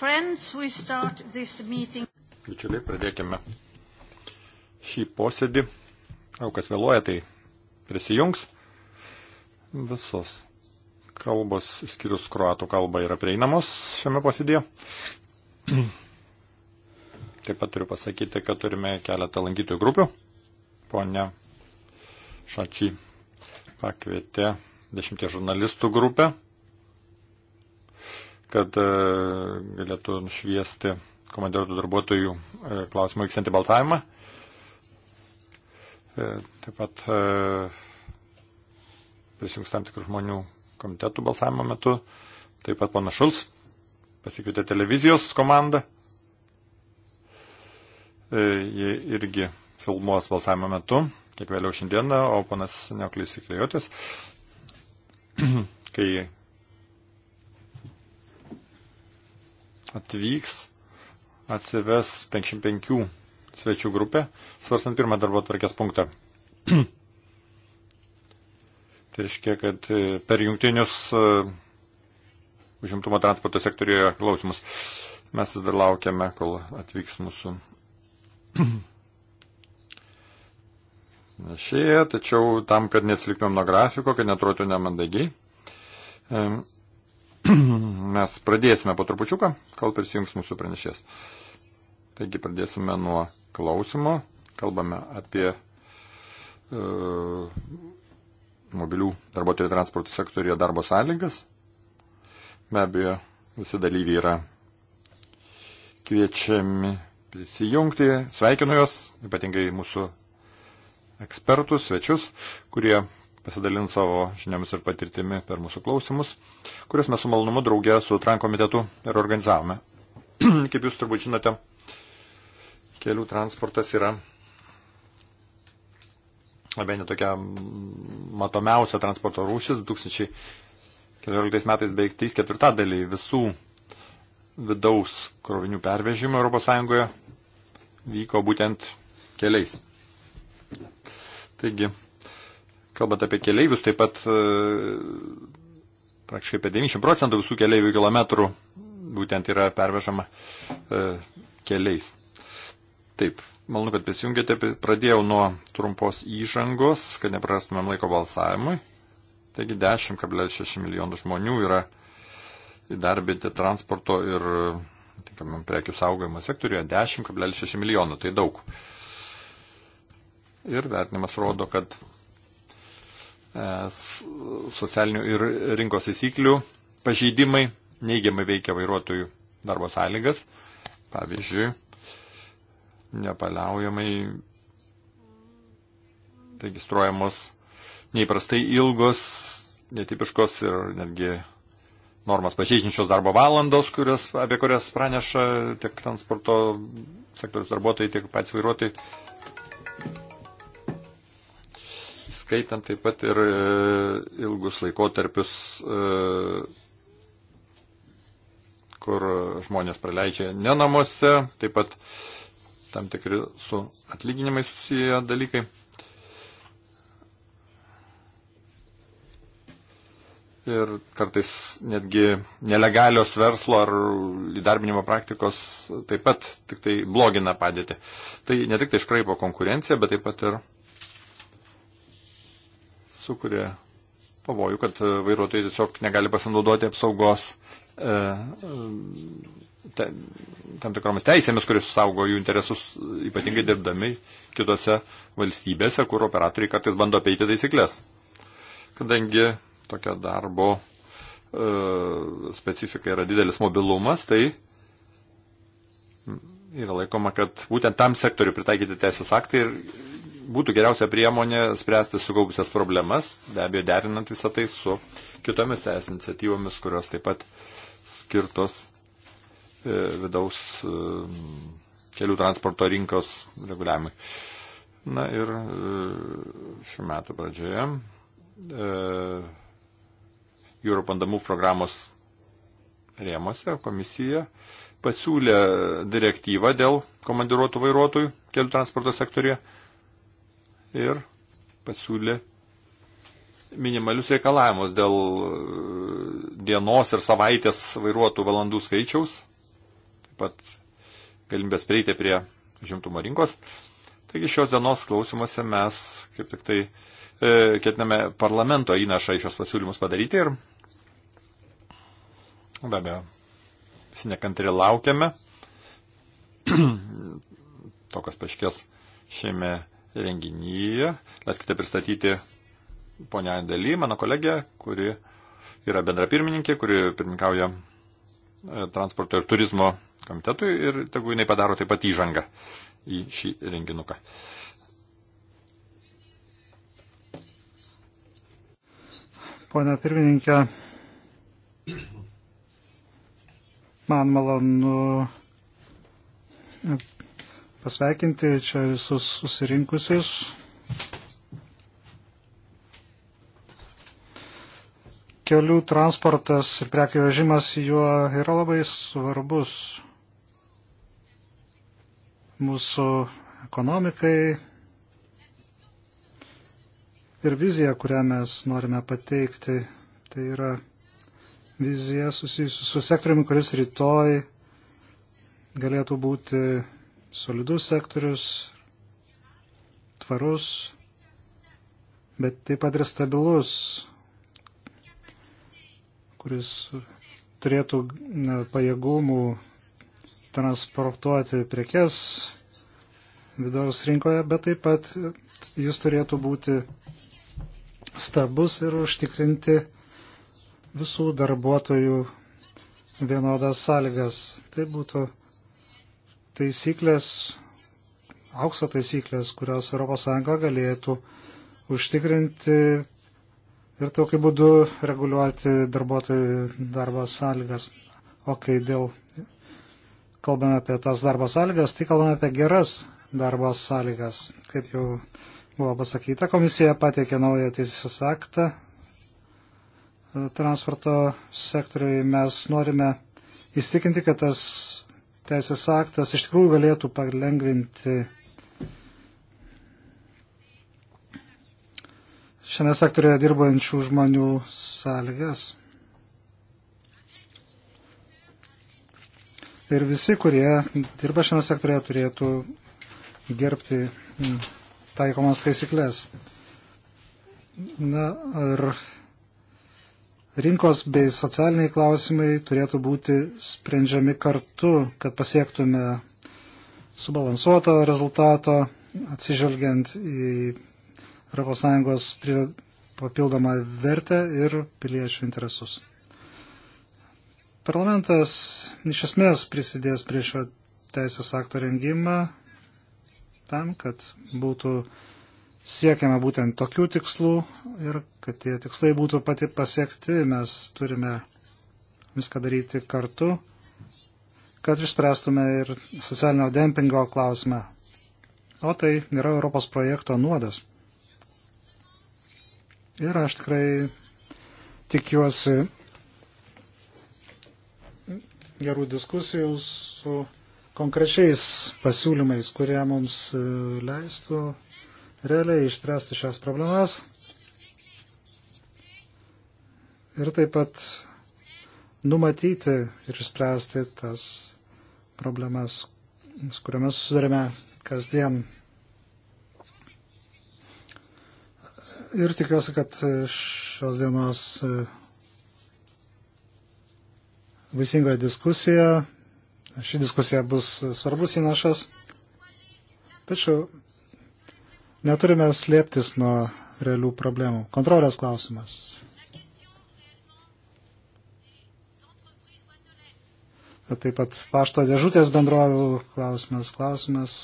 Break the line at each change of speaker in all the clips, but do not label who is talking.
Friends, we start this meeting.
Bičiuliai, pradėkime šį posėdį. O kas vėluoja, tai prisijungs. Visos kalbos, skirius kruatų kalba, yra prieinamos šiame posėdėje. Taip pat turiu pasakyti, kad turime keletą lankytojų grupių. Pone Šačiai pakvietė dešimties žurnalistų grupę kad e, galėtų nušviesti komandiruotų darbuotojų e, klausimų vykstantį baltavimą. E, taip pat prisijungs tam tikrų žmonių komitetų balsavimo metu. Taip pat pana Šuls pasikvietė televizijos komandą. Jie irgi filmuos balsavimo metu, kiek vėliau šiandieną, o panas Neoklis įklėjotis, kai atvyks, atsives 55 svečių grupę, svarstant pirmą darbo tvarkės punktą. tai reiškia, kad e, per jungtinius e, užimtumo transporto sektorijoje klausimus mes vis dar laukiame, kol atvyks mūsų nešėja, tačiau tam, kad neatsiliktumėm nuo grafiko, kad netruotų nemandagiai, mes pradėsime po trupučiuką, kol prisijungs mūsų pranešės. Taigi pradėsime nuo klausimo. Kalbame apie e, mobilių darbuotojų transporto sektorijoje darbo sąlygas. Be abejo, visi dalyviai yra kviečiami prisijungti. Sveikinu juos, ypatingai mūsų ekspertus, svečius, kurie pasidalinti savo žiniomis ir patirtimi per mūsų klausimus, kuriuos mes su malonumu draugė su Tran komitetu ir organizavome. Kaip jūs turbūt žinote, kelių transportas yra labai netokia matomiausia transporto rūšis. 2014 metais beveik 3 ketvirtadaliai visų vidaus krovinių pervežimų ES vyko būtent keliais. Taigi, Kalbant apie keleivius, taip pat e, praktiškai apie 90 procentų visų keleivių kilometrų būtent yra pervežama e, keliais. Taip, malonu, kad prisijungėte. Pradėjau nuo trumpos įžangos, kad neprarastumėm laiko balsavimui. Taigi 10,6 milijonų žmonių yra įdarbinti transporto ir tinkamam prekių saugojimo sektoriuje 10,6 milijonų. Tai daug. Ir vertinimas rodo, kad E, socialinių ir rinkos įsiklių pažeidimai neigiamai veikia vairuotojų darbo sąlygas. Pavyzdžiui, nepaliaujamai registruojamos neįprastai ilgos, netipiškos ir netgi normas pažeidžiančios darbo valandos, kurias, apie kurias praneša tiek transporto sektoriaus darbuotojai, tiek patys vairuotojai. įskaitant taip pat ir e, ilgus laikotarpius, e, kur žmonės praleidžia ne namuose, taip pat tam tikri su atlyginimai susiję dalykai. ir kartais netgi nelegalios verslo ar įdarbinimo praktikos taip pat tik tai blogina padėtį. Tai ne tik tai iškraipo konkurenciją, bet taip pat ir sukuria pavojų, kad e, vairuotojai tiesiog negali pasinaudoti apsaugos e, e, te, tam tikromis teisėmis, kuris saugo jų interesus, ypatingai dirbdami kitose valstybėse, kur operatoriai kartais bando apeiti taisyklės. Kadangi tokia darbo e, specifika yra didelis mobilumas, tai yra laikoma, kad būtent tam sektoriu pritaikyti teisės aktai ir būtų geriausia priemonė spręsti sukaupusias problemas, be abejo derinant visą tai su kitomis es iniciatyvomis, kurios taip pat skirtos e, vidaus e, kelių transporto rinkos reguliavimui. Na ir e, šiuo metu pradžioje Europandamų programos rėmose komisija pasiūlė direktyvą dėl komandiruotų vairuotojų kelių transporto sektorijoje ir pasiūlė minimalius reikalavimus dėl e, dienos ir savaitės vairuotų valandų skaičiaus, taip pat galimybės prieiti prie žimtumo rinkos. Taigi šios dienos klausimuose mes kaip tik tai e, ketiname parlamento įnašą į šios pasiūlymus padaryti ir be abejo, visi nekantri laukiame to, kas paaiškės šiame renginyje. Leiskite pristatyti ponia Andaly, mano kolegė, kuri yra bendra pirmininkė, kuri pirmininkauja e, transporto ir turizmo komitetui ir tegu jinai padaro taip pat įžangą į šį renginuką.
Pone pirmininkė, man malonu pasveikinti čia visus susirinkusius. Kelių transportas ir prekių vežimas juo yra labai svarbus mūsų ekonomikai ir vizija, kurią mes norime pateikti. Tai yra vizija susijusi su sektoriumi, kuris rytoj galėtų būti solidus sektorius, tvarus, bet taip pat ir stabilus, kuris turėtų pajėgumų transportuoti prekes vidaus rinkoje, bet taip pat jis turėtų būti stabus ir užtikrinti visų darbuotojų vienodas sąlygas. Tai būtų taisyklės, aukso taisyklės, kurios ES galėtų užtikrinti ir tokiu būdu reguliuoti darbuotojų darbo sąlygas. O kai dėl kalbame apie tas darbo sąlygas, tai kalbame apie geras darbo sąlygas. Kaip jau buvo pasakyta, komisija pateikė naują teisės aktą transporto sektoriui. Mes norime įstikinti, kad tas teisės aktas iš tikrųjų galėtų palengvinti šiame sektorėje dirbančių žmonių sąlygas. Ir visi, kurie dirba šiame sektorėje, turėtų gerbti mm, taikomas taisyklės. Na, ir rinkos bei socialiniai klausimai turėtų būti sprendžiami kartu, kad pasiektume subalansuoto rezultato, atsižvelgiant į ES papildomą vertę ir piliečių interesus. Parlamentas iš esmės prisidės prie šio teisės akto rengimą tam, kad būtų siekiame būtent tokių tikslų ir kad tie tikslai būtų pati pasiekti, mes turime viską daryti kartu, kad išspręstume ir socialinio dempingo klausimą. O tai yra Europos projekto nuodas. Ir aš tikrai tikiuosi gerų diskusijų su konkrečiais pasiūlymais, kurie mums e, leistų realiai išspręsti šias problemas ir taip pat numatyti ir išspręsti tas problemas, su kuriomis susidurime kasdien. Ir tikiuosi, kad šios dienos e, vaisingoje diskusijoje, ši diskusija bus svarbus įnašas. Tačiau Neturime slėptis nuo realių problemų. Kontrolės klausimas. Taip pat pašto dėžutės bendrovių klausimas. Klausimas.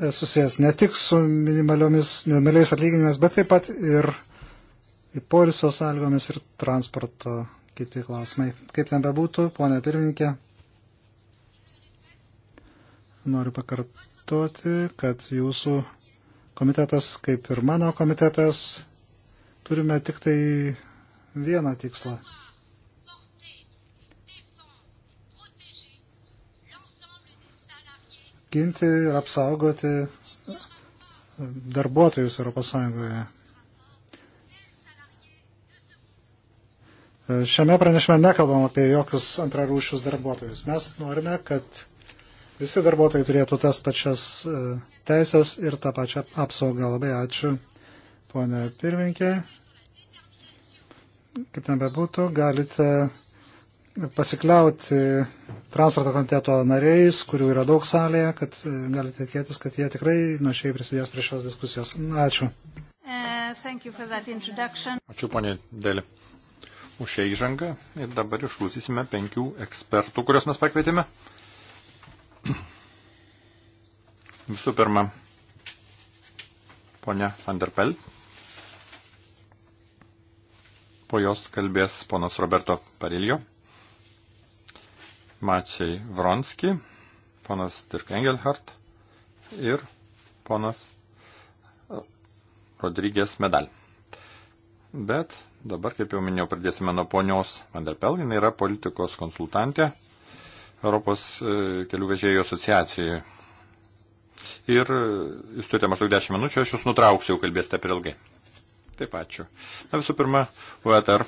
E, susijęs ne tik su minimaliais atlyginimais, bet taip pat ir į poliso sąlygomis ir transporto kiti klausimai. Kaip ten bebūtų, ponia pirmininkė, noriu pakartoti, kad jūsų komitetas, kaip ir mano komitetas, turime tik tai vieną tikslą. ginti ir apsaugoti darbuotojus ES. Šiame pranešime nekalbam apie jokius antrarūšius darbuotojus. Mes norime, kad Visi darbuotojai turėtų tas pačias e, teisės ir tą pačią apsaugą. Labai ačiū, ponė pirminkė. Kaip ten bebūtų, galite pasikliauti transporto komiteto nariais, kurių yra daug salėje, kad e, galite tikėtis, kad jie tikrai našiai prisidės prie šios diskusijos. Ačiū.
E,
ačiū, ponė
Dėlė, už šią įžangą. Ir dabar išklausysime penkių ekspertų, kuriuos mes pakvietėme. Visų pirma, ponia Van der Pelt. Po jos kalbės ponas Roberto Parilio, Mačiai Vronski, ponas Dirk Engelhardt ir ponas Rodrygės Medal. Bet dabar, kaip jau minėjau, pradėsime nuo ponios Vanderpel. Jis yra politikos konsultantė Europos e, kelių vežėjų asociacijoje. Ir e, jūs turite maždaug 10 minučių, aš jūs nutrauksiu, jau kalbėsite per ilgai. Taip ačiū. Na visų pirma, UETR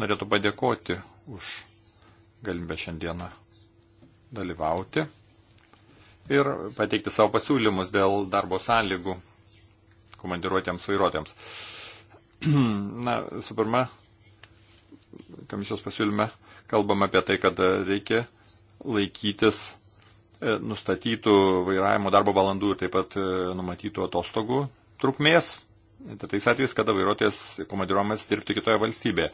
norėtų padėkoti už galimybę šiandieną dalyvauti ir pateikti savo pasiūlymus dėl darbo sąlygų komandiruotėms vairuotėms. Na, visų pirma, komisijos pasiūlyme kalbam apie tai, kad reikia laikytis e, nustatytų vairavimo darbo valandų ir taip pat e, numatytų atostogų trukmės, tai tais atvejais, kada vairuotojas komandiruojamas dirbti kitoje valstybėje.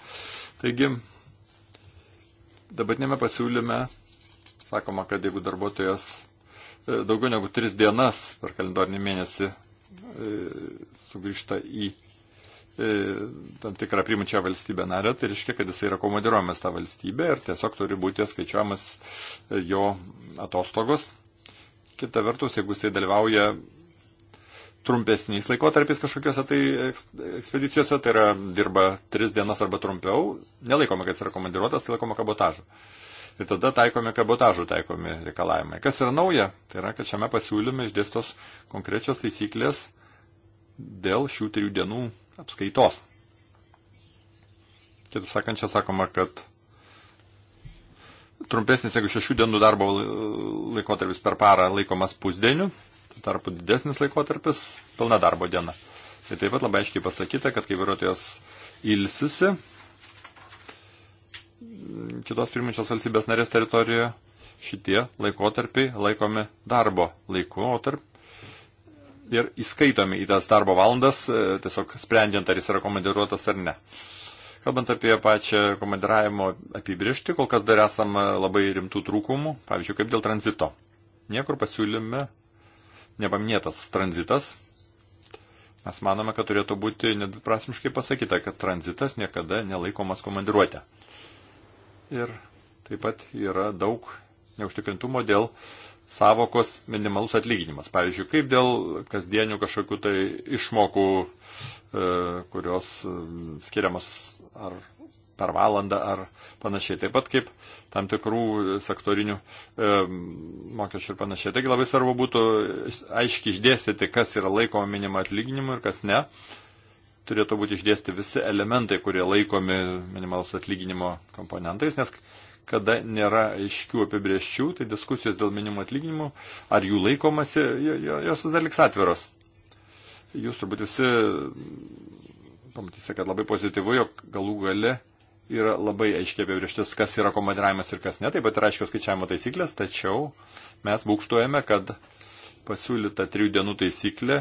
Taigi, dabartinėme pasiūlyme sakoma, kad jeigu darbuotojas e, daugiau negu tris dienas per kalendorinį mėnesį sugrįžta į E, tam tikrą primačią valstybę narę, tai reiškia, kad jis yra komandiruojamas tą valstybę ir tiesiog turi būti skaičiuojamas e, jo atostogos. Kita vertus, jeigu jisai dalyvauja trumpesniais laikotarpiais kažkokiuose tai ekspedicijose, tai yra dirba tris dienas arba trumpiau, nelaikoma, kad jis yra komandiruotas, tai laikoma kabotažu. Ir tada taikomi kabotažų taikomi reikalavimai. Kas yra nauja, tai yra, kad šiame pasiūlyme išdėstos konkrečios taisyklės dėl šių trijų dienų apskaitos. Kitaip sakant, čia sakoma, kad trumpesnis negu šešių dienų darbo laikotarpis per parą laikomas pusdieniu, tarpu didesnis laikotarpis pilna darbo diena. Ir taip pat labai aiškiai pasakyta, kad kai vairuotojas ilsisi kitos pirminčios valstybės narės teritorijoje, šitie laikotarpiai laikomi darbo laikotarp, ir įskaitomi į tas darbo valandas, e, tiesiog sprendžiant, ar jis yra komandiruotas ar ne. Kalbant apie pačią komandiravimo apibrišti, kol kas dar esame labai rimtų trūkumų, pavyzdžiui, kaip dėl tranzito. Niekur pasiūlyme nepaminėtas tranzitas. Mes manome, kad turėtų būti nedviprasmiškai pasakyta, kad tranzitas niekada nelaikomas komandiruotė. Ir taip pat yra daug neužtikrintumo dėl uh, savokos minimalus atlyginimas. Pavyzdžiui, kaip dėl kasdienių kažkokių tai išmokų, e, kurios e, skiriamas ar per valandą ar panašiai. Taip pat kaip tam tikrų sektorinių e, mokesčių ir panašiai. Taigi labai svarbu būtų aiškiai išdėstyti, kas yra laikoma minima atlyginimu ir kas ne. Turėtų būti išdėsti visi elementai, kurie laikomi minimalus atlyginimo komponentais, nes kada nėra aiškių apibrieščių, tai diskusijos dėl minimų atlyginimų, ar jų laikomasi, jos vis dar liks atviros. Jūs turbūt visi pamatysite, kad labai pozityvu, jog galų gale yra labai aiškiai apibrieštis, kas yra komandiravimas ir kas ne, taip pat yra aiškios skaičiavimo taisyklės, tačiau mes būkštuojame, kad pasiūlyta trijų dienų taisyklė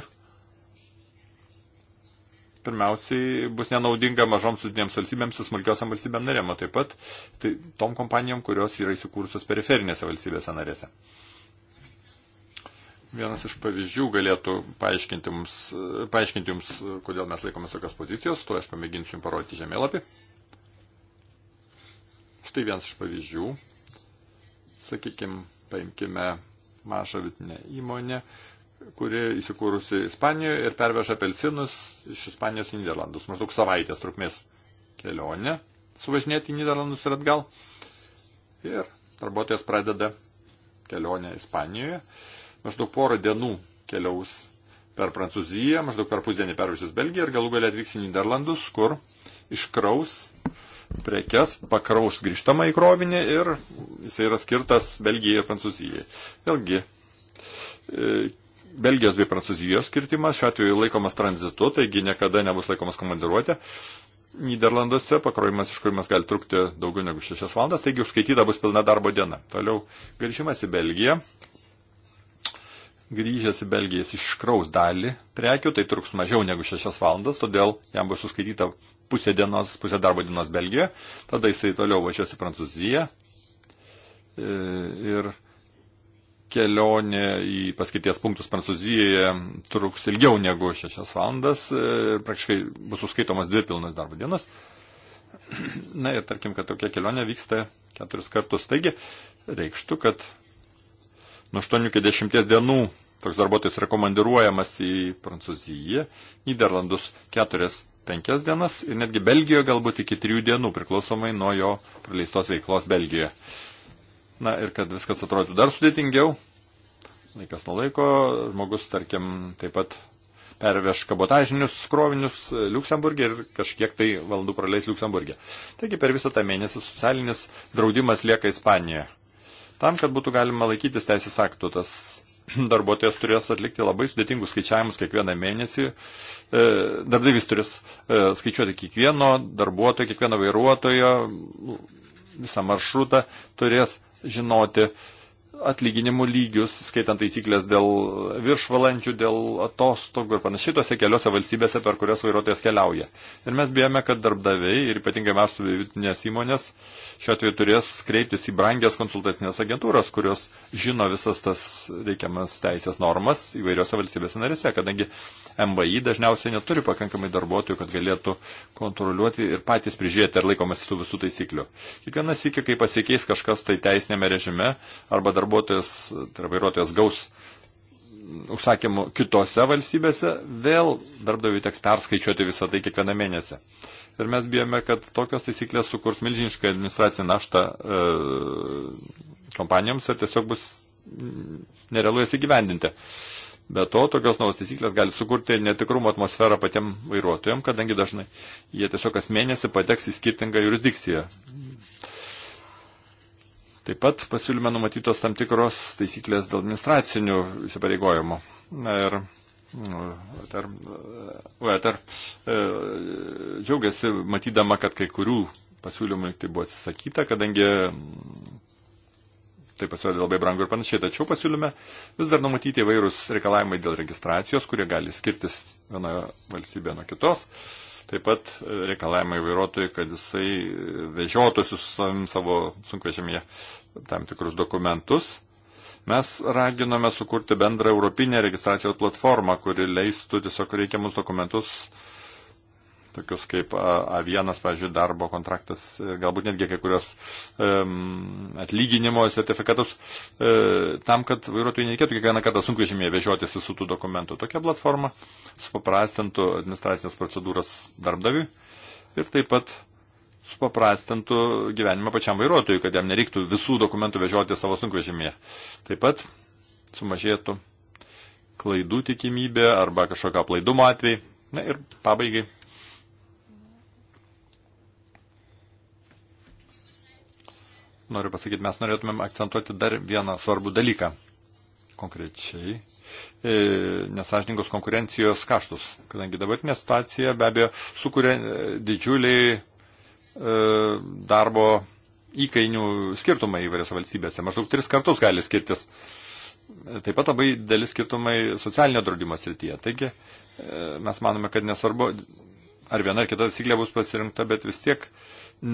pirmiausiai bus nenaudinga mažoms sudinėms valstybėms ir smulkiosiam valstybėm narėm, o taip pat tai, tom kompanijom, kurios yra įsikūrusios periferinėse valstybėse narėse. Vienas iš pavyzdžių galėtų paaiškinti jums, paaiškinti jums kodėl mes laikomės tokios pozicijos, tuo aš pamėginsiu jums parodyti žemėlapį. Štai vienas iš pavyzdžių. Sakykime, paimkime mažą vidinę įmonę, kuri įsikūrusi Ispanijoje ir perveža apelsinus iš Ispanijos į Niderlandus. Maždaug savaitės trukmės kelionė suvažinėti į Niderlandus ir atgal. Ir darbuotojas pradeda kelionę Ispanijoje. Maždaug porą dienų keliaus per Prancūziją, maždaug per pusdienį pervažiuos Belgiją ir galų galia atvyks į Niderlandus, kur iškraus prekes, pakraus grįžtamą į krovinį ir jis yra skirtas Belgijai ir Prancūzijai. Vėlgi, e, Belgijos bei Prancūzijos skirtimas šiuo atveju laikomas tranzitu, taigi niekada nebus laikomas komandiruotė. Niderlanduose pakrovimas iškrovimas gali trukti daugiau negu 6 valandas, taigi užskaityta bus pilna darbo diena. Toliau grįžimas į Belgiją. Grįžęs į Belgiją jis iškraus dalį prekių, tai truks mažiau negu 6 valandas, todėl jam bus užskaityta pusė, dienos, pusė darbo dienos Belgijoje. Tada jisai toliau važiuos į Prancūziją. E, ir kelionė į paskirties punktus Prancūzijoje truks ilgiau negu 6 valandas, e, praktiškai bus suskaitomas dvi pilnas darbo dienos. Na ir tarkim, kad tokia kelionė vyksta keturis kartus. Taigi reikštų, kad nuo 8 iki 10 dienų toks darbuotojas rekomenduojamas į Prancūziją, Niderlandus 4-5 dienas ir netgi Belgijoje galbūt iki 3 dienų priklausomai nuo jo praleistos veiklos Belgijoje. Na ir kad viskas atrodytų dar sudėtingiau, laikas nuo laiko, žmogus, tarkim, taip pat perveš kabotažinius krovinius Luksemburgė ir kažkiek tai valandų praleis Luksemburgė. Taigi per visą tą mėnesį socialinis draudimas lieka Ispanijoje. Tam, kad būtų galima laikytis teisės aktų, tas darbuotojas turės atlikti labai sudėtingus skaičiavimus kiekvieną mėnesį. E, darbdavys turės e, skaičiuoti kiekvieno darbuotojo, kiekvieno vairuotojo visą maršrutą turės žinoti atlyginimų lygius, skaitant taisyklės dėl viršvalandžių, dėl atostogų ir panašiai tose keliose valstybėse, per kurias vairuotojas keliauja. Ir mes bijome, kad darbdaviai ir ypatingai mes su vidutinės įmonės šiuo atveju turės kreiptis į brangias konsultacinės agentūras, kurios žino visas tas reikiamas teisės normas įvairiose valstybėse narise, kadangi MVI dažniausiai neturi pakankamai darbuotojų, kad galėtų kontroliuoti ir patys prižiūrėti, ar laikomasi tų visų taisyklių. Kiekvienas iki, kai pasikeis kažkas tai teisinėme režime arba darbuotojų, darbuotojas, tai yra vairuotojas gaus užsakymų kitose valstybėse, vėl darbdaviui teks perskaičiuoti visą tai kiekvieną mėnesį. Ir mes bijome, kad tokios taisyklės sukurs milžinišką administracinę naštą e, kompanijoms ir tiesiog bus nerealu jas įgyvendinti. Be to, tokios naujos taisyklės gali sukurti netikrumo atmosferą patiem vairuotojams, kadangi dažnai jie tiesiog kas mėnesį pateks į skirtingą jurisdikciją. Taip pat pasiūlyme numatytos tam tikros taisyklės dėl administracinių įsipareigojimų. Na ir UETR, nu, UETR e, e, džiaugiasi matydama, kad kai kurių pasiūlymų tai buvo atsisakyta, kadangi mm, tai pasirodė labai brangu ir panašiai. Tačiau pasiūlyme vis dar numatyti įvairūs reikalavimai dėl registracijos, kurie gali skirtis vienoje valstybėje nuo kitos. Uh, Taip pat reikalavimai vairuotojui, kad jisai vežiotųsi su savim savo sunkvežimėje tam tikrus dokumentus. Mes raginome sukurti bendrą europinę registracijos platformą, kuri leistų tiesiog reikiamus dokumentus tokius kaip A1, pavyzdžiui, darbo kontraktas, e, galbūt netgi kai kurios um, atlyginimo sertifikatus, um, tam, kad vairuotojai nereikėtų kiekvieną kartą sunkvežimėje vežiotis visų tų dokumentų. Tokia platforma supaprastintų administracinės procedūras darbdaviui ir taip pat supaprastintų gyvenimą pačiam vairuotojui, kad jam nereiktų visų dokumentų vežioti savo sunkvežimėje. Taip pat sumažėtų klaidų tikimybė arba kažkokio aplaidumo atvejai. Na ir pabaigai noriu pasakyti, mes norėtumėm akcentuoti dar vieną svarbų dalyką konkrečiai e, nesažininkos konkurencijos kaštus, kadangi dabartinė situacija be abejo sukuria e, didžiuliai e, darbo įkainių skirtumai įvairiose valstybėse. Maždaug tris kartus gali skirtis. Taip pat labai dėlis skirtumai socialinio draudimo srityje. Taigi mes manome, kad nesvarbu ar viena ar kita taisyklė bus pasirinkta, bet vis tiek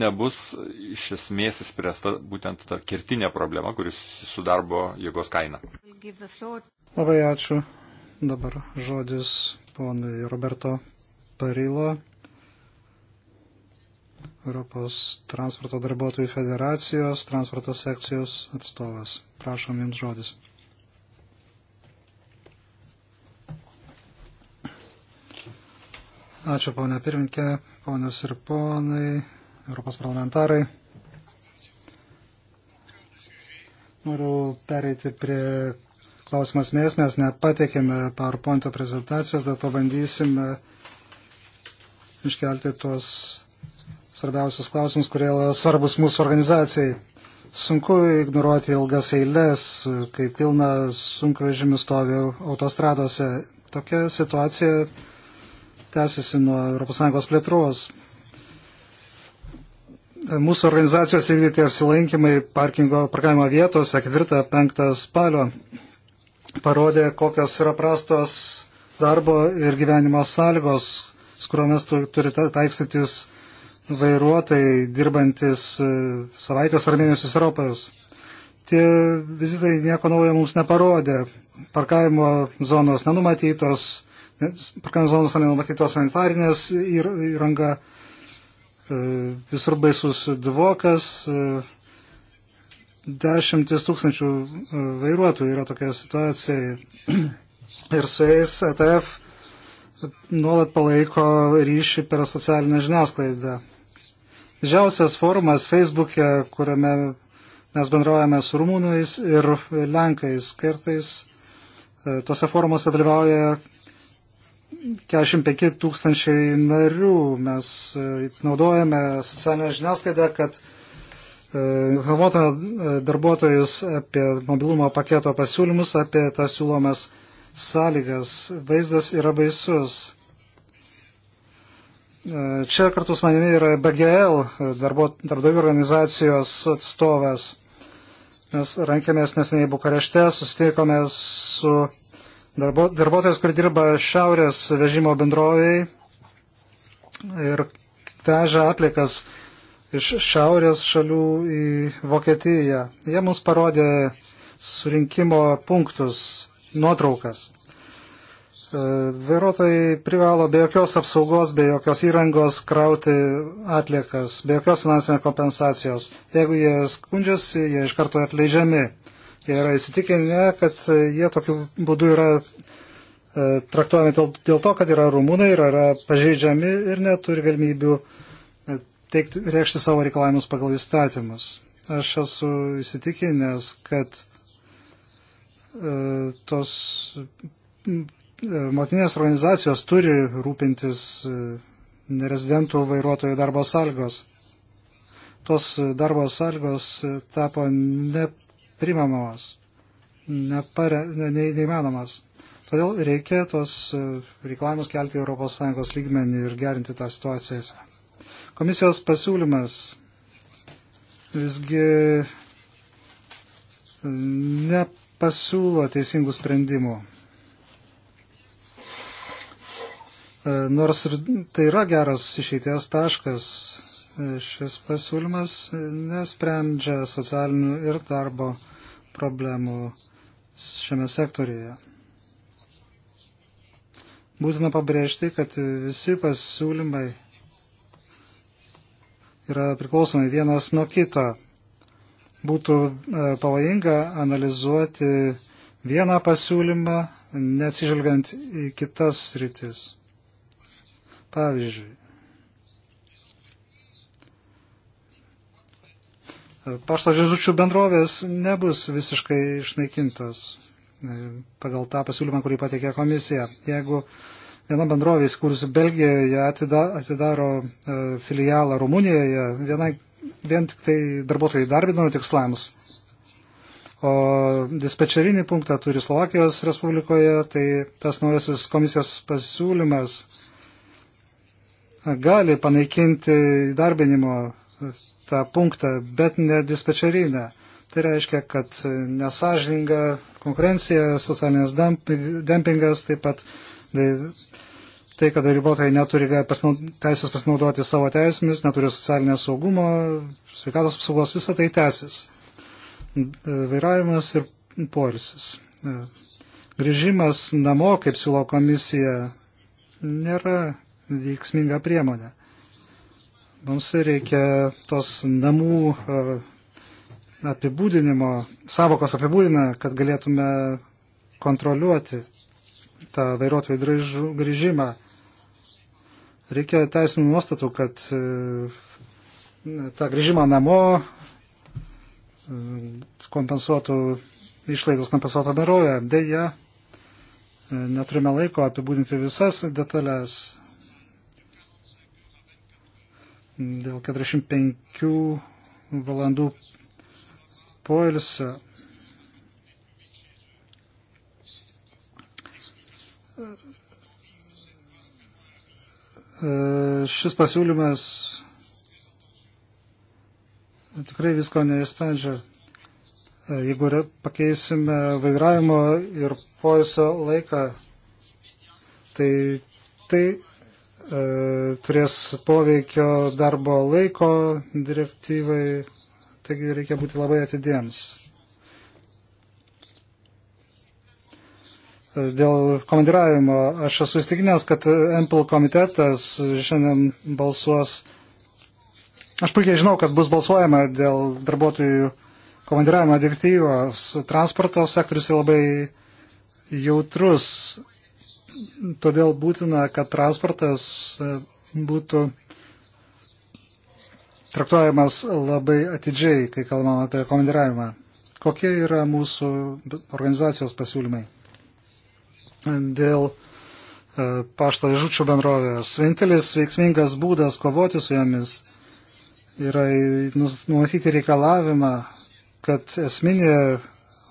nebus iš esmės įspręsta būtent ta kertinė problema, kuris su darbo jėgos kaina.
Labai ačiū. Dabar žodis ponui Roberto Parilo, Europos transporto darbuotojų federacijos, transporto sekcijos atstovas. Prašom jums žodis. Ačiū, ponė pirminkė, ponios ir ponai, Europos parlamentarai. Noriu pereiti prie klausimas mės, mes nepatekėme PowerPoint prezentacijos, bet pabandysime iškelti tuos svarbiausius klausimus, kurie svarbus mūsų organizacijai. Sunku ignoruoti ilgas eilės, kai pilna sunkvežimių stovi autostradose. Tokia situacija tęsiasi nuo ES plėtros. Mūsų organizacijos vykdyti apsilankymai parkavimo vietose 4-5 spalio parodė, kokios yra prastos darbo ir gyvenimo sąlygos, su kuriomis turi taikstytis vairuotojai, dirbantis e, savaitės ar mėnesius Europos. Tie vizitai nieko naujo mums neparodė. Parkavimo zonos nenumatytos parkavimo zonose nenumatytos sanitarinės įranga, e, visur baisus dvokas, e, dešimtis tūkstančių e, vairuotojų yra tokia situacija ir su jais ETF nuolat palaiko ryšį per socialinę žiniasklaidą. Didžiausias forumas Facebook'e, kuriame mes bendraujame su rumūnais ir lenkais, kartais tuose forumuose dalyvauja 45 tūkstančiai narių mes e, naudojame socialinę žiniasklaidą, kad e, informuotume e, darbuotojus apie mobilumo paketo pasiūlymus, apie tas siūlomas sąlygas. Vaizdas yra baisus. Čia kartu su manimi yra BGL, darbdavių organizacijos atstovas. Mes rankėmės neseniai Bukarešte, susitikome su Darbo, darbuotojas, kur dirba šiaurės vežimo bendrovėjai ir veža atlikas iš šiaurės šalių į Vokietiją. Jie mums parodė surinkimo punktus, nuotraukas. E, vairuotojai privalo be jokios apsaugos, be jokios įrangos krauti atliekas, be jokios finansinės kompensacijos. Jeigu jie skundžiasi, jie iš karto atleidžiami yra įsitikinę, kad jie tokiu būdu yra e, traktuojami dėl to, kad yra rumūnai, yra, yra pažeidžiami ir neturi galimybių e, teikti, reikšti savo reikalavimus pagal įstatymus. Aš esu įsitikinęs, kad e, tos motinės organizacijos turi rūpintis nerezidentų vairuotojų darbo sąlygos. Tos darbo sąlygos tapo ne primamos, nepare, ne, ne, neįmanomas. Todėl reikia tuos e, reikalavimus kelti ES lygmenį ir gerinti tą situaciją. Komisijos pasiūlymas visgi nepasiūlo teisingų sprendimų. E, nors tai yra geras išeities taškas šis pasiūlymas nesprendžia socialinių ir darbo problemų šiame sektorėje. Būtina pabrėžti, kad visi pasiūlymai yra priklausomi vienas nuo kito. Būtų e, pavojinga analizuoti vieną pasiūlymą, neatsižvelgiant į kitas rytis. Pavyzdžiui, pašto dėžučių bendrovės nebus visiškai išnaikintos e, pagal tą pasiūlymą, kurį pateikė komisija. Jeigu viena bendrovė įskūrusi Belgijoje atida, atidaro e, filialą Rumunijoje, viena, vien tik tai darbuotojai darbino tikslams, o dispečerinį punktą turi Slovakijos Respublikoje, tai tas naujasis komisijos pasiūlymas gali panaikinti darbinimo tą punktą, bet ne dispečerinę. Tai reiškia, kad nesažininga konkurencija, socialinės dempingas, taip pat tai, tai kad ribotojai neturi teisės pasinaudoti savo teisėmis, neturi socialinės saugumo, sveikatos apsaugos, visą tai tęsis. Vairavimas ir poilsis. Grįžimas namo, kaip siūlo komisija, nėra veiksminga priemonė. Mums reikia tos namų e, apibūdinimo, savokos apibūdina, kad galėtume kontroliuoti tą vairuotojų grįžimą. Reikia teisinių nuostatų, kad e, tą grįžimą namo e, kompensuotų išlaidos kompensuotų darovę. Deja, neturime laiko apibūdinti visas detalės dėl 45 valandų poilsio. Šis pasiūlymas tikrai visko neįsprendžia. Jeigu pakeisime vairavimo ir poilsio laiką, tai tai E, turės poveikio darbo laiko direktyvai, taigi reikia būti labai atidiems. E, dėl komandiravimo aš esu įstikinęs, kad MPL komitetas šiandien balsuos. Aš puikiai žinau, kad bus balsuojama dėl darbuotojų komandiravimo direktyvos. Transporto sektorius labai jautrus Todėl būtina, kad transportas e, būtų traktuojamas labai atidžiai, kai kalbam apie komandiravimą. Kokie yra mūsų organizacijos pasiūlymai? Dėl e, pašto dėžučių bendrovės. Vienintelis veiksmingas būdas kovoti su jomis yra nu, numatyti reikalavimą, kad esminė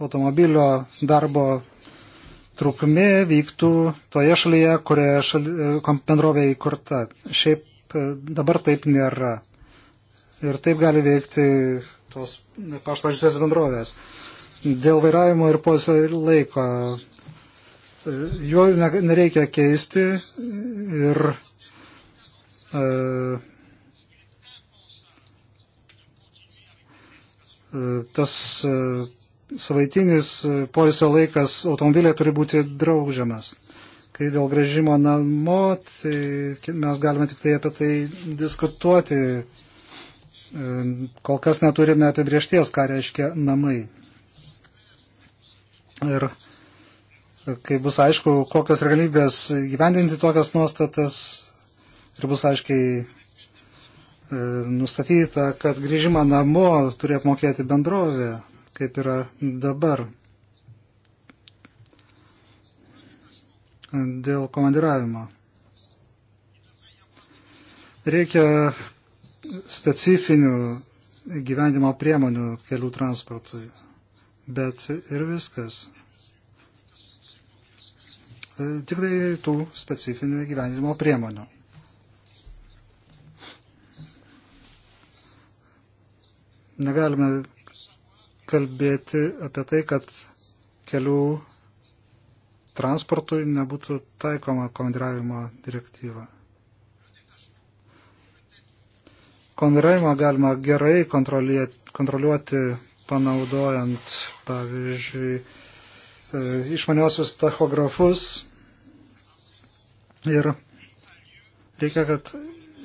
automobilio darbo trukmė vyktų toje šalyje, kurioje šali, bendrovė įkurta. Šiaip e, dabar taip nėra. Ir taip gali veikti tos pašto žinutės bendrovės. Dėl vairavimo ir posio laiko. E, jo nereikia keisti ir uh, tas uh, savaitinis e, polisio laikas automobilė turi būti draudžiamas. Kai dėl gražimo namo, tai mes galime tik tai apie tai diskutuoti. E, kol kas neturime apibriešties, ką reiškia namai. Ir e, kai bus aišku, kokios galimybės gyvendinti tokias nuostatas ir bus aiškiai nustatyta, kad grįžimą namo turi apmokėti bendrovė kaip yra dabar. Dėl komandiravimo. Reikia specifinių gyvenimo priemonių kelių transportui. Bet ir viskas. Tik tai tų specifinių gyvenimo priemonių. Negalime kalbėti apie tai, kad kelių transportui nebūtų taikoma komandiravimo direktyva. Komandiravimą galima gerai kontroliuoti panaudojant, pavyzdžiui, e, išmaniosius tachografus. Ir reikia, kad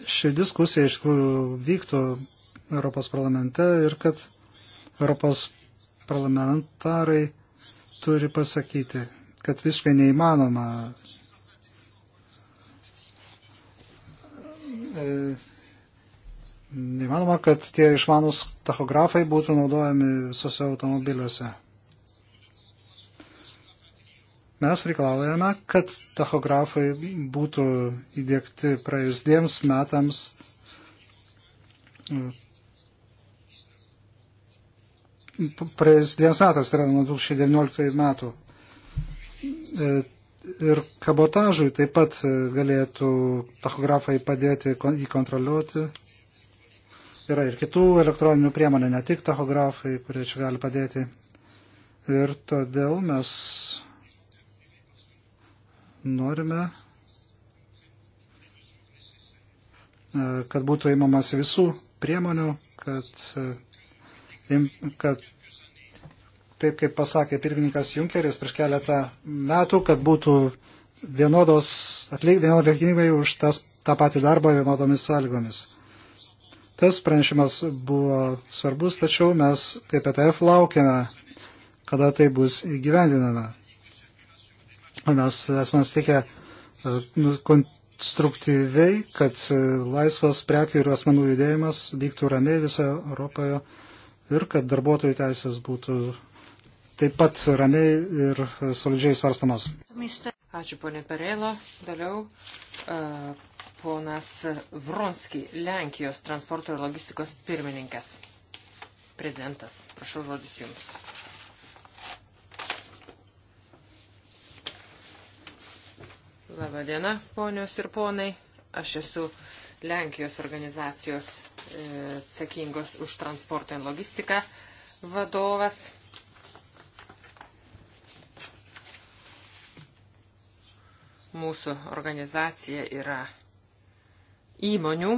ši diskusija iš tikrųjų vyktų Europos parlamente ir kad Europos parlamentarai turi pasakyti, kad visiškai neįmanoma e, Neįmanoma, kad tie išmanus tachografai būtų naudojami visose automobiliuose. Mes reikalaujame, kad tachografai būtų įdėkti praėjus dviems metams praėjus atas, tai yra nuo 2019 metų. E, ir kabotažui taip pat e, galėtų tachografai padėti jį kontroliuoti. Yra ir kitų elektroninių priemonių, ne tik tachografai, kurie čia gali padėti. Ir todėl mes norime, e, kad būtų įmamas visų priemonių, kad kad taip kaip pasakė pirmininkas Junkeris prieš keletą metų, kad būtų vienodos atlyginimai už tas, tą patį darbą vienodomis sąlygomis. Tas pranešimas buvo svarbus, tačiau mes kaip ETF laukiame, kada tai bus įgyvendinama. Mes esame stikę e, nu, konstruktyviai, kad e, laisvas prekių ir asmenų judėjimas vyktų ramiai visoje Europoje ir kad darbuotojų teisės būtų taip pat ramiai ir solidžiai svarstamos.
Ačiū, ponė Perėlo. Daliau, uh, e, ponas Vronski, Lenkijos transporto ir logistikos pirmininkas. Prezidentas, prašau žodis jums. Labadiena, ponios ir ponai. Aš esu Lenkijos organizacijos atsakingos už transportą ir logistiką vadovas. Mūsų organizacija yra įmonių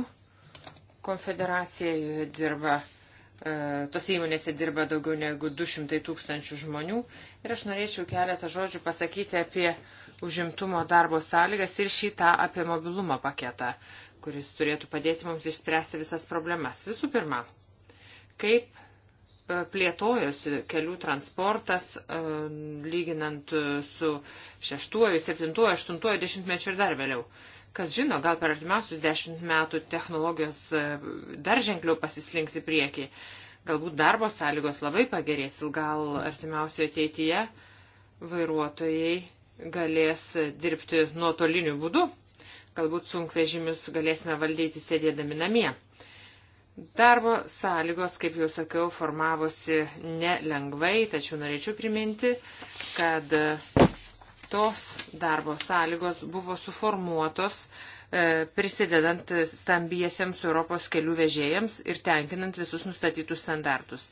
konfederacija, joje dirba, e, tos įmonėse dirba daugiau negu 200 tūkstančių žmonių ir aš norėčiau keletą žodžių pasakyti apie užimtumo darbo sąlygas ir šitą apie mobilumo paketą kuris turėtų padėti mums išspręsti visas problemas. Visų pirma, kaip e, plėtojosi kelių transportas e, lyginant e, su šeštuoju, septintuoju, aštuntuoju dešimtmečiu ir dar vėliau. Kas žino, gal per artimiausius dešimt metų technologijos dar ženkliau pasislinks į priekį. Galbūt darbo sąlygos labai pagerės ir gal artimiausioje ateityje vairuotojai galės dirbti nuotoliniu būdu Galbūt sunkvežimius galėsime valdyti sėdėdami namie. Darbo sąlygos, kaip jau sakiau, formavosi nelengvai, tačiau norėčiau priminti, kad tos darbo sąlygos buvo suformuotos e, prisidedant stambiesiems Europos kelių vežėjams ir tenkinant visus nustatytus standartus.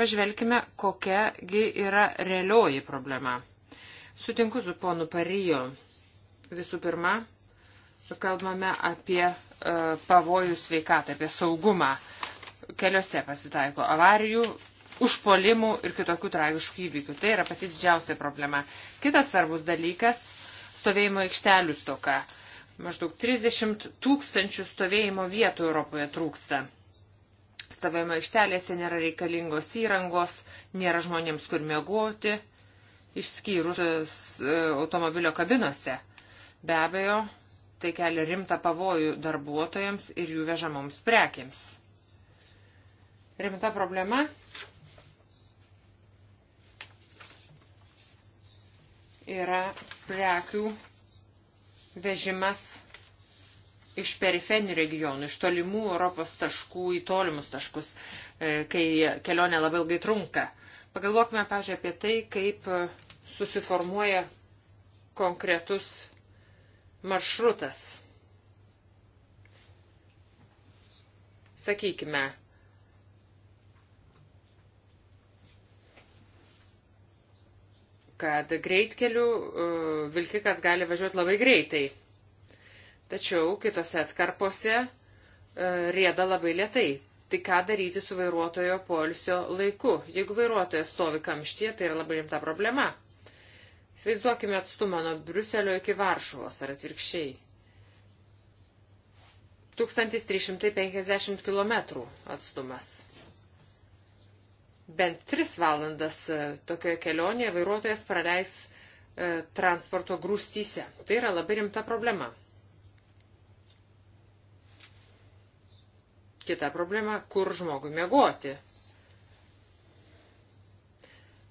Pažvelkime, kokiagi yra realioji problema. Sutinku su ponu Parijo. Visų pirma, kalbame apie e, pavojų sveikatą, apie saugumą. Keliuose pasitaiko avarijų, užpolimų ir kitokių tragiškų įvykių. Tai yra pati didžiausia problema. Kitas svarbus dalykas - stovėjimo aikštelių stoka. Maždaug 30 tūkstančių stovėjimo vietų Europoje trūksta. Stovėjimo aikštelėse nėra reikalingos įrangos, nėra žmonėms kur mėgoti, išskyrus e, automobilio kabinose. Be abejo, Tai kelia rimtą pavojų darbuotojams ir jų vežamoms prekiams. Rimta problema yra prekių vežimas iš periferinių regionų, iš tolimų Europos taškų į tolimus taškus, e, kai kelionė labai ilgai trunka. Pagalvokime, pažiūrėjau, apie tai, kaip susiformuoja konkretus maršrutas. Sakykime, kad greitkeliu e, vilkikas gali važiuoti labai greitai. Tačiau kitose atkarpose e, rėda labai lietai. Tai ką daryti su vairuotojo polsio laiku? Jeigu vairuotojas stovi kamštie, tai yra labai rimta problema. Įsivaizduokime atstumą nuo Briuselio iki Varšuvos ar atvirkščiai. 1350 km atstumas. Bent 3 valandas e, tokioje kelionėje vairuotojas praleis e, transporto grūstyse. Tai yra labai rimta problema. Kita problema, kur žmogui mėgoti.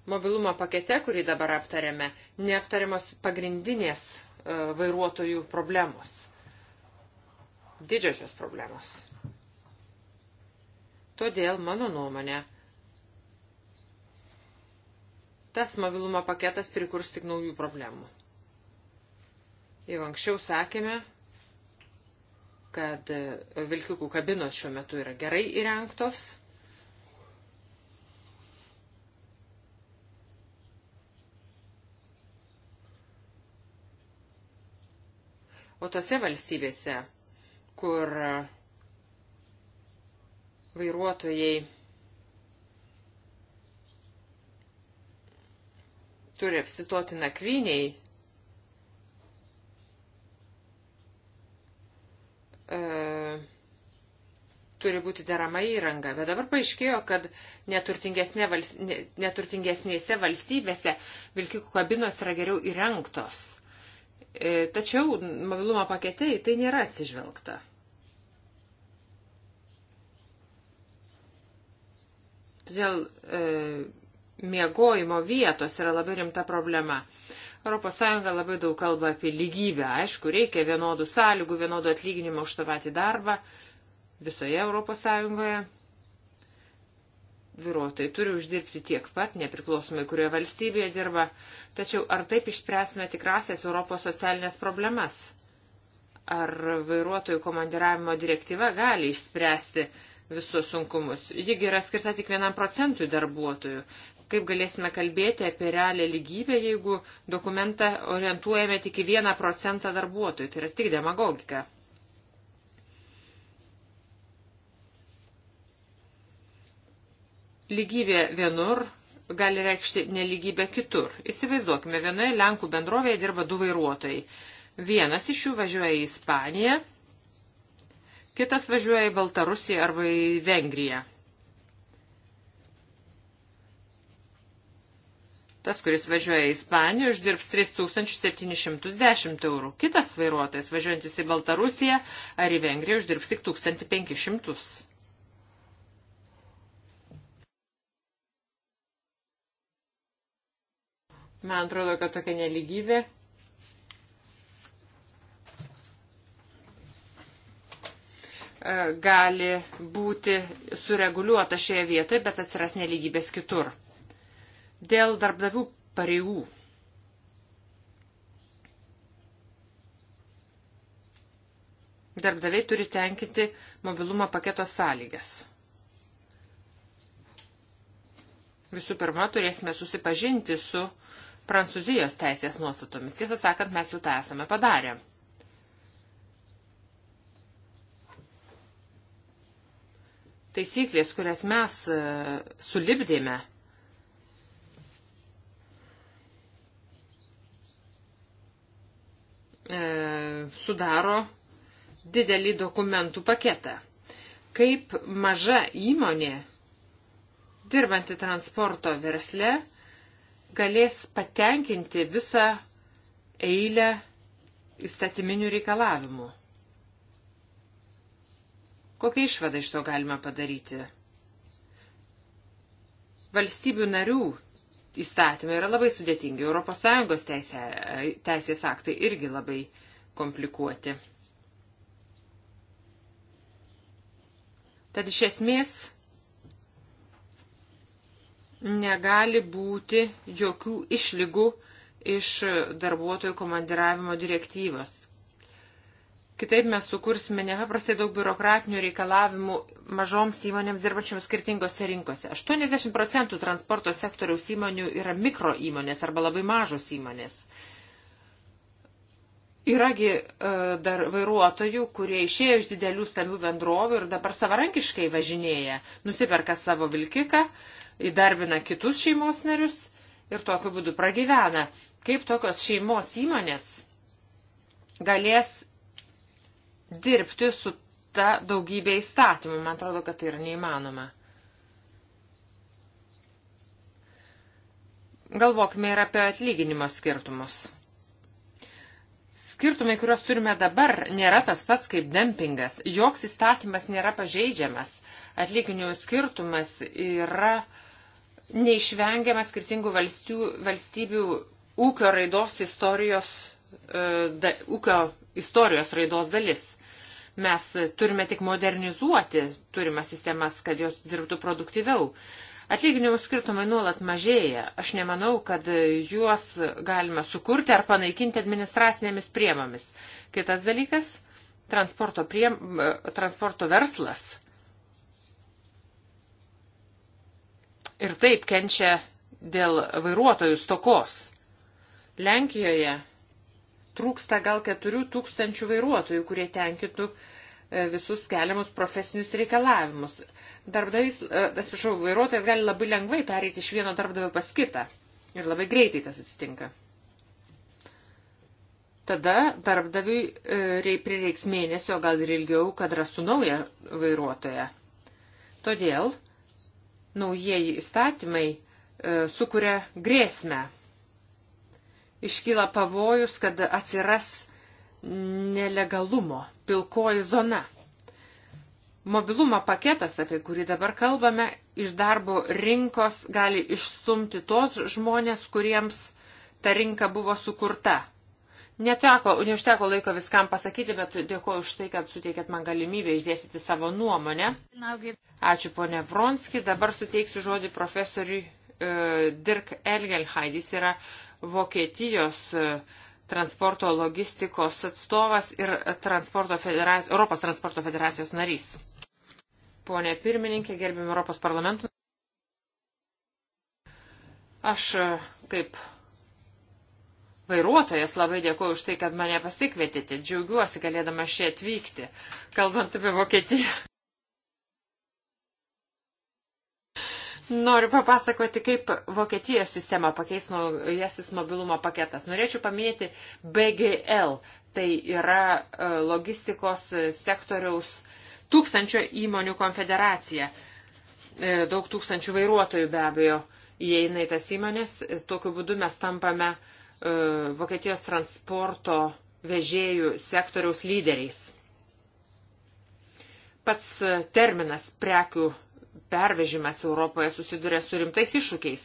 Mobilumo pakete, kurį dabar aptarėme, neaptariamos pagrindinės e, vairuotojų problemos. Didžiosios problemos. Todėl, mano nuomonė, tas mobilumo paketas prikurs tik naujų problemų. Jau anksčiau sakėme, kad e, vilkikų kabinos šiuo metu yra gerai įrengtos, O tose valstybėse, kur vairuotojai turi apsistoti nakvyniai, e, turi būti derama įranga. Bet dabar paaiškėjo, kad neturtingesnė valst... neturtingesnėse valstybėse vilkikų kabinos yra geriau įrengtos. E, tačiau mobilumo pakete į tai nėra atsižvelgta. Todėl e, miegojimo vietos yra labai rimta problema. ES labai daug kalba apie lygybę. Aišku, reikia vienodų sąlygų, vienodų atlyginimų už tą patį darbą visoje ES vairuotojai turi uždirbti tiek pat, nepriklausomai kurioje valstybėje dirba, tačiau ar taip išspręsime tikrasias Europos socialinės problemas? Ar vairuotojų komandiravimo direktyva gali išspręsti visus sunkumus? Jigi yra skirta tik vienam procentui darbuotojų. Kaip galėsime kalbėti apie realią lygybę, jeigu dokumentą orientuojame tik į vieną procentą darbuotojų? Tai yra tik demagogika. Lygybė vienur gali reikšti neligybę kitur. Įsivaizduokime, vienoje Lenkų bendrovėje dirba du vairuotojai. Vienas iš jų važiuoja į Ispaniją, kitas važiuoja į Baltarusiją arba į Vengriją. Tas, kuris važiuoja į Ispaniją, uždirbs 3710 eurų. Kitas vairuotojas, važiuojantis į Baltarusiją ar į Vengriją, uždirbs tik 1500. Man atrodo, kad tokia neligybė. E, gali būti sureguliuota šioje vietoje, bet atsiras neligybės kitur. Dėl darbdavių pareigų. Darbdaviai turi tenkinti mobilumo paketo sąlygas. Visų pirma, turėsime susipažinti su uh, Prancūzijos teisės nuostatomis. Tiesą sakant, mes jau tą esame padarę. Taisyklės, kurias mes e, sulibdėme, e, sudaro didelį dokumentų paketą. Kaip maža įmonė, dirbanti transporto versle, galės patenkinti visą eilę įstatyminių reikalavimų. Kokią išvadą iš to galima padaryti? Valstybių narių įstatymai yra labai sudėtingi, ES teisė, teisės aktai irgi labai komplikuoti. Tad iš esmės negali būti jokių išlygų iš darbuotojų komandiravimo direktyvos. Kitaip mes sukursime nepaprastai daug biurokratinių reikalavimų mažoms įmonėms dirbančiams skirtingose rinkose. 80 procentų transporto sektoriaus įmonių yra mikro įmonės arba labai mažos įmonės. Yragi e, dar vairuotojų, kurie išėjo iš didelių stambių bendrovių ir dabar savarankiškai važinėja, nusiperka savo vilkiką, uh, įdarbina kitus šeimos narius ir tokiu būdu pragyvena. Kaip tokios šeimos įmonės galės dirbti su ta daugybė įstatymų? Man atrodo, kad tai yra neįmanoma. Galvokime ir apie atlyginimo skirtumus. Skirtumai, kuriuos turime dabar, nėra tas pats kaip dempingas. Joks įstatymas nėra pažeidžiamas. Atlyginimų skirtumas yra uh, neišvengiama skirtingų valstybių, valstybių ūkio raidos istorijos, e, da, ūkio istorijos raidos dalis. Mes turime tik modernizuoti turimas sistemas, kad jos dirbtų produktyviau. Atlyginimų skirtumai nuolat mažėja. Aš nemanau, kad juos galima sukurti ar panaikinti administracinėmis priemomis. Kitas dalykas transporto, prie, transporto verslas ir taip kenčia dėl vairuotojų stokos. Lenkijoje trūksta gal 4 tūkstančių vairuotojų, kurie tenkintų e, visus keliamus profesinius reikalavimus. Darbdavys, e, atsiprašau, vairuotojas gali labai lengvai pereiti iš vieno darbdavio pas kitą. Ir labai greitai tas atsitinka. Tada darbdaviui e, prireiks mėnesio, gal ir ilgiau, kad rastų naują vairuotoją. Todėl naujieji įstatymai e, sukuria grėsmę. Iškyla pavojus, kad atsiras nelegalumo pilkoji zona. Mobilumo paketas, apie kurį dabar kalbame, iš darbo rinkos gali išstumti tos žmonės, kuriems ta rinka buvo sukurta Neteko, neužteko laiko viskam pasakyti, bet dėkuoju už tai, kad suteikėt man galimybę išdėstyti savo nuomonę. Ačiū ponė Vronski. Dabar suteiksiu žodį profesoriui e, Dirk Elgelhaid. Jis yra Vokietijos e, transporto logistikos atstovas ir transporto federacijos, Europos transporto federacijos narys. Pone pirmininkė, gerbim Europos parlamentų. Aš e, kaip vairuotojas, labai dėkuoju už tai, kad mane pasikvietėte. Džiaugiuosi galėdama šie atvykti, kalbant apie Vokietiją. Noriu papasakoti, kaip Vokietijos sistema pakeis naujasis mobilumo paketas. Norėčiau paminėti BGL, tai yra e, logistikos e, sektoriaus tūkstančio įmonių konfederacija. E, daug tūkstančių vairuotojų be abejo įeina į tas įmonės. Tokiu būdu mes tampame uh, E, Vokietijos transporto vežėjų sektoriaus lyderiais. Pats terminas prekių pervežimas Europoje susiduria su rimtais iššūkiais.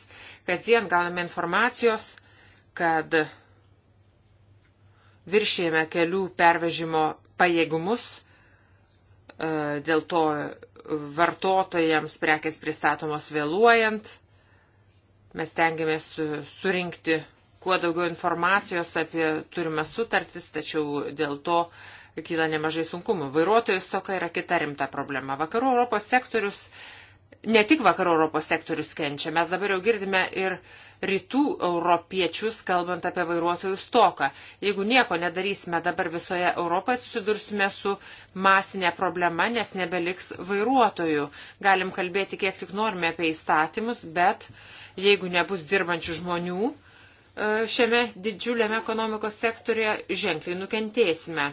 Kasdien gauname informacijos, kad viršėjame kelių pervežimo pajėgumus, e, dėl to vartotojams prekės pristatomos vėluojant. Mes tengiamės surinkti kuo daugiau informacijos apie turime sutartis, tačiau dėl to kyla nemažai sunkumų. Vairuotojų stoka yra kita rimta problema. Vakarų Europos sektorius, ne tik Vakarų Europos sektorius kenčia, mes dabar jau girdime ir rytų europiečius, kalbant apie vairuotojų stoką. Jeigu nieko nedarysime dabar visoje Europoje, susidursime su masinė problema, nes nebeliks vairuotojų. Galim kalbėti kiek tik norime apie įstatymus, bet jeigu nebus dirbančių žmonių, E, šiame didžiuliame ekonomikos sektorėje ženkliai nukentėsime.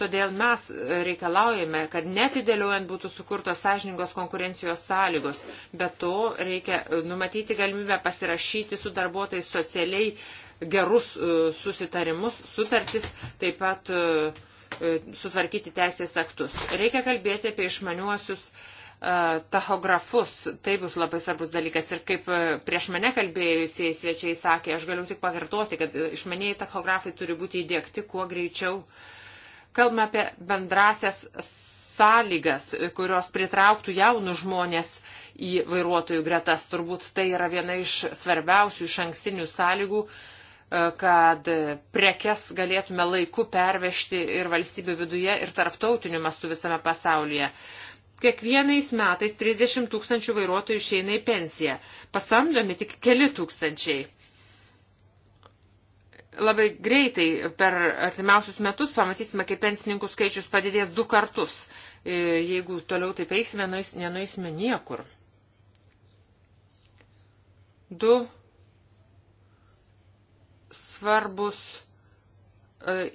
Todėl mes reikalaujame, kad netidėliojant būtų sukurtos sąžiningos konkurencijos sąlygos. Be to reikia numatyti galimybę pasirašyti su darbuotojais socialiai gerus e, susitarimus, sutartis, taip pat e, sutvarkyti teisės aktus. Reikia kalbėti apie išmaniuosius uh, tachografus. Tai bus labai svarbus dalykas. Ir kaip e, prieš mane kalbėjusiai svečiai sakė, aš galiu tik pakartoti, kad išmaniai tachografai turi būti įdėkti kuo greičiau. Kalbame apie bendrasias sąlygas, kurios pritrauktų jaunų žmonės į vairuotojų gretas. Turbūt tai yra viena iš svarbiausių iš anksinių sąlygų e, kad prekes galėtume laiku pervežti ir valstybių viduje, ir tarptautiniu mastu visame pasaulyje. Kiekvienais metais 30 tūkstančių vairuotojų išeina į pensiją, pasamdomi tik keli tūkstančiai. Labai greitai per artimiausius metus pamatysime, kaip pensininkų skaičius padidės du kartus. E, jeigu toliau taip eisime, nenueisime niekur. Du svarbus e,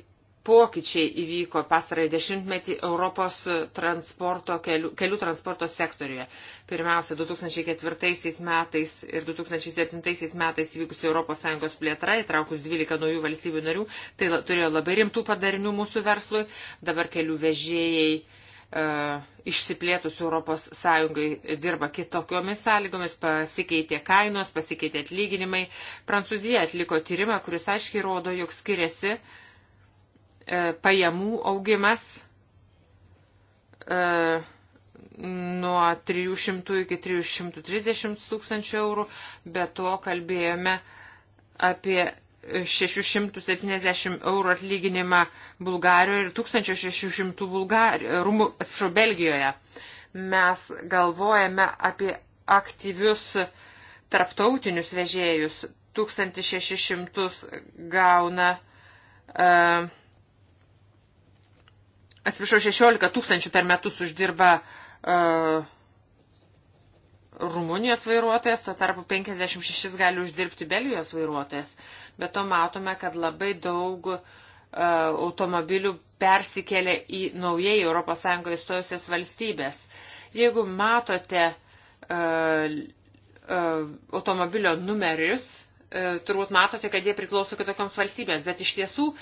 pokyčiai įvyko pasarąjį dešimtmetį Europos transporto kelių, kelių transporto sektoriuje. Pirmiausia, 2004 metais ir 2007 metais įvykusi ES plėtra, įtraukus 12 naujų valstybių narių, tai la, turėjo labai rimtų padarinių mūsų verslui. Dabar kelių vežėjai e, išsiplėtus Europos Sąjungai dirba kitokiomis sąlygomis, pasikeitė kainos, pasikeitė atlyginimai. Prancūzija atliko tyrimą, kuris aiškiai rodo, jog skiriasi uh, E, pajamų augimas e, nuo 300 iki 330 tūkstančių eurų, be to kalbėjome apie 670 eurų atlyginimą Bulgarijoje ir 1600 Bulgari, e, rumų, atsiprašau, Belgijoje. Mes galvojame apie aktyvius tarptautinius vežėjus. 1600 gauna uh, atsiprašau, 16 tūkstančių per metus uždirba uh, Rumunijos vairuotojas, tuo tarpu 56 gali uždirbti Belgijos vairuotojas. Bet to matome, kad labai daug uh, automobilių persikėlė į naujai ES įstojusias valstybės. Jeigu matote uh, uh, automobilio numerius, turbūt matote, kad jie priklauso kitokioms valstybėms, bet iš tiesų uh,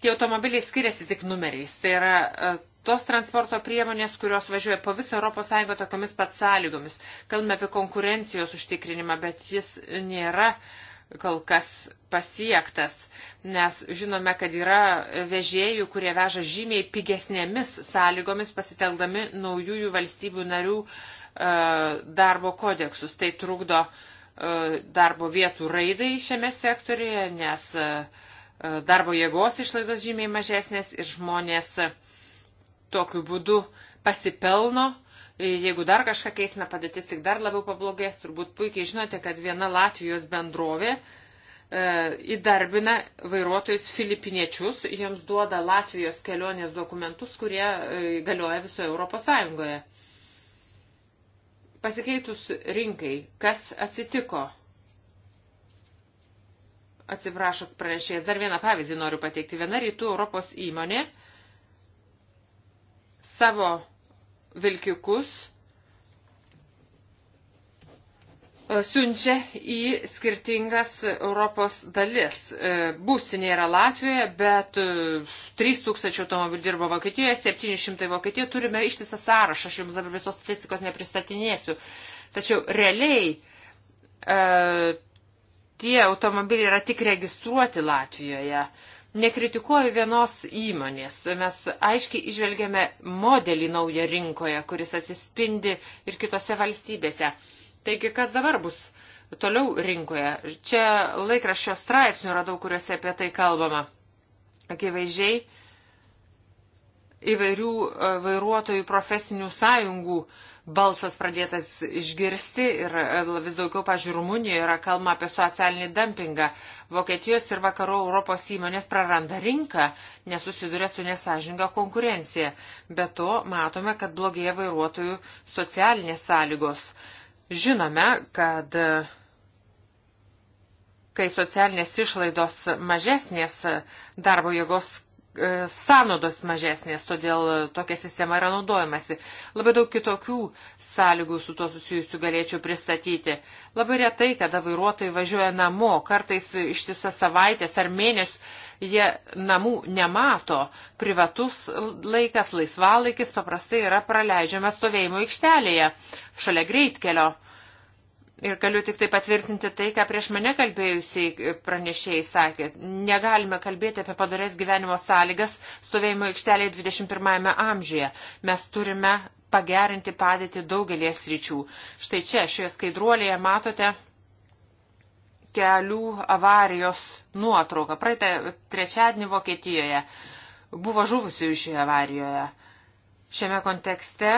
Tie automobiliai skiriasi tik numeriais. Tai yra e, tos transporto priemonės, kurios važiuoja po visą ES tokiamis pat sąlygomis. Kalbame apie konkurencijos užtikrinimą, bet jis nėra kol kas pasiektas, nes žinome, kad yra vežėjų, kurie veža žymiai pigesnėmis sąlygomis pasiteldami naujųjų valstybių narių e, darbo kodeksus. Tai trukdo e, darbo vietų raidai šiame sektorėje, nes uh, darbo jėgos išlaidos žymiai mažesnės ir žmonės tokiu būdu pasipelno. Jeigu dar kažką keisime, padėtis tik dar labiau pablogės. Turbūt puikiai žinote, kad viena Latvijos bendrovė e, įdarbina vairuotojus filipiniečius, jiems duoda Latvijos kelionės dokumentus, kurie e, galioja visoje Europos Sąjungoje. Pasikeitus rinkai, kas atsitiko? atsiprašo pranešėjas, dar vieną pavyzdį noriu pateikti. Viena rytų Europos įmonė savo vilkikus e, siunčia į skirtingas Europos dalis. E, Būsinė yra Latvijoje, bet 3000 e, automobilių dirbo Vokietijoje, 700 Vokietijoje, turime ištisą sąrašą, aš jums dabar visos statistikos nepristatinėsiu. Tačiau realiai tie automobiliai yra tik registruoti Latvijoje. Nekritikuoju vienos įmonės. Mes aiškiai išvelgėme modelį naują rinkoje, kuris atsispindi ir kitose valstybėse. Taigi, kas dabar bus toliau rinkoje? Čia laikraščio straipsnių radau, kuriuose apie tai kalbama. Akivaizdžiai įvairių e, vairuotojų profesinių sąjungų uh, balsas pradėtas išgirsti ir e, vis daugiau, pažiūrėjau, Rumunijoje yra kalba apie socialinį dumpingą. Vokietijos ir vakarų Europos įmonės praranda rinką, nesusiduria su nesažinga konkurencija. Be to, matome, kad blogėja vairuotojų socialinės sąlygos. Žinome, kad e, kai socialinės išlaidos mažesnės e, darbo jėgos E, sąnaudos mažesnės, todėl tokia sistema yra naudojamasi. Labai daug kitokių sąlygų su tuo susijusių galėčiau pristatyti. Labai retai, kada vairuotojai važiuoja namo, kartais ištisą savaitės ar mėnesius jie namų nemato. Privatus laikas, laisvalaikis paprastai yra praleidžiamas stovėjimo aikštelėje šalia greitkelio. Ir galiu tik tai patvirtinti tai, ką prieš mane kalbėjusiai pranešėjai sakė. Negalime kalbėti apie padarės gyvenimo sąlygas stovėjimo aikštelėje 21 amžiuje. Mes turime pagerinti padėtį daugelės ryčių. Štai čia, šioje skaidruolėje matote kelių avarijos nuotrauką. Praeitą trečiadienį Vokietijoje buvo žuvusių šioje avarijoje. Šiame kontekste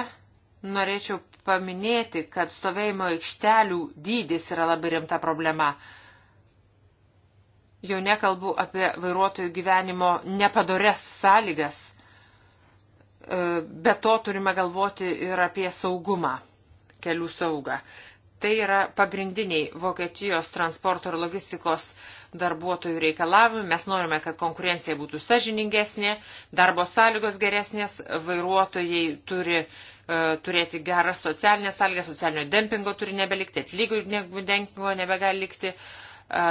Norėčiau paminėti, kad stovėjimo aikštelių dydis yra labai rimta problema. Jau nekalbu apie vairuotojų gyvenimo nepadores sąlygas. E, be to turime galvoti ir apie saugumą, kelių saugą. Tai yra pagrindiniai Vokietijos transporto ir logistikos darbuotojų reikalavimai. Mes norime, kad konkurencija būtų sažiningesnė, darbo sąlygos geresnės, vairuotojai turi uh, E, turėti geras socialinės sąlygas, socialinio dempingo turi nebelikti, atlyginimų dempingo nebegali likti, e,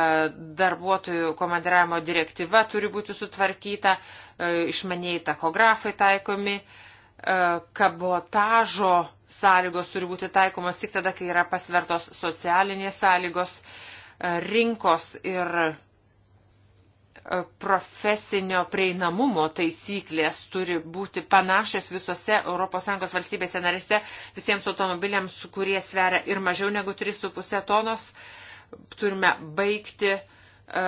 darbuotojų komandiravimo direktyva turi būti sutvarkyta, e, išmaniai tachografai taikomi, kabotažo sąlygos turi būti taikomas tik tada, kai yra pasvertos socialinės sąlygos, rinkos ir profesinio prieinamumo taisyklės turi būti panašios visose ES valstybėse narėse visiems automobiliams, kurie sveria ir mažiau negu 3,5 tonos. Turime baigti uh, E,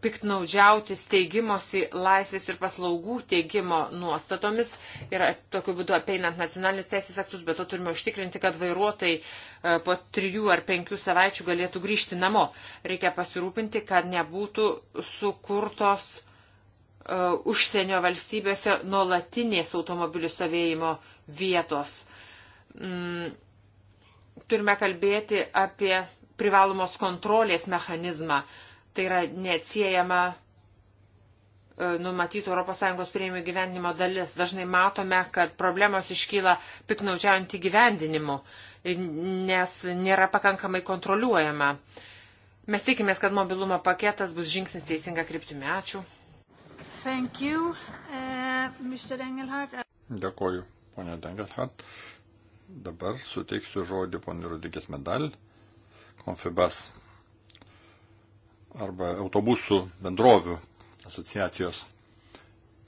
piktnaudžiauti steigimosi laisvės ir paslaugų teikimo nuostatomis ir tokiu būdu apeinant nacionalinius teisės aktus, bet to turime užtikrinti, kad vairuotojai e, po trijų ar penkių savaičių galėtų grįžti namo. Reikia pasirūpinti, kad nebūtų sukurtos uh, užsienio valstybėse nuolatinės automobilių savėjimo vietos. Mm, turime kalbėti apie privalomos kontrolės mechanizmą. Uh, Tai yra neatsiejama e, numatytų ES priėmimų gyvenimo dalis. Dažnai matome, kad problemos iškyla piknaudžiaujant įgyvendinimu, nes nėra pakankamai kontroliuojama. Mes tikimės, kad mobilumo paketas bus žingsnis teisinga kryptimi. Ačiū. Thank you, uh,
Dėkoju, ponė Dengelhardt. Dabar suteiksiu žodį ponė Rudikės medal, konfibas arba autobusų bendrovių asociacijos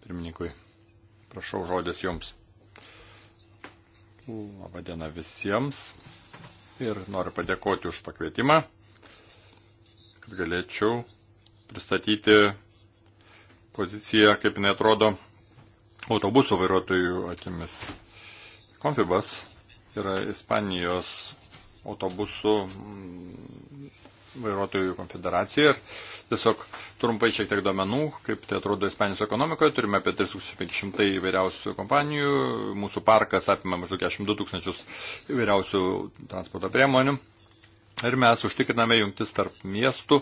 pirmininkui. Prašau žodis jums. Labadiena visiems ir noriu padėkoti už pakvietimą, kad galėčiau pristatyti poziciją, kaip jinai atrodo autobusų vairuotojų akimis. Konfibas yra Ispanijos autobusų vairuotojų konfederacija ir tiesiog trumpai šiek tiek duomenų, kaip tai atrodo Ispanijos ekonomikoje. Turime apie 3500 įvairiausių kompanijų, mūsų parkas apima maždaug 42 tūkstančius įvairiausių transporto priemonių ir mes užtikriname jungtis tarp miestų.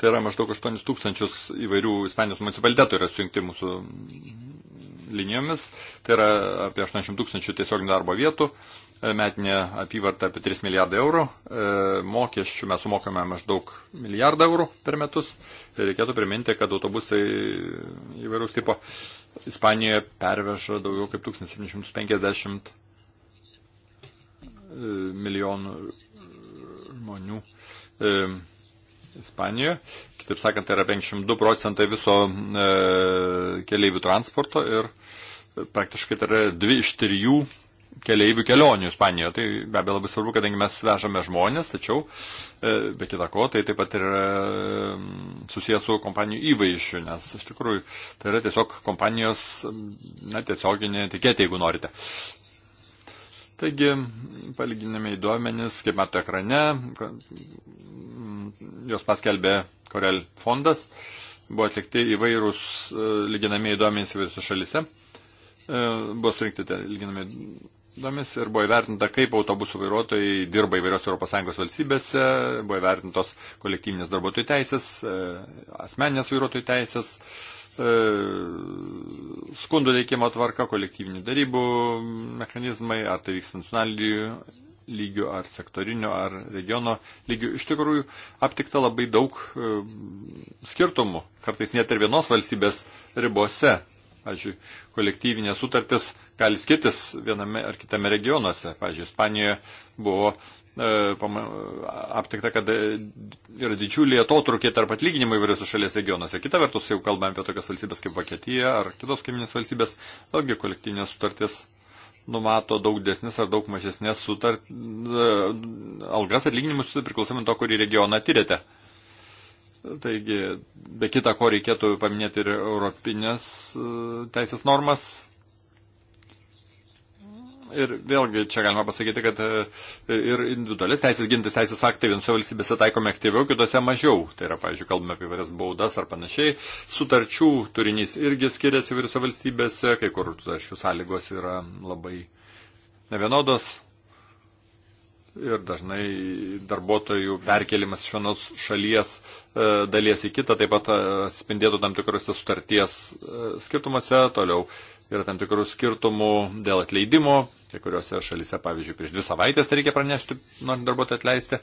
Tai yra maždaug 8 tūkstančius įvairių Ispanijos municipalitetų yra sujungti mūsų linijomis. Tai yra apie 80 tūkstančių tiesioginių darbo vietų metinė apyvarta apie 3 milijardai eurų, e, mokesčių mes sumokame maždaug milijardą eurų per metus. Ir reikėtų priminti, kad autobusai įvairiaus tipo Ispanijoje perveža daugiau kaip 1750 e, milijonų žmonių e, Ispanijoje. Kitaip sakant, tai yra 52 procentai viso keleivių transporto ir praktiškai tai yra dvi iš trijų keleivių kelionių Ispanijoje. Tai be abejo labai svarbu, kadangi mes vežame žmonės, tačiau e, be kita ko, tai taip pat ir e, susijęs su kompanijų įvaizdžiu, nes iš tikrųjų tai yra tiesiog kompanijos, na, tiesioginė etiketė, jeigu norite. Taigi, palyginami įduomenis, kaip matote ekrane, jos paskelbė Korel fondas, buvo atlikti įvairūs e, lyginamieji duomenys įvairiose šalise buvo surinkti lyginami domis ir buvo įvertinta, kaip autobusų vairuotojai dirba įvairios ES valstybėse, buvo įvertintos kolektyvinės darbuotojų teisės, e, asmeninės vairuotojų teisės, e, skundų teikimo tvarka, kolektyvinių darybų mechanizmai, ar tai vyksta nacionalinių lygių, ar sektorinių, ar regiono lygių. Iš tikrųjų, aptikta labai daug e, skirtumų, kartais net ir vienos valstybės ribose Pavyzdžiui, kolektyvinės sutartis gali skirtis viename ar kitame regionuose. Pavyzdžiui, Ispanijoje buvo e, aptikta, kad e, yra didžiulį atotrukį tarp atlyginimų įvairiuose šalies regionuose. Kita vertus, jau kalbame apie tokias valstybės kaip Vokietija ar kitos kaiminės valstybės, vėlgi kolektyvinės sutartis numato daug desnis ar daug mažesnės sutart, e, algas atlyginimus priklausomai to, kurį regioną tyrėte. Taigi, be kita ko reikėtų paminėti ir europinės e, teisės normas. Ir vėlgi čia galima pasakyti, kad e, ir individualės teisės gintis teisės aktai vienose valstybėse taikomi aktyviau, kitose mažiau. Tai yra, pavyzdžiui, kalbame apie vairias baudas ar panašiai. Sutarčių turinys irgi skiriasi vairiose valstybėse, kai kur sutarčių sąlygos yra labai nevienodos ir dažnai darbuotojų perkelimas iš vienos šalies e, dalies į kitą taip pat e, atspindėtų tam tikrose sutarties e, skirtumuose, toliau yra tam tikrų skirtumų dėl atleidimo, kai kuriuose šalyse, pavyzdžiui, prieš dvi savaitės tai reikia pranešti, norint darbuotojų atleisti.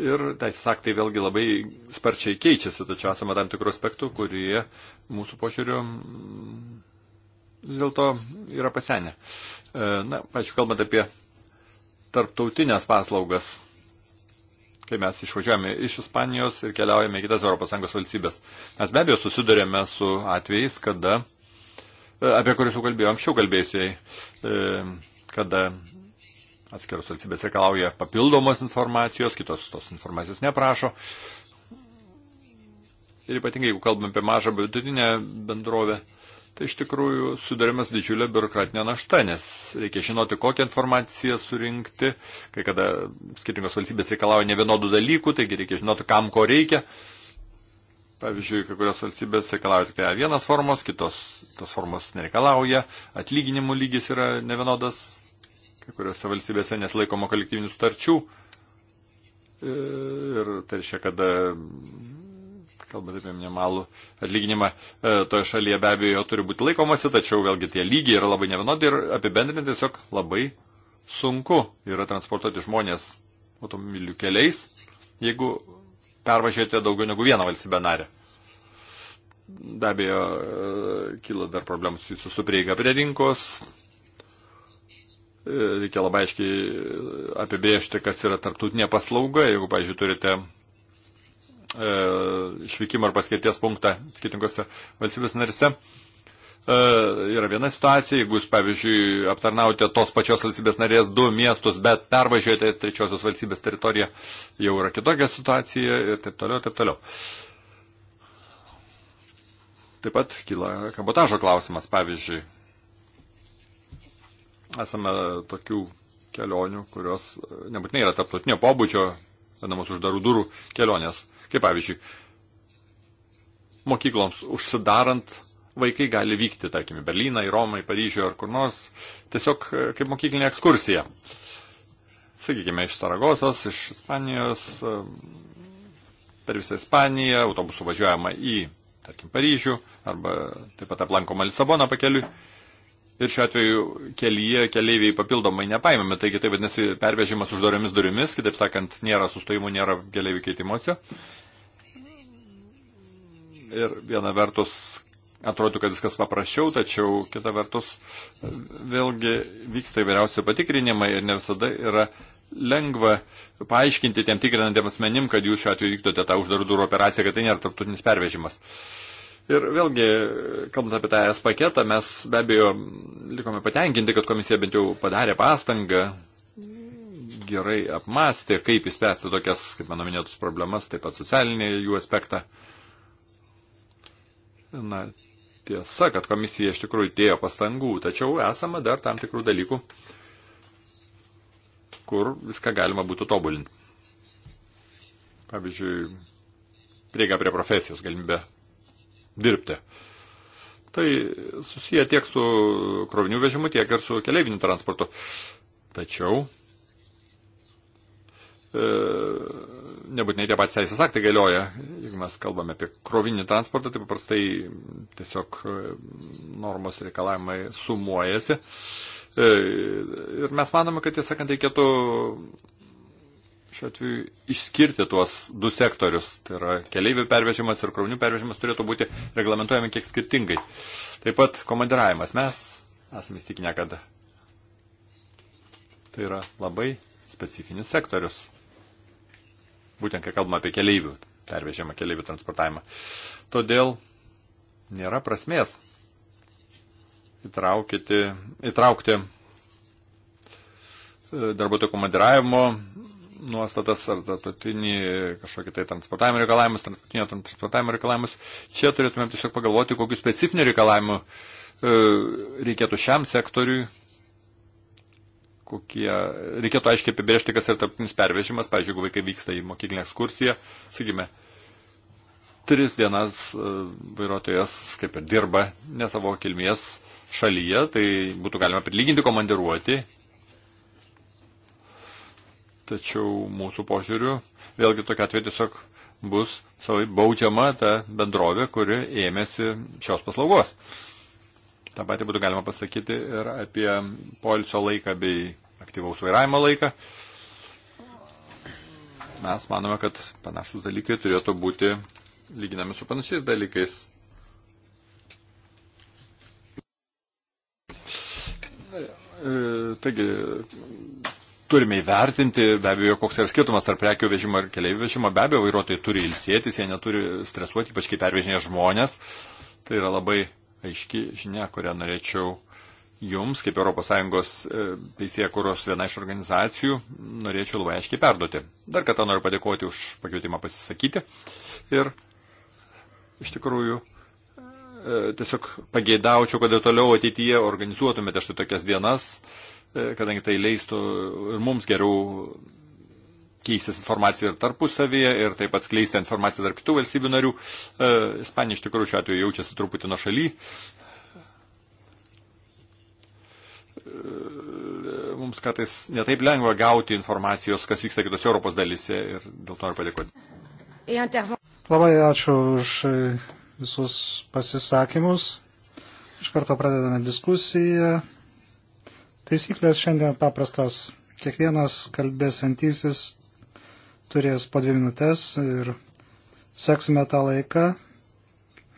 Ir teisės aktai vėlgi labai sparčiai keičiasi, tačiau esame tam tikrų aspektų, kurie mūsų požiūriu mm, vis dėlto yra pasenę. Na, pačiu kalbant apie tarptautinės paslaugas, kai mes išvažiuojame iš Ispanijos ir keliaujame į kitas ES valstybės. Mes be abejo susidurėme su atvejais, kada, e, apie kuriuos jau kalbėjau anksčiau kalbėjusiai, e, kada atskiros valstybės reikalauja papildomos informacijos, kitos tos informacijos neprašo. Ir ypatingai, jeigu kalbame apie mažą vidutinę bendrovę, tai iš tikrųjų sudarėmės didžiulę biurokratinę naštą, nes reikia žinoti, kokią informaciją surinkti, kai kada skirtingos valstybės reikalauja ne vienodų dalykų, taigi reikia žinoti, kam ko reikia. Pavyzdžiui, kai kurios valstybės reikalauja tik tai vienas formos, kitos tos formos nereikalauja, atlyginimų lygis yra nevienodas, kai kuriuose valstybėse nesilaikoma kolektyvinių starčių. E, ir tai reiškia, kad kalbant apie minimalų atlyginimą, e, toje šalyje be abejo jo turi būti laikomasi, tačiau vėlgi tie lygiai yra labai nevienodi ir apibendrinti tiesiog labai sunku yra transportuoti žmonės automobilių keliais, jeigu pervažiuojate daugiau negu vieną valstybę narę. Be abejo, e, kyla dar problemų su supreiga prie rinkos, e, reikia labai aiškiai apibriežti, kas yra tarptautinė paslauga. Jeigu, pavyzdžiui, turite E, išvykimo ar paskirties punktą skirtingose valstybės narise. E, yra viena situacija, jeigu jūs, pavyzdžiui, aptarnaujate tos pačios valstybės narės du miestus, bet pervažiuojate trečiosios valstybės teritoriją, jau yra kitokia situacija ir taip toliau, taip toliau. Taip pat kyla kabotažo klausimas, pavyzdžiui. Esame tokių kelionių, kurios nebūtinai yra tarptautinio pobūdžio, vadinamos uždarų durų kelionės. Kaip pavyzdžiui, mokykloms užsidarant vaikai gali vykti, tarkim, į Berliną, į Romą, į Paryžių ar kur nors, tiesiog e, kaip mokyklinė ekskursija. Sakykime, iš Saragosos, iš Ispanijos, e, per visą Ispaniją, autobusu važiuojama į, tarkim, Paryžių arba taip pat aplankoma Lisabona pakeliui. Ir šiuo atveju kelyje keleiviai papildomai nepaimami, taigi tai vadinasi pervežimas uždariomis durimis, kitaip sakant, nėra sustojimų, nėra keleivių keitimuose. Ir viena vertus atrodo, kad viskas paprasčiau, tačiau kita vertus vėlgi vyksta įvairiausi patikrinimai ir ne visada yra lengva paaiškinti tiem tikrinantiems asmenim, kad jūs šiuo atveju vykdote tą uždarų durų operaciją, kad tai nėra tarptautinis pervežimas. Uh, Ir vėlgi, kalbant apie tą S paketą, mes be abejo likome patenkinti, kad komisija bent jau padarė pastangą, gerai apmastė, kaip įspręsti tokias, kaip mano minėtus, problemas, taip pat socialinį jų aspektą. Na, tiesa, kad komisija iš tikrųjų dėjo pastangų, tačiau esama dar tam tikrų dalykų, kur viską galima būtų tobulinti. Pavyzdžiui, prieiga prie profesijos, galimybė dirbti. Tai susiję tiek su krovinių vežimu, tiek ir su keleiviniu transportu. Tačiau e, nebūtinai tie patys teisės aktai galioja. Jeigu mes kalbame apie krovinį transportą, tai paprastai tiesiog e, normos reikalavimai sumuojasi. E, ir mes manome, kad tiesąkant reikėtų šiuo atveju išskirti tuos du sektorius, tai yra keleivių pervežimas ir krovinių pervežimas turėtų būti reglamentuojami kiek skirtingai. Taip pat komandiravimas. Mes esame įstikinę, kad tai yra labai specifinis sektorius. Būtent, kai kalbame apie keleivių pervežimą, keleivių transportavimą. Todėl nėra prasmės įtraukti, įtraukti e, darbuotojų komandiravimo nuostatas ar tarptautinį kažkokį tai transportavimo reikalavimus, tarptautinio transportavimo reikalavimus. Čia turėtumėm tiesiog pagalvoti, kokiu specifiniu reikalavimu e, reikėtų šiam sektoriui, kokie, reikėtų aiškiai apibrėžti, kas yra tarptautinis pervežimas, pavyzdžiui, jeigu vaikai vyksta į mokyklinę ekskursiją, sakykime, tris dienas e, vairuotojas kaip ir dirba ne savo kilmės šalyje, tai būtų galima prilyginti komandiruoti Tačiau mūsų požiūriu, vėlgi tokia atveju tiesiog bus savai baudžiama ta bendrovė, kuri ėmėsi šios paslaugos. Ta pati būtų galima pasakyti ir apie poilsio laiką bei aktyvaus vairavimo laiką. Mes manome, kad panašus dalykai turėtų būti lyginami su panašiais dalykais. E, taigi, turime įvertinti, be abejo, koks yra skirtumas tarp prekių vežimo ir keliaivių vežimo. Be abejo, vairuotojai turi ilsėtis, jie neturi stresuoti, ypač kai pervežinėja žmonės. Tai yra labai aiški žinia, kurią norėčiau jums, kaip ES e, teisėje kuros viena iš organizacijų, norėčiau labai aiškiai perduoti. Dar kartą noriu padėkoti už pakvietimą pasisakyti ir iš tikrųjų e, tiesiog pageidaučiau, kad ir toliau ateityje organizuotumėte štai tokias dienas E, kadangi tai leistų ir mums geriau keistis informaciją ir tarpusavyje ir taip pat skleisti informaciją tarp kitų valstybių narių. E, Ispanija iš tikrųjų šiuo atveju jaučiasi truputį nuo šaly. E, mums kartais netaip lengva gauti informacijos, kas vyksta kitose Europos dalyse ir dėl to noriu padėkoti.
Labai ačiū už visus pasisakymus. Iš karto pradedame diskusiją. Taisyklės šiandien paprastos. Kiekvienas kalbėsantysis turės po dvi minutės ir seksime tą laiką,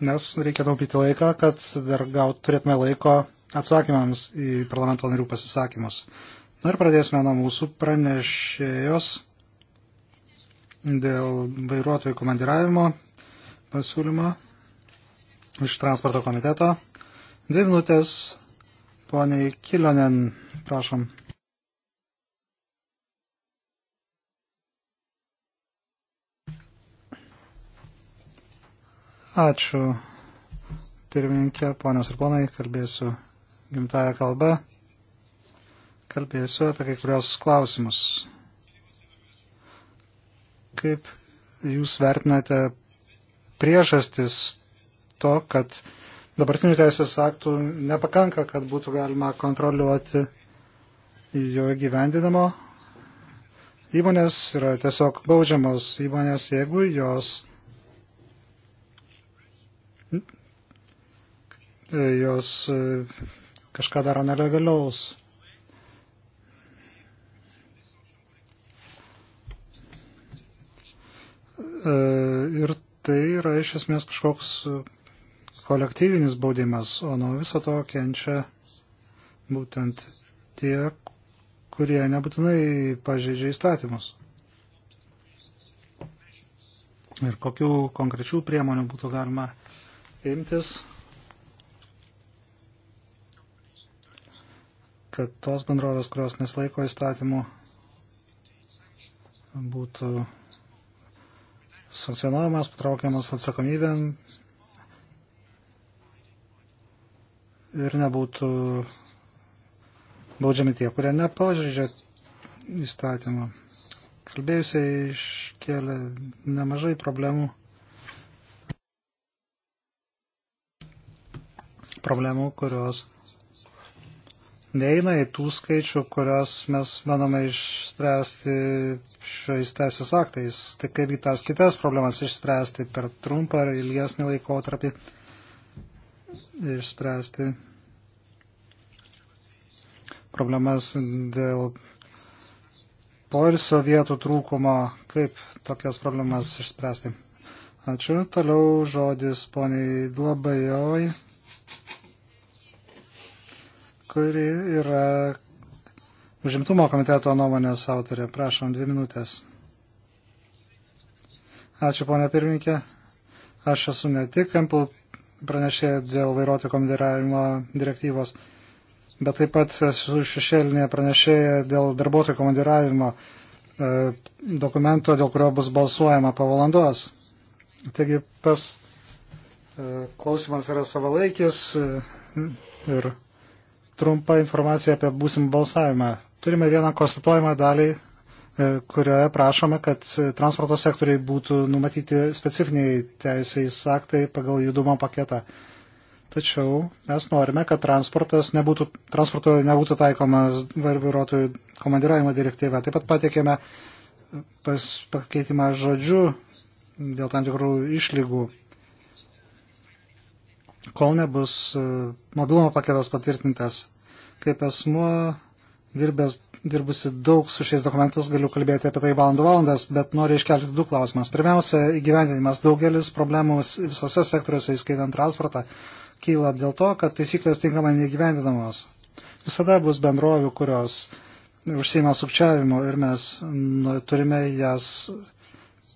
nes reikia taupyti laiką, kad dar gaut, turėtume laiko atsakymams į parlamento narių pasisakymus. Na ir pradėsime nuo mūsų pranešėjos dėl vairuotojų komandiravimo pasiūlymo iš transporto komiteto. Dvi minutės poniai Kilonen. Prašom. Ačiū, pirmininkė, ponios ir ponai, kalbėsiu gimtają kalbą, kalbėsiu apie kai kurios klausimus. Kaip jūs vertinate priežastis to, kad dabartinių teisės aktų nepakanka, kad būtų galima kontroliuoti jo gyvendinimo. Įmonės yra tiesiog baudžiamos įmonės, jeigu jos, jos e, kažką daro nelegaliaus. E, ir tai yra iš esmės kažkoks kolektyvinis baudimas, o nuo viso to kenčia būtent tie, kurie nebūtinai pažeidžia įstatymus. Ir kokių konkrečių priemonių būtų galima imtis, kad tos bendrovės, kurios nesilaiko įstatymų, būtų sankcionuojamas, patraukiamas atsakomybėm ir nebūtų baudžiami tie, kurie nepažeidžia įstatymą. Kalbėjusiai iškėlė nemažai problemų. Problemų, kurios neina į tų skaičių, kurias mes manome išspręsti šiais teisės aktais. Tai kaipgi tas kitas problemas išspręsti per trumpą ar ilgesnį laikotarpį išspręsti problemas dėl poilsio vietų trūkumo, kaip tokias problemas išspręsti. Ačiū. Toliau žodis poniai Dlabajoj, kuri yra užimtumo komiteto nuomonės autorė. Prašom, dvi minutės. Ačiū, ponia pirmininkė. Aš esu ne tik Ample pranešė dėl vairuotojų komandiravimo direktyvos bet taip pat su šešėlinė pranešėja dėl darbuotojų komandiravimo e, dokumento, dėl kurio bus balsuojama po valandos. Taigi tas e, klausimas yra savalaikis e, ir trumpa informacija apie būsim balsavimą. Turime vieną konstatuojamą dalį, kurioje prašome, kad transporto sektoriai būtų numatyti specifiniai teisės aktai pagal judumo paketą. Tačiau mes norime, kad transportas nebūtų, transporto nebūtų taikomas vairuotojų komandiravimo direktyva. Taip pat patikėme pas pakeitimą žodžių dėl tam tikrų išlygų. Kol nebus e, mobilumo paketas patvirtintas, kaip asmuo dirbęs, dirbusi daug su šiais dokumentais, galiu kalbėti apie tai valandų valandas, bet noriu iškelti du klausimus. Pirmiausia, įgyvendinimas daugelis problemų visose sektoriuose, įskaitant transportą kyla dėl to, kad taisyklės tinkamai negyvendinamos. Visada bus bendrovių, kurios užsima sukčiavimu ir mes nu, turime jas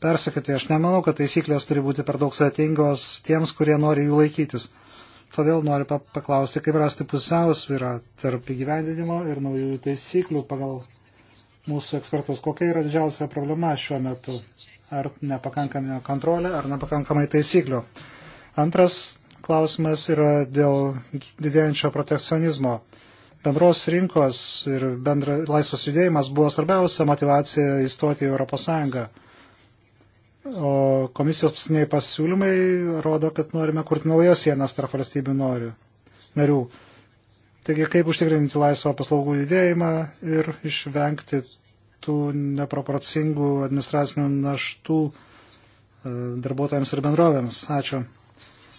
persekyti. Aš nemanau, kad taisyklės turi būti per daug sėtingos tiems, kurie nori jų laikytis. Todėl noriu paklausti, kaip rasti pusiausvyrą tarp įgyvendinimo ir naujų taisyklių pagal mūsų ekspertus. Kokia yra didžiausia problema šiuo metu? Ar nepakankamė kontrolė, ar nepakankamai taisyklių? Antras klausimas yra dėl didėjančio protekcionizmo. Bendros rinkos ir bendra, laisvas judėjimas buvo svarbiausia motivacija įstoti į ES. O komisijos pasiniai pasiūlymai rodo, kad norime kurti naujas sienas tarp valstybių norių, narių. Taigi, kaip užtikrinti laisvą paslaugų judėjimą ir išvengti tų neproporcingų administracinių naštų e, darbuotojams ir bendrovėms. Ačiū.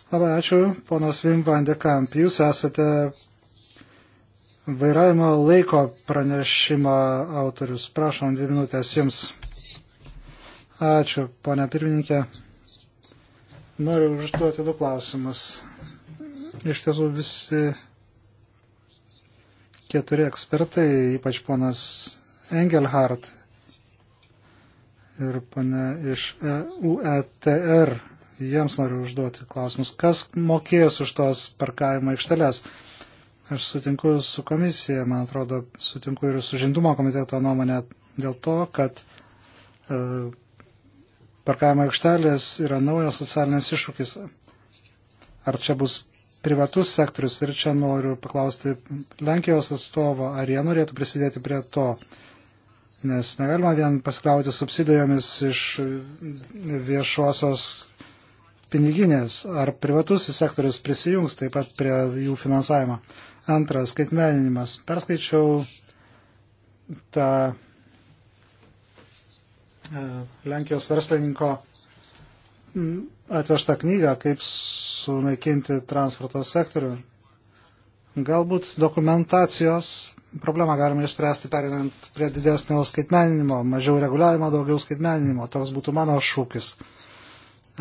Labai ačiū, ponas Vim van de Kamp. Jūs esate vairavimo laiko pranešimo autorius. Prašom, dvi minutės jums. Ačiū, ponia pirmininkė. Noriu užduoti du klausimus. Iš tiesų visi keturi ekspertai, ypač ponas Engelhardt ir pana iš e UETR jiems noriu užduoti klausimus. Kas mokės už tos parkavimo aikšteles? Aš sutinku su komisija, man atrodo, sutinku ir su žindumo komiteto nuomonė dėl to, kad e, parkavimo aikštelės yra naujas socialinis iššūkis. Ar čia bus privatus sektorius ir čia noriu paklausti Lenkijos atstovo, ar jie norėtų prisidėti prie to, nes negalima vien pasikliauti subsidijomis iš viešosios piniginės, ar privatus sektorius prisijungs taip pat prie jų finansavimo. Antras, skaitmeninimas. Perskaičiau tą e, Lenkijos verslininko atvežtą knygą, kaip sunaikinti transporto sektorių. Galbūt dokumentacijos problemą galima išspręsti perinant prie didesnio skaitmeninimo, mažiau reguliavimo, daugiau skaitmeninimo. Toks būtų mano šūkis.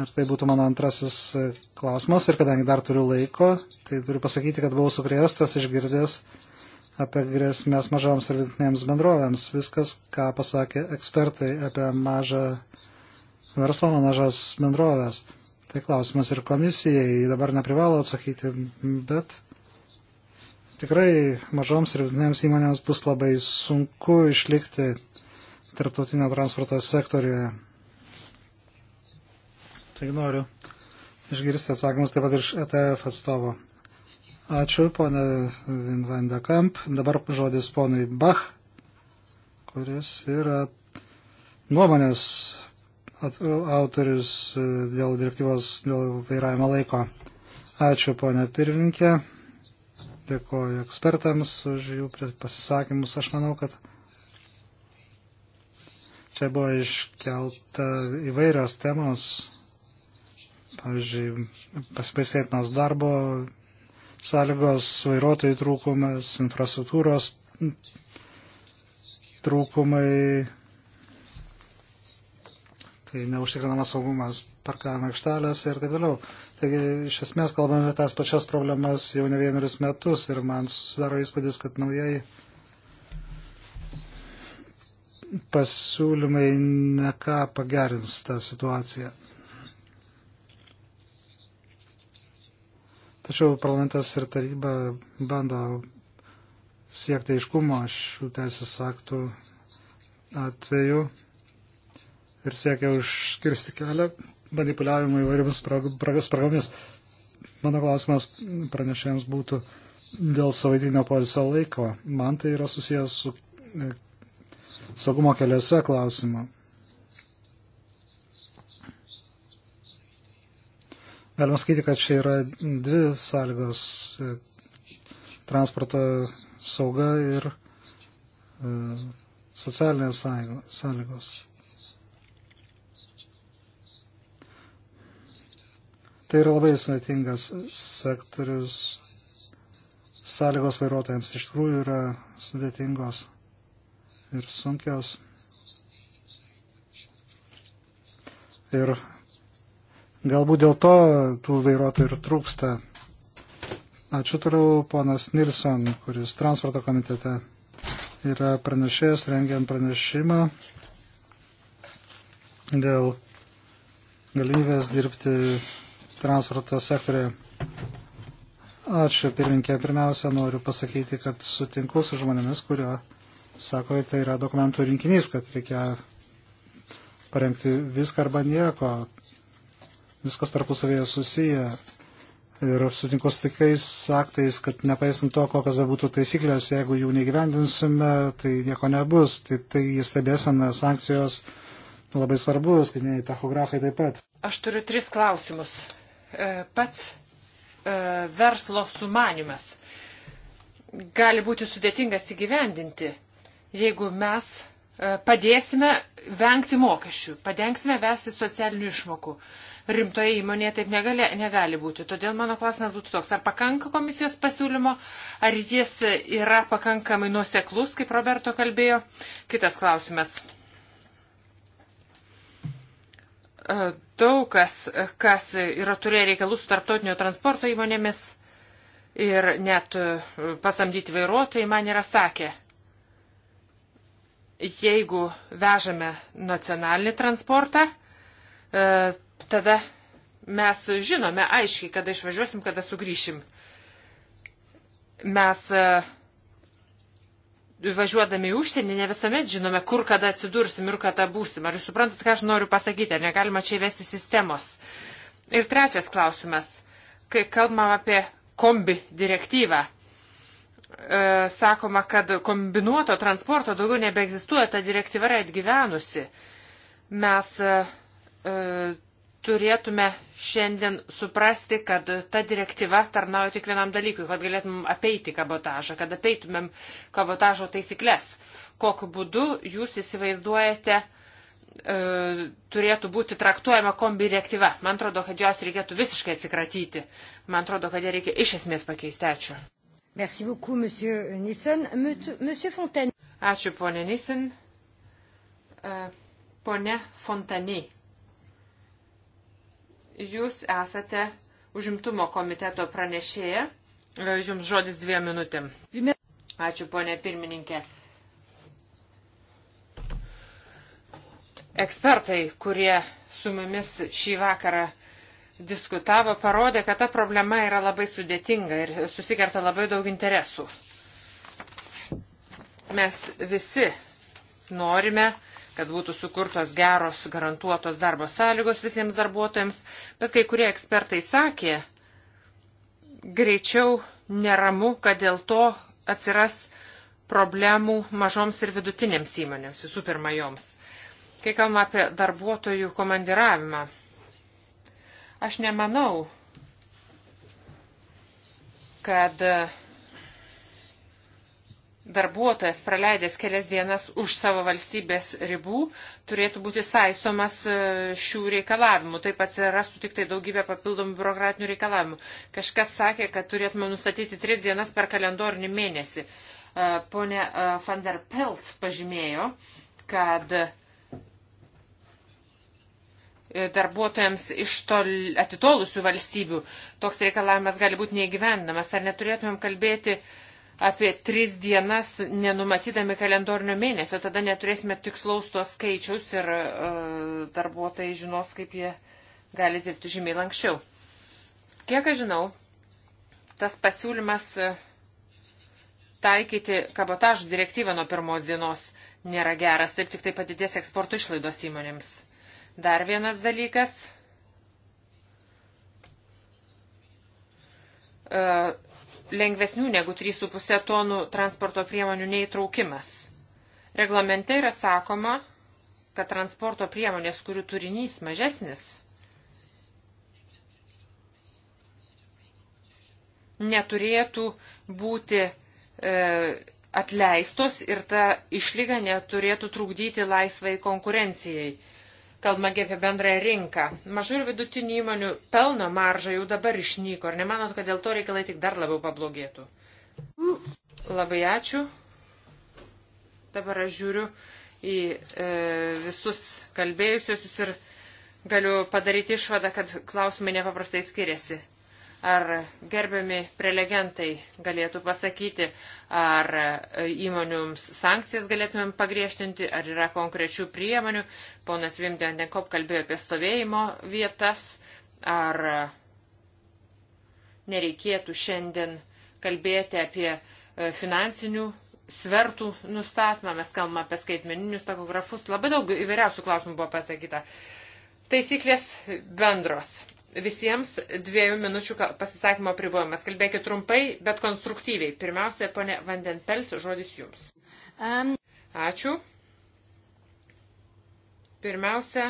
Ir tai būtų mano antrasis e, klausimas. Ir kadangi dar turiu laiko, tai turiu pasakyti, kad buvau supriestas išgirdęs apie grėsmės mažoms ir vidutinėms bendrovėms. Viskas, ką pasakė ekspertai apie mažą verslą, mažas bendrovės. Tai klausimas ir komisijai dabar neprivalo atsakyti, bet tikrai mažoms ir vidutinėms įmonėms bus labai sunku išlikti tarptautinio transporto sektorijoje. Taigi noriu išgirsti atsakymus taip pat iš ETF atstovo. Ačiū, ponė Vinvanda Kamp. Dabar žodis ponui Bach, kuris yra nuomonės autorius e, dėl direktyvos dėl vairavimo laiko. Ačiū, ponė pirmininkė. Dėkoju ekspertams už jų pasisakymus. Aš manau, kad čia buvo iškelta įvairios temos pavyzdžiui, pasipasėtinos darbo sąlygos, vairuotojų trūkumas, infrastruktūros trūkumai, kai neužtikrinamas saugumas parkavimo aikštelės ir taip toliau. Taigi, iš esmės, kalbame apie tas pačias problemas jau ne vienerius metus ir man susidaro įspūdis, kad naujai pasiūlymai neką pagerins tą situaciją. Tačiau parlamentas ir taryba bando siekti aiškumo šių teisės aktų atveju ir siekia užkirsti kelią manipuliavimui įvairiomis spragomis. Mano klausimas pranešėjams būtų dėl savaitinio polisio laiko. Man tai yra susijęs su e, saugumo keliuose klausimu. Galima sakyti, kad čia yra dvi sąlygos e, - transporto sauga ir e, socialinės sąlygos. Tai yra labai sudėtingas sektorius. Sąlygos vairuotojams iš tikrųjų yra sudėtingos ir sunkios. Ir Galbūt dėl to tų vairuotojų ir trūksta. Ačiū toliau ponas Nilsson, kuris transporto komitete yra pranešėjas, rengiant pranešimą dėl galimybės dirbti transporto sektorėje. Ačiū, pirminkė. Pirmiausia, noriu pasakyti, kad sutinku su žmonėmis, kurio sako, tai yra dokumentų rinkinys, kad reikia parengti viską arba nieko viskas tarpusavėje susiję. Ir sutinku su tikrais aktais, kad nepaisant to, kokios bebūtų taisyklės, jeigu jų negyvendinsime, tai nieko nebus. Tai, tai stebėsena sankcijos labai svarbu, skaitiniai tachografai taip pat.
Aš turiu tris klausimus. E, pats e, verslo sumanimas gali būti sudėtingas įgyvendinti, jeigu mes e, padėsime vengti mokesčių, padengsime vesti socialinių išmokų rimtoje įmonėje taip negali, negali būti. Todėl mano klausimas būtų toks, ar pakanka komisijos pasiūlymo, ar jis yra pakankamai nuoseklus, kaip Roberto kalbėjo. Kitas klausimas. E, daug kas, kas yra turėję reikalų su tarptautinio transporto įmonėmis ir net e, pasamdyti vairuotojai man yra sakę, jeigu vežame nacionalinį transportą, e, tada mes žinome aiškiai, kada išvažiuosim, kada sugrįšim. Mes e, važiuodami į užsienį ne visuomet žinome, kur kada atsidursim ir kada būsim. Ar jūs suprantat, ką aš noriu pasakyti, ar negalima čia įvesti sistemos? Ir trečias klausimas, kai kalbam apie kombi direktyvą. E, sakoma, kad kombinuoto transporto daugiau nebeegzistuoja, ta direktyva yra atgyvenusi. Mes e, e turėtume šiandien suprasti, kad ta direktyva tarnauja tik vienam dalykui, kad galėtumėm apeiti kabotažą, kad apeitumėm kabotažo taisyklės. Kokiu būdu jūs įsivaizduojate, e, turėtų būti traktuojama kombi direktyva. Man atrodo, kad jos reikėtų visiškai atsikratyti. Man atrodo, kad ją reikia iš esmės pakeisti. Ačiū. Merci beaucoup, monsieur Nissen. Monsieur Fontaine. Ačiū, ponė Nissen. E, Pone Fontaniai. Jūs esate užimtumo komiteto pranešėja. E, Jums žodis dviem minutėm. Ačiū, ponė pirmininkė. Ekspertai, kurie su mumis šį vakarą diskutavo, parodė, kad ta problema yra labai sudėtinga ir susikerta labai daug interesų. Mes visi norime uh, kad būtų sukurtos geros, garantuotos darbo sąlygos visiems darbuotojams, bet kai kurie ekspertai sakė, greičiau neramu, kad dėl to atsiras problemų mažoms ir vidutinėms įmonėms, visų pirma joms. Kai kalbame apie darbuotojų komandiravimą, aš nemanau, kad uh, darbuotojas praleidęs kelias dienas už savo valstybės ribų turėtų būti saisomas e, šių reikalavimų. Taip atsirastų tik tai daugybė papildomų biurokratinių reikalavimų. Kažkas sakė, kad turėtume nustatyti tris dienas per kalendorinį mėnesį. E, Pone van der Pelt pažymėjo, kad e, darbuotojams iš tol, atitolusių valstybių toks reikalavimas gali būti neįgyvendinamas. Ar neturėtumėm kalbėti uh, apie tris dienas, nenumatydami kalendorinio mėnesio, tada neturėsime tikslaus tuos skaičius ir e, darbuotojai žinos, kaip jie gali dirbti žymiai lankščiau. Kiek aš žinau, tas pasiūlymas e, taikyti kabotažų direktyvą nuo pirmos dienos nėra geras, taip tik tai padidės eksporto išlaidos įmonėms. Dar vienas dalykas. E, lengvesnių negu 3,5 tonų transporto priemonių neįtraukimas. Reglamente yra sakoma, kad transporto priemonės, kurių turinys mažesnis, neturėtų būti e, atleistos ir ta išlyga neturėtų trukdyti laisvai konkurencijai kalbama apie bendrąją rinką. Mažų ir vidutinių įmonių pelno marža jau dabar išnyko. Ar nemanot, kad dėl to reikalai tik dar labiau pablogėtų? Labai ačiū. Dabar aš žiūriu į e, visus kalbėjusius ir galiu padaryti išvadą, kad klausimai nepaprastai skiriasi. Ar gerbiami prelegentai galėtų pasakyti, ar įmonių sankcijas galėtumėm pagriežtinti, ar yra konkrečių priemonių. Ponas Vimdenekop kalbėjo apie stovėjimo vietas, ar nereikėtų šiandien kalbėti apie e, finansinių svertų nustatymą, mes kalbame apie skaitmeninius takografus, labai daug įvairiausių klausimų buvo pasakyta. Taisyklės bendros visiems dviejų minučių pasisakymo pribojimas. Kalbėkit trumpai, bet konstruktyviai. Pirmiausia, ponė Vandenpels, žodis jums. Um. Ačiū. Pirmiausia,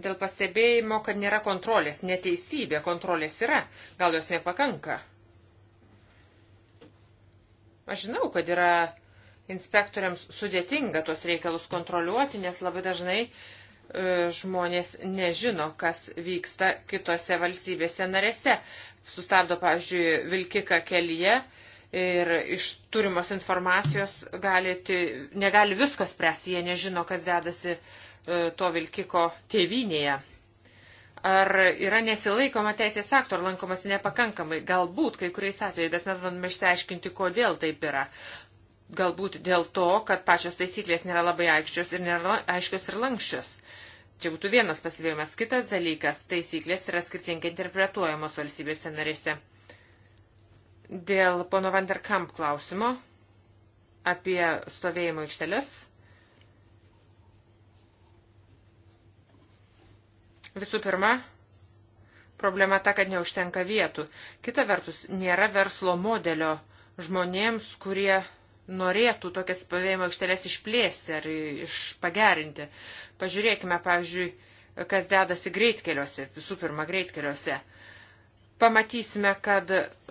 dėl pastebėjimo, kad nėra kontrolės. Neteisybė, kontrolės yra. Gal jos nepakanka? Aš žinau, kad yra inspektoriams sudėtinga tuos reikalus kontroliuoti, nes labai dažnai uh, E, žmonės nežino, kas vyksta kitose valstybėse narėse. Sustabdo, pavyzdžiui, vilkiką kelyje ir iš turimos informacijos galėti, negali visko spręsti, jie nežino, kas dedasi e, to vilkiko tėvinėje. Ar yra nesilaikoma teisės aktų, ar lankomasi nepakankamai? Galbūt kai kuriais atvejais, bet mes bandome išsiaiškinti, kodėl taip yra. Galbūt dėl to, kad pačios taisyklės nėra labai aiškios ir, nėra aiškios ir lankščios. Čia būtų vienas pasivėjimas. Kitas dalykas - taisyklės yra skirtingai interpretuojamos valstybėse narėse. Dėl pono Vanderkamp klausimo apie stovėjimo aikšteles. Visų pirma, problema ta, kad neužtenka vietų. Kita vertus, nėra verslo modelio žmonėms, kurie norėtų tokias pavėjimo aikštelės išplėsti ar iš pagerinti. Pažiūrėkime, pavyzdžiui, kas dedasi greitkeliuose, visų pirma greitkeliuose. Pamatysime, kad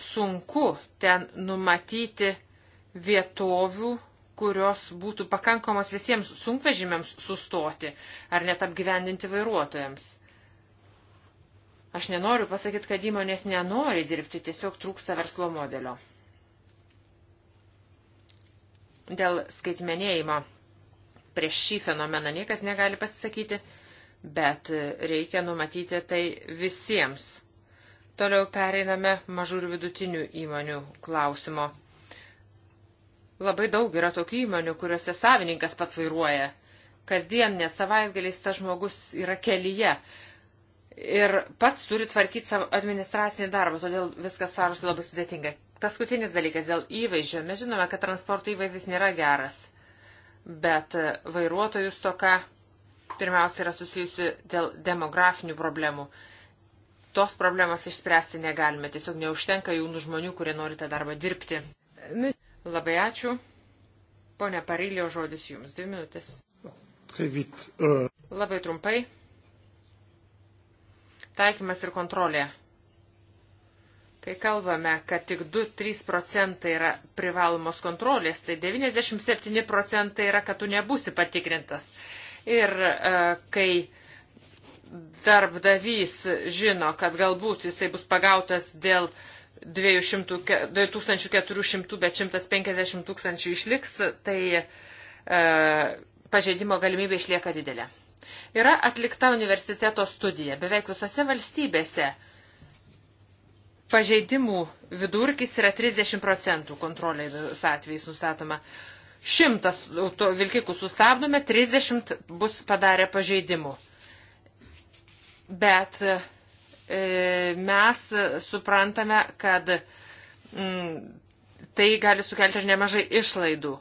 sunku ten numatyti vietovių, kurios būtų pakankamos visiems sunkvežimėms sustoti ar net apgyvendinti vairuotojams. Aš nenoriu pasakyti, kad įmonės nenori dirbti, tiesiog trūksta verslo modelio. Dėl skaitmenėjimo prieš šį fenomeną niekas negali pasisakyti, bet reikia numatyti tai visiems. Toliau pereiname mažų ir vidutinių įmonių klausimo. Labai daug yra tokių įmonių, kuriuose savininkas pats vairuoja. Kasdien, nes savaitgaliais tas žmogus yra kelyje ir pats turi tvarkyti savo administracinį darbą, todėl viskas sarosi labai sudėtingai. Paskutinis dalykas dėl įvaizdžio. Mes žinome, kad transporto įvaizdis nėra geras, bet e, vairuotojų stoka pirmiausia yra susijusi dėl demografinių problemų. Tos problemos išspręsti negalime, tiesiog neužtenka jaunų žmonių, kurie nori tą darbą dirbti. Labai ačiū. Pone Parylio žodis jums. Dvi minutės.
Tai e.
Labai trumpai. Taikymas ir kontrolė. Kai kalbame, kad tik 2-3 procentai yra privalomos kontrolės, tai 97 procentai yra, kad tu nebusi patikrintas. Ir e, kai darbdavys žino, kad galbūt jisai bus pagautas dėl 200, 2400, bet 150 tūkstančių išliks, tai e, pažeidimo galimybė išlieka didelė. Yra atlikta universiteto studija beveik visose valstybėse pažeidimų vidurkis yra 30 procentų kontrolės atvejais nustatoma. Šimtas vilkikų sustabdome, 30 bus padarę pažeidimų. Bet e, mes suprantame, kad m, mm, tai gali sukelti ir nemažai išlaidų.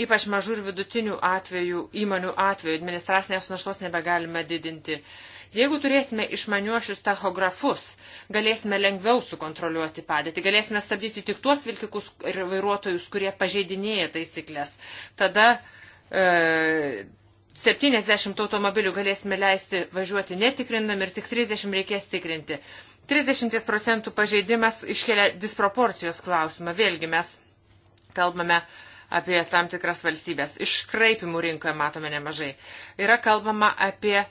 Ypač mažų ir vidutinių atvejų, įmonių atveju administracinės naštos nebegalime didinti. Jeigu turėsime išmaniuošius tachografus, galėsime lengviau sukontroliuoti padėtį, galėsime stabdyti tik tuos vilkikus ir vairuotojus, kurie pažeidinėja taisyklės. Tada e, 70 automobilių galėsime leisti važiuoti netikrindami ir tik 30 reikės tikrinti. 30 procentų pažeidimas iškelia disproporcijos klausimą. Vėlgi mes kalbame apie tam tikras valstybės. Iškraipimų rinkoje matome nemažai. Yra kalbama apie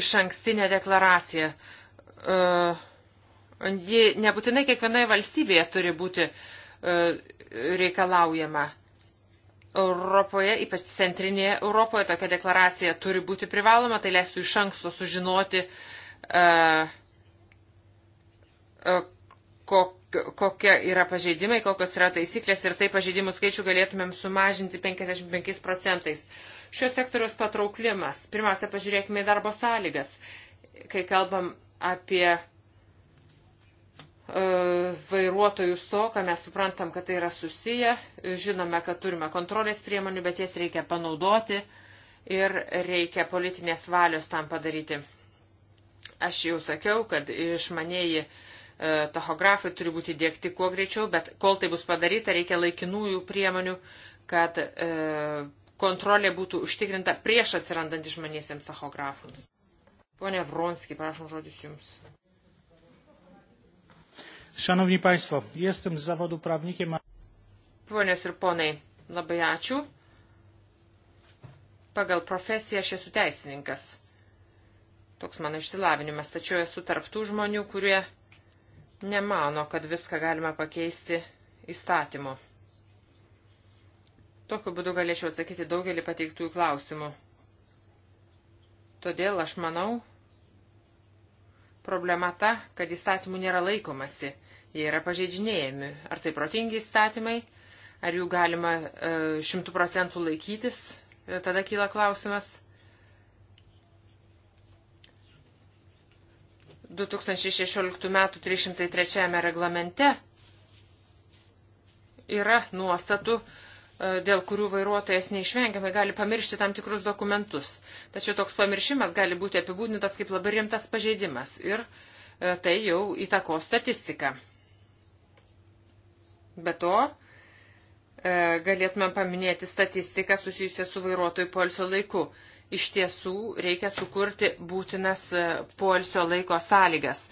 iš ankstinę deklaraciją. Uh, Ji nebūtinai kiekvienoje valstybėje turi būti e, reikalaujama. Europoje, ypač centrinėje Europoje, tokia deklaracija turi būti privaloma, tai leistų iš anksto sužinoti, e, e, kokie yra pažeidimai, kokios yra taisyklės ir tai pažeidimų skaičių galėtumėm sumažinti 55 procentais. Šio sektoriaus patrauklimas. Pirmiausia, pažiūrėkime į darbo sąlygas. Kai kalbam apie E, vairuotojų stoką, mes suprantam, kad tai yra susiję, žinome, kad turime kontrolės priemonių, bet jas reikia panaudoti ir reikia politinės valios tam padaryti. Aš jau sakiau, kad išmanėjai e, tachografai turi būti dėkti kuo greičiau, bet kol tai bus padaryta, reikia laikinųjų priemonių, kad e, kontrolė būtų užtikrinta prieš atsirandant išmaniesiems tachografams. Pone Vronski, prašom žodis jums.
Szanowni Państwo, jestem z zawodu prawnikiem.
Ponios ir ponai, labai ačiū. Pagal profesiją aš esu teisininkas. Toks mano išsilavinimas, tačiau esu tarptų žmonių, kurie nemano, kad viską galima pakeisti įstatymu. Tokiu būdu galėčiau atsakyti daugelį pateiktų klausimų. Todėl aš manau, Problema ta, kad įstatymų nėra laikomasi, jie yra pažeidžinėjami. Ar tai protingi įstatymai, ar jų galima e, šimtų procentų laikytis, e, tada kyla klausimas. 2016 m. 303 reglamente yra nuostatų, E, dėl kurių vairuotojas neišvengiamai gali pamiršti tam tikrus dokumentus. Tačiau toks pamiršimas gali būti apibūdintas kaip labai rimtas pažeidimas ir e, tai jau įtako statistiką. Be to, e, galėtume paminėti statistiką susijusią su vairuotojų polsio laiku. Iš tiesų reikia sukurti būtinas polsio laiko sąlygas.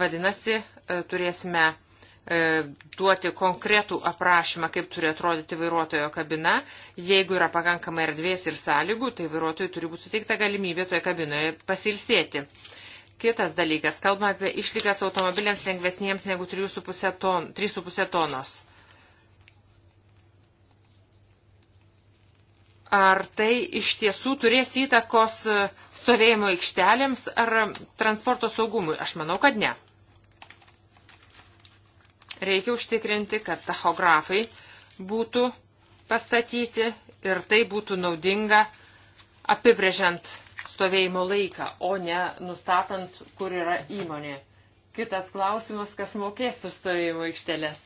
Vadinasi, turėsime E, duoti konkretų aprašymą, kaip turi atrodyti vairuotojo kabina. Jeigu yra pakankamai erdvės ir sąlygų, tai vairuotojui turi būti suteikta galimybė toje kabinoje pasilsėti. Kitas dalykas, kalbame apie išlygas automobiliams lengvesniems negu 3,5 ton, 3,5 tonos. Ar tai iš tiesų turės įtakos stovėjimo aikštelėms ar transporto saugumui? Aš manau, kad ne. Reikia užtikrinti, kad tachografai būtų pastatyti ir tai būtų naudinga apibrėžiant stovėjimo laiką, o ne nustatant, kur yra įmonė. Kitas klausimas, kas mokės už stovėjimo aikštelės.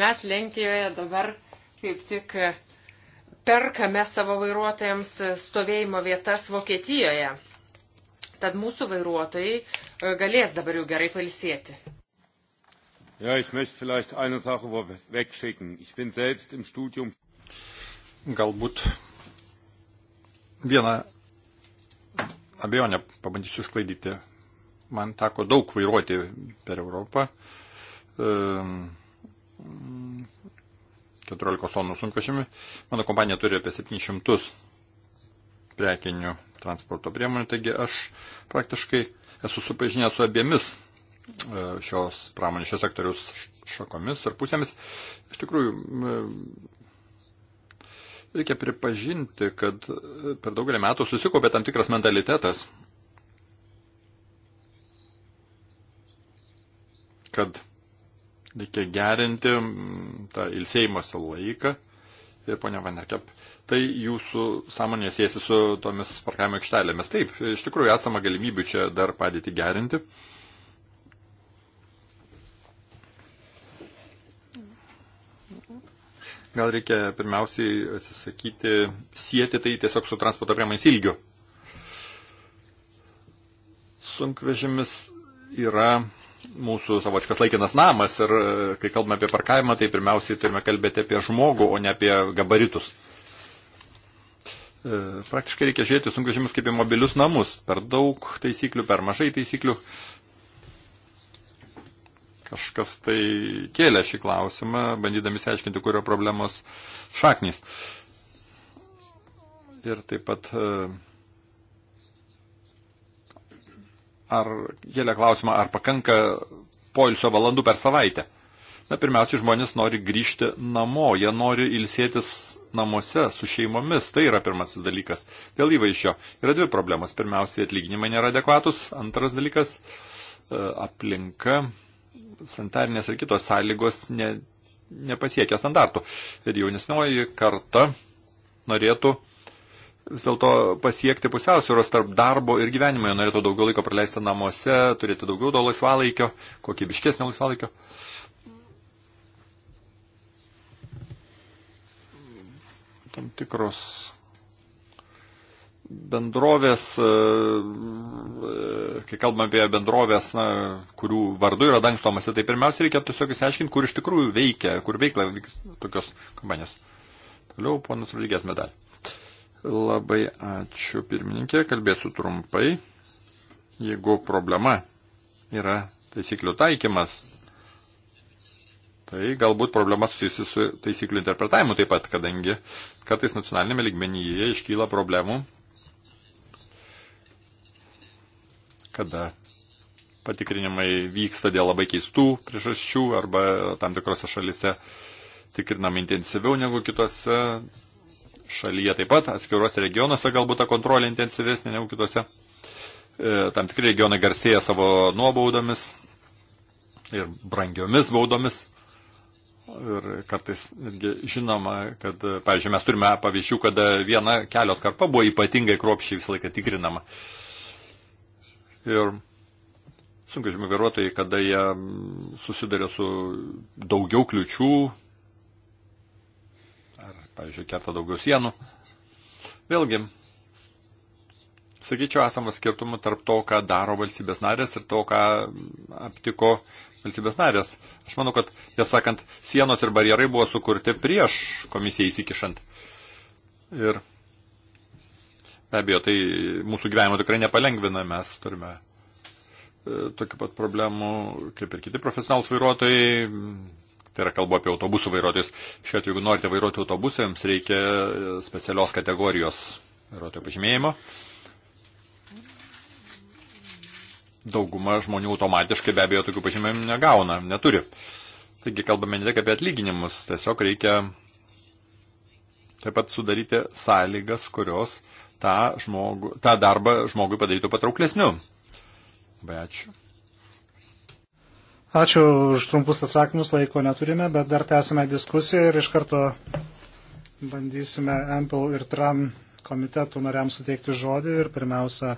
Mes Lenkijoje dabar kaip tik perkame savo vairuotojams stovėjimo vietas Vokietijoje. Tad mūsų vairuotojai e, galės dabar jau gerai palsėti.
Ja, ich möchte vielleicht eine Sache wegschicken. Ich bin selbst im Studium. Galbūt vieną abejonę pabandysiu sklaidyti. Man teko daug vairuoti per Europą. 14 ehm, tonų sunkvežimį. Mano kompanija turi apie 700 prekinių transporto priemonių, taigi aš praktiškai esu supažinęs su abiemis E, šios pramonės, šios sektorius šakomis ar pusėmis. Iš tikrųjų, e, reikia pripažinti, kad e, per daugelį metų susikopė tam tikras mentalitetas, kad reikia gerinti tą ilsėjimosi laiką. Ir ponia Vanerkep, tai jūsų sąmonė siejasi su tomis parkavimo aikštelėmis. Taip, iš tikrųjų esama galimybių čia dar padėti gerinti. Uh, Gal reikia pirmiausiai atsisakyti, sieti tai tiesiog su transporto priemonės ilgiu. Sunkvežimis yra mūsų savočkas laikinas namas ir e, kai kalbame apie parkavimą, tai pirmiausiai turime kalbėti apie žmogų, o ne apie gabaritus. E, praktiškai reikia žiūrėti sunkvežimius kaip į mobilius namus. Per daug taisyklių, per mažai taisyklių. E, kažkas tai kėlė šį klausimą, bandydami seaiškinti, kurio problemos šaknys. Ir taip pat e, ar kėlė klausimą, ar pakanka poilsio valandų per savaitę. Na, pirmiausia, žmonės nori grįžti namo, jie nori ilsėtis namuose su šeimomis, tai yra pirmasis dalykas. Dėl įvaišio yra dvi problemas. Pirmiausia, atlyginimai nėra adekvatus, antras dalykas e, - aplinka, sanitarnės ir kitos sąlygos ne, nepasiekia standartų. Ir jaunesnioji karta norėtų vis dėlto pasiekti pusiausvėros tarp darbo ir gyvenimo. Jie norėtų daugiau laiko praleisti namuose, turėti daugiau to laisvalaikio, kokybiškesnio laisvalaikio. Tam tikros bendrovės, e, e, kai kalbame apie bendrovės, na, kurių vardu yra dangstomasi, tai pirmiausia reikia tiesiog įsiaiškinti, kur iš tikrųjų veikia, kur veikla tokios kompanijos. Toliau, ponas Rudygės medalį. Labai ačiū pirmininkė, kalbėsiu trumpai. Jeigu problema yra taisyklių taikymas, tai galbūt problema susijusi su taisyklių interpretavimu taip pat, kadangi kartais nacionalinėme lygmenyje iškyla problemų kada patikrinimai vyksta dėl labai keistų priežasčių arba tam tikrose šalise tikrinam intensyviau negu kitose. Šalyje taip pat atskiruose regionuose galbūt ta kontrolė intensyvesnė negu kitose. E, tam tikri regionai garsėja savo nuobaudomis ir brangiomis baudomis. Ir kartais irgi žinoma, kad, pavyzdžiui, mes turime pavyzdžių, kada viena kelio atkarpa buvo ypatingai kruopščiai visą laiką tikrinama. Uh, Ir sunkvežimių vairuotojai, kada jie susiduria su daugiau kliučių, ar, pavyzdžiui, kerta daugiau sienų, vėlgi, sakyčiau, esama skirtumų tarp to, ką daro valstybės narės ir to, ką aptiko valstybės narės. Aš manau, kad, tiesą sakant, sienos ir barjerai buvo sukurti prieš komisiją įsikišant. Ir Be abejo, tai mūsų gyvenimo tikrai nepalengvina, mes turime e, tokių pat problemų kaip ir kiti profesionalus vairuotojai. Tai yra kalbu apie autobusų vairuotojus. Šiuo atveju, jeigu norite vairuoti autobusą, jums reikia e, specialios kategorijos vairuotojo pažymėjimo. Dauguma žmonių automatiškai be abejo tokių pažymėjimų negauna, neturi. Taigi kalbame ne tik apie atlyginimus, tiesiog reikia taip pat sudaryti sąlygas, kurios tą, žmogų, tą darbą žmogui padarytų patrauklesniu. Labai ačiū.
Ačiū už trumpus atsakymus, laiko neturime, bet dar tęsime diskusiją ir iš karto bandysime Ample ir Tran komitetų nariams suteikti žodį ir pirmiausia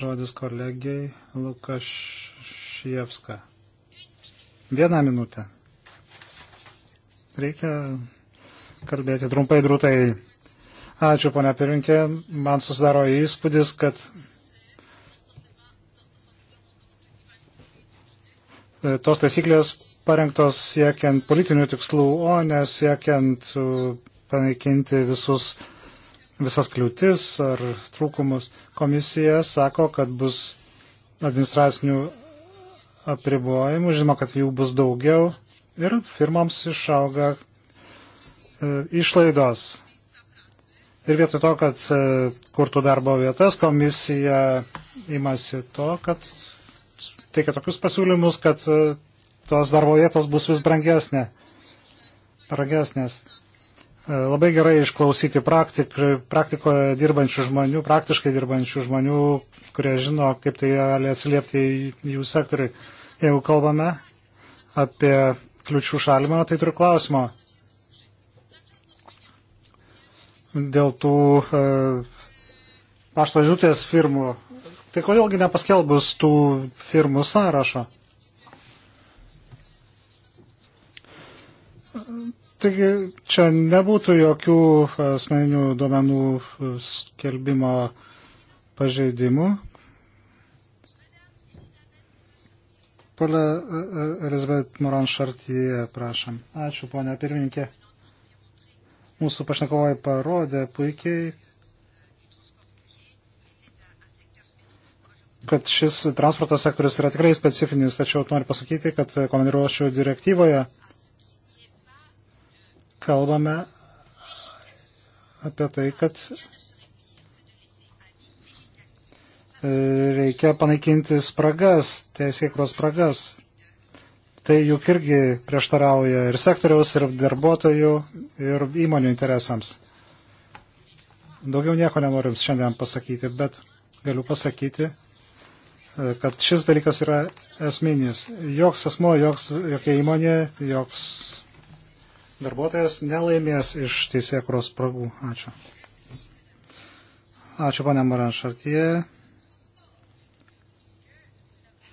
žodis kolegijai Lukašievska. Vieną minutę. Reikia kalbėti trumpai, drūtai. Ačiū, ponia Pirinkė. Man susidaro įspūdis, kad tos taisyklės parengtos siekiant politinių tikslų, o ne siekiant uh, panaikinti visus, visas kliūtis ar trūkumus. Komisija sako, kad bus administracinių apribojimų, žinoma, kad jų bus daugiau ir firmoms išauga uh, išlaidos. Ir vietoj to, kad e, kurtų darbo vietas, komisija imasi to, kad teikia tokius pasiūlymus, kad e, tos darbo vietos bus vis brangesnė. brangesnės. E, labai gerai išklausyti praktik, praktikoje dirbančių žmonių, praktiškai dirbančių žmonių, kurie žino, kaip tai gali atsiliepti jų sektoriui. Jeigu kalbame apie kliučių šalimą, tai turiu klausimą dėl tų e, pašto žutės firmų. Tai kodėlgi nepaskelbus tų firmų sąrašo? Taigi čia nebūtų jokių asmeninių duomenų skelbimo pažeidimų. Pole Elizabeth Moran Šartyje, prašom. Ačiū, ponia pirmininkė mūsų pašnekovai parodė puikiai, kad šis transporto sektorius yra tikrai specifinis, tačiau noriu pasakyti, kad komandiruošio direktyvoje kalbame apie tai, kad reikia panaikinti spragas, teisėkros spragas. Tai juk irgi prieštarauja ir sektoriaus, ir darbuotojų, ir įmonių interesams. Daugiau nieko nenoriu jums šiandien pasakyti, bet galiu pasakyti, e, kad šis dalykas yra esminis. Joks asmo, joks, jokia įmonė, joks darbuotojas nelaimės iš teisėkuros spragų. Ačiū. Ačiū, ponė Moran Šartie.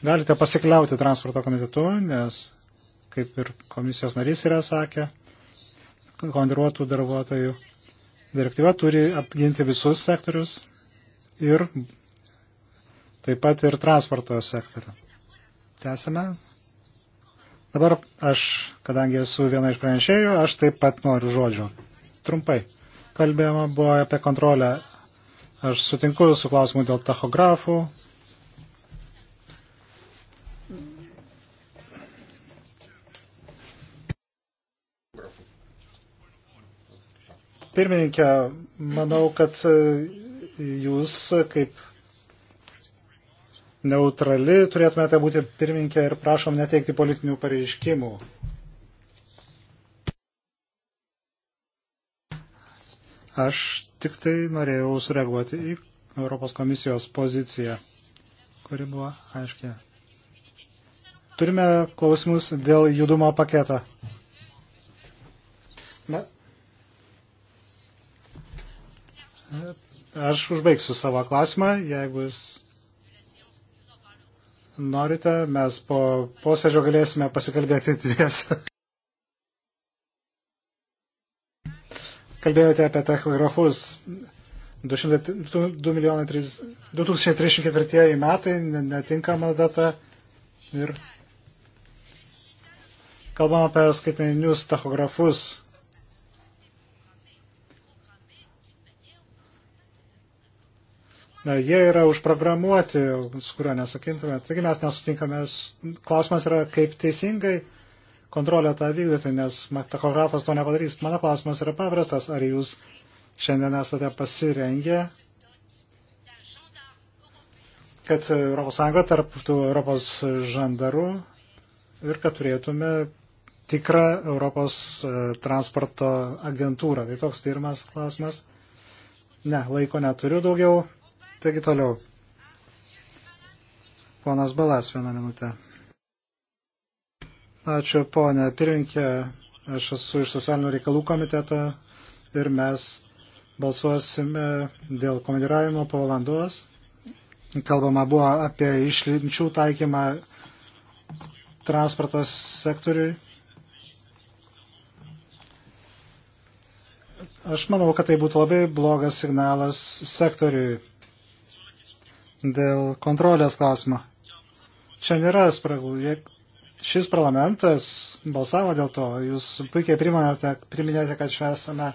Galite pasikliauti transporto komitetu, nes, kaip ir komisijos narys yra sakę, komandiruotų darbuotojų direktyva turi apginti visus sektorius ir taip pat ir transporto sektorių. Tęsime. Dabar aš, kadangi esu viena iš pranešėjų, aš taip pat noriu žodžio. Trumpai. Kalbėjama buvo apie kontrolę. Aš sutinku su klausimu dėl tachografų, pirmininkė, manau, kad e, jūs kaip neutrali turėtumėte būti pirmininkė ir prašom neteikti politinių pareiškimų. Aš tik tai norėjau sureaguoti į Europos komisijos poziciją, kuri buvo aiškiai. Turime klausimus dėl judumo paketo. Aš užbaigsiu savo klausimą, jeigu jūs norite, mes po posėdžio galėsime pasikalbėti dviese. Kalbėjote apie tachografus. 2304 metai, netinkama data. Ir kalbam apie skaitmeninius tachografus. jie yra užprogramuoti, su kuriuo nesakintume. Taigi mes nesutinkame. Klausimas yra, kaip teisingai kontrolę tą vykdyti, nes tachografas to nepadarys. Mano klausimas yra paprastas, ar jūs šiandien esate pasirengę, kad ES tarptų Europos žandarų ir kad turėtume tikrą Europos e, transporto agentūrą. Tai toks pirmas klausimas. Ne, laiko neturiu daugiau. Taigi toliau. Ponas Balas vieną minutę. Ačiū, ponė pirminkė. Aš esu iš socialinių reikalų komiteto ir mes balsuosime dėl komandiravimo po valandos. Kalbama buvo apie išlinčių taikymą transportos sektoriui. Aš manau, kad tai būtų labai blogas signalas sektoriui dėl kontrolės klausimo. Čia nėra spragų. Šis parlamentas balsavo dėl to. Jūs puikiai priminėte, kad čia esame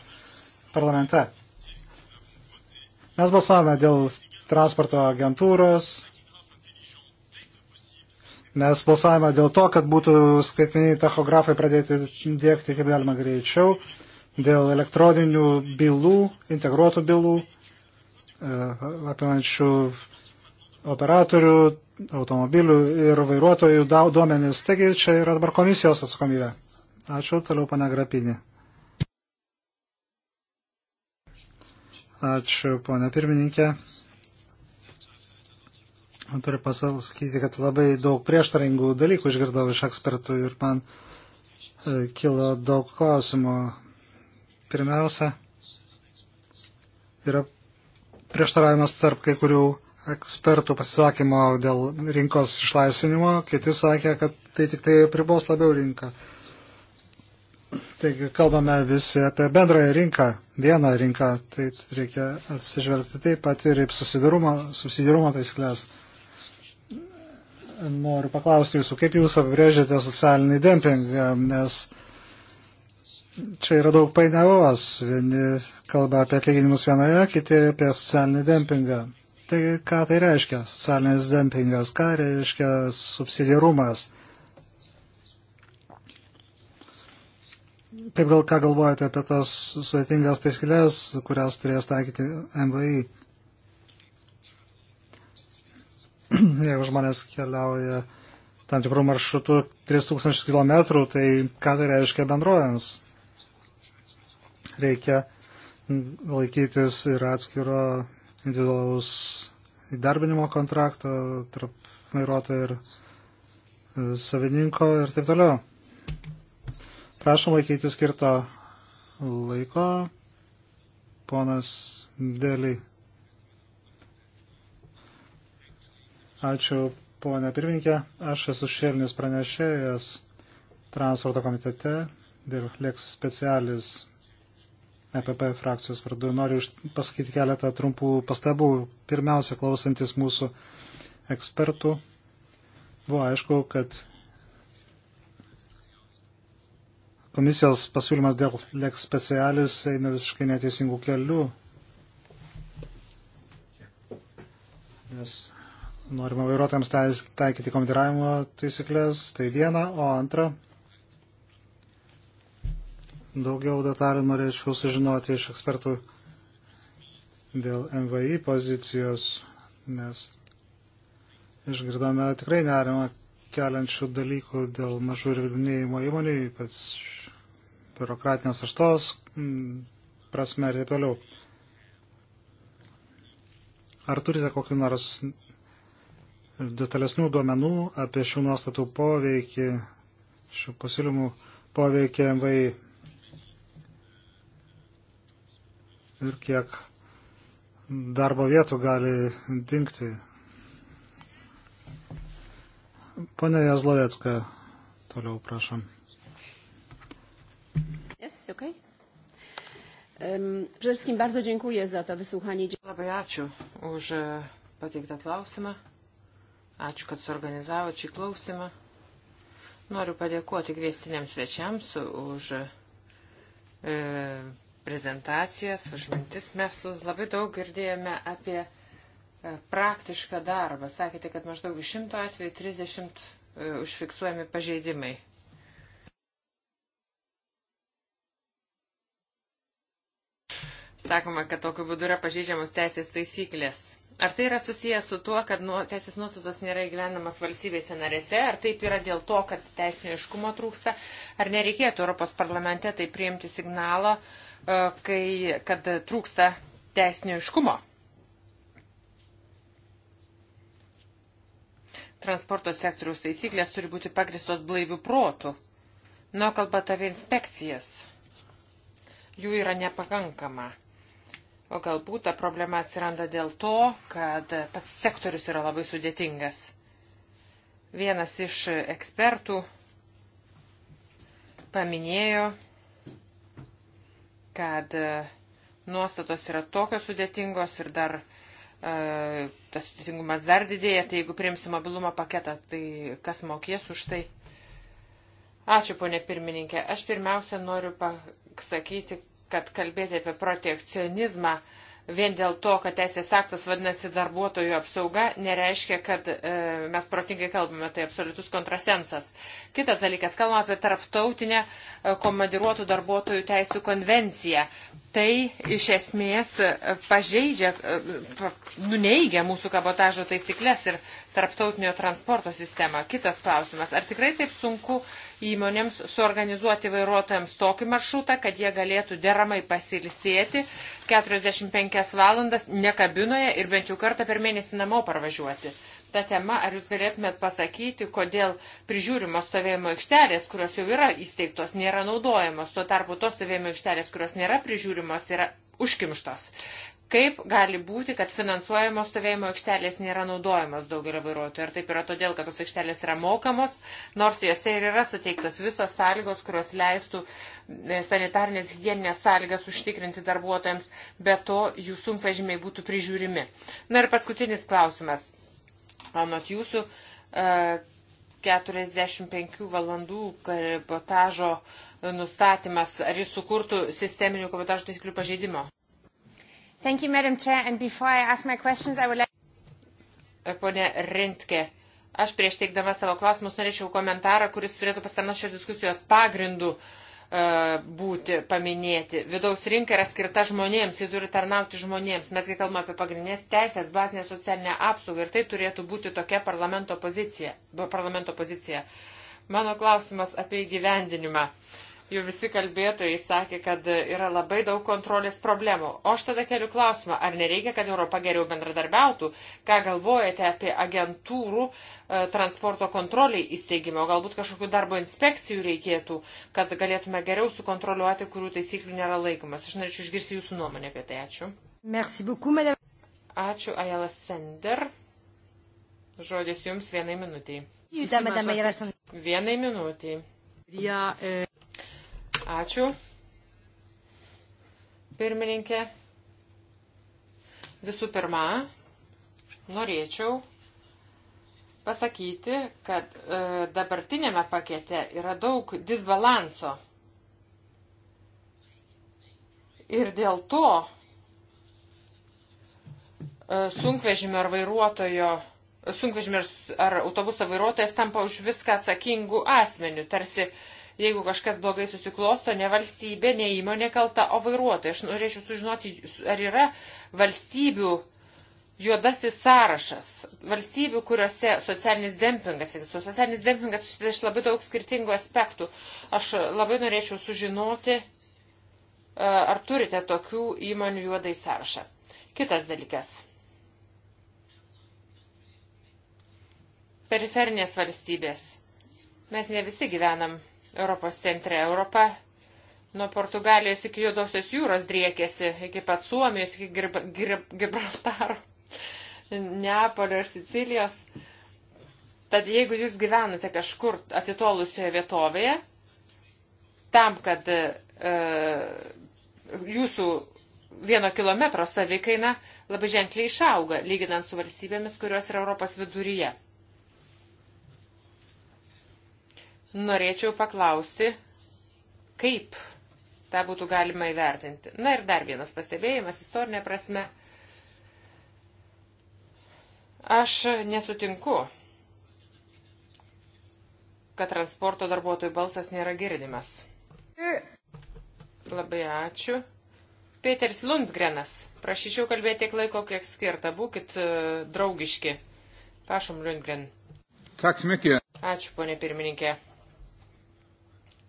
parlamente. Mes balsavome dėl transporto agentūros. Mes balsavome dėl to, kad būtų skaitminiai tachografai pradėti dėkti kaip galima greičiau, dėl elektroninių bylų, integruotų bylų, e, apimančių operatorių, automobilių ir vairuotojų duomenys. Taigi čia yra dabar komisijos atsakomybė. Ačiū, toliau pane Grapinį. Ačiū, ponė pirmininkė. Turiu pasakyti, kad labai daug prieštaringų dalykų išgirdau iš ekspertų ir man e, kilo daug klausimų. Pirmiausia, yra prieštaravimas tarp kai kurių ekspertų pasisakymo dėl rinkos išlaisvinimo, kiti sakė, kad tai tik tai pribos labiau rinką. Taigi kalbame visi apie bendrąją rinką, vieną rinką, tai reikia atsižvelgti taip pat ir į subsidirumo taisyklės. Noriu paklausti jūsų, kaip jūs apibrėžėte socialinį dempingą, nes čia yra daug painiavos. Vieni kalba apie atlyginimus vienoje, kiti apie socialinį dempingą. Tai ką tai reiškia socialinis dempingas, ką reiškia subsidiarumas? Taip gal ką galvojate apie tas sudėtingas taisyklės, kurias turės taikyti MVI? Jeigu žmonės keliauja tam tikrų maršrutų 3000 km, tai ką tai reiškia bendrojams? Reikia laikytis ir atskiro individualaus įdarbinimo kontrakto tarp vairuotojo ir e, savininko ir taip toliau. Prašom laikyti skirto laiko. Ponas Dėlį. Ačiū, ponė pirmininkė. Aš esu šėlinis pranešėjas transporto komitete ir lieks specialis EPP frakcijos vardu. Noriu pasakyti keletą trumpų pastabų. Pirmiausia, klausantis mūsų ekspertų, buvo aišku, kad komisijos pasiūlymas dėl leks specialis eina visiškai neteisingų kelių. Nes norima vairuotojams taikyti komandiravimo taisyklės, tai viena, o antra, Daugiau detalių norėčiau sužinoti iš ekspertų dėl MVI pozicijos, nes išgirdome tikrai nerimą keliančių dalykų dėl mažų ir vidinėjimo įmonių, ypač biurokratinės aštos prasme ir taip toliau. Ar turite kokiu nors detalesnių duomenų apie šių nuostatų poveikį, šių pasiūlymų poveikį MVI? ir kiek darbo vietų gali dinkti. Pane Jazlovecka, toliau prašom.
Yes, okay. um, Przede wszystkim bardzo dziękuję za to wysłuchanie. Labai ačiū už e, pateiktą klausimą. Ačiū, kad suorganizavo šį klausimą. Noriu padėkoti kviestiniams svečiams už e, prezentacijas, už mintis. Mes labai daug girdėjome apie e, praktišką darbą. Sakėte, kad maždaug iš 100 atvejų 30 e, užfiksuojami pažeidimai. Sakoma, kad tokiu būdu yra pažeidžiamos teisės taisyklės. Ar tai yra susijęs su tuo, kad nuo, teisės nuostatos nėra įgyvenamas valstybėse narėse, ar taip yra dėl to, kad teisinio iškumo trūksta, ar nereikėtų Europos parlamente tai priimti signalą, uh, E, kai, kad trūksta teisinio iškumo. Transporto sektoriaus taisyklės turi būti pagristos blaivių protų. Nu, kalbant apie inspekcijas, jų yra nepakankama. O galbūt ta problema atsiranda dėl to, kad pats sektorius yra labai sudėtingas. Vienas iš ekspertų paminėjo, kad e, nuostatos yra tokios sudėtingos ir dar e, tas sudėtingumas dar didėja, tai jeigu priimsi mobilumo paketą, tai kas mokės už tai? Ačiū, ponė pirmininkė. Aš pirmiausia noriu pasakyti, kad kalbėti apie protekcionizmą vien dėl to, kad teisės aktas vadinasi darbuotojų apsauga, nereiškia, kad e, mes protingai kalbame, tai absoliutus kontrasensas. Kitas dalykas, kalbame apie tarptautinę e, komandiruotų darbuotojų teisų konvenciją. Tai iš esmės e, pažeidžia, e, nuneigia mūsų kabotažo taisyklės ir tarptautinio transporto sistemą. Kitas klausimas, ar tikrai taip sunku e, įmonėms suorganizuoti vairuotojams tokį maršrutą, kad jie galėtų deramai pasilisėti 45 valandas ne kabinoje ir bent jau kartą per mėnesį namo parvažiuoti. Ta tema, ar jūs galėtumėt pasakyti, kodėl prižiūrimos stovėjimo aikštelės, kurios jau yra įsteigtos, nėra naudojamos, tuo tarpu tos stovėjimo aikštelės, kurios nėra prižiūrimos, yra užkimštos. Kaip gali būti, kad finansuojamos stovėjimo aikštelės nėra naudojamos daugelio vairuotojų? Ar taip yra todėl, kad tos aikštelės yra mokamos, nors juose ir yra suteiktos visos sąlygos, kurios leistų e, sanitarnės hygieninės sąlygas užtikrinti darbuotojams, bet to jų sunkvežimiai būtų prižiūrimi. Na ir paskutinis klausimas. Anot jūsų, 45 e, valandų kabotažo nustatymas, ar jis sukurtų sisteminių kabotažo taisyklių pažeidimo? Thank you, Madam Chair, and before I ask my questions, I would like... E, pone Rintke, aš prieš teikdama savo klausimus norėčiau komentarą, kuris turėtų pastarnos šios diskusijos pagrindų e, būti paminėti. Vidaus rinka yra skirta žmonėms, ji turi tarnauti žmonėms. Mesgi kalbame apie pagrindinės teisės, bazinę socialinę apsaugą ir tai turėtų būti tokia parlamento pozicija. Parlamento pozicija. Mano klausimas apie įgyvendinimą. Uh, jau visi kalbėtojai sakė, kad yra labai daug kontrolės problemų. O aš tada keliu klausimą, ar nereikia, kad Europa geriau bendradarbiautų? Ką galvojate apie agentūrų e, transporto kontroliai įsteigimo? Galbūt kažkokių darbo inspekcijų reikėtų, kad galėtume geriau sukontroliuoti, kurių taisyklių nėra laikomas. Aš norėčiau išgirsti jūsų nuomonę apie tai. Ačiū. Merci beaucoup, madame. Ačiū, Ajala Sender. Žodis jums vienai minutiai. Vienai minutiai. Eh, Ačiū. Pirmininkė. Visų pirma, norėčiau pasakyti, kad e, dabartinėme pakete yra daug disbalanso. Ir dėl to e, sunkvežimio ar vairuotojo, sunkvežimio ar autobuso vairuotojas tampa už viską atsakingų asmenių, tarsi Jeigu kažkas blogai susiklosto, ne valstybė, ne įmonė kalta, o vairuotojai. Aš norėčiau sužinoti, ar yra valstybių juodasis sąrašas valstybių, kuriuose socialinis dempingas egzistuoja. Socialinis dempingas susideda iš labai daug skirtingų aspektų. Aš labai norėčiau sužinoti, e, ar turite tokių įmonių juodai sąrašą. Kitas dalykas. Periferinės valstybės. Mes ne visi gyvenam Europos centre. Europa nuo Portugalijos iki Juodosios jūros driekėsi, iki pat Suomijos, iki Gib Gib Gibraltaro, Neapolio ir Sicilijos. Tad jeigu jūs gyvenate kažkur atitolusioje vietovėje, tam, kad e, jūsų vieno kilometro savikaina labai ženkliai išauga, lyginant su valstybėmis, kurios yra Europos viduryje. Norėčiau paklausti, kaip tą būtų galima įvertinti. Na ir dar vienas pastebėjimas istorinė prasme. Aš nesutinku, kad transporto darbuotojų balsas nėra girdimas. Labai ačiū. Peters Lundgrenas, prašyčiau kalbėti tiek laiko, kiek skirta. Būkit e, draugiški. Prašom, Lundgren.
Ačiū,
ponė pirmininkė.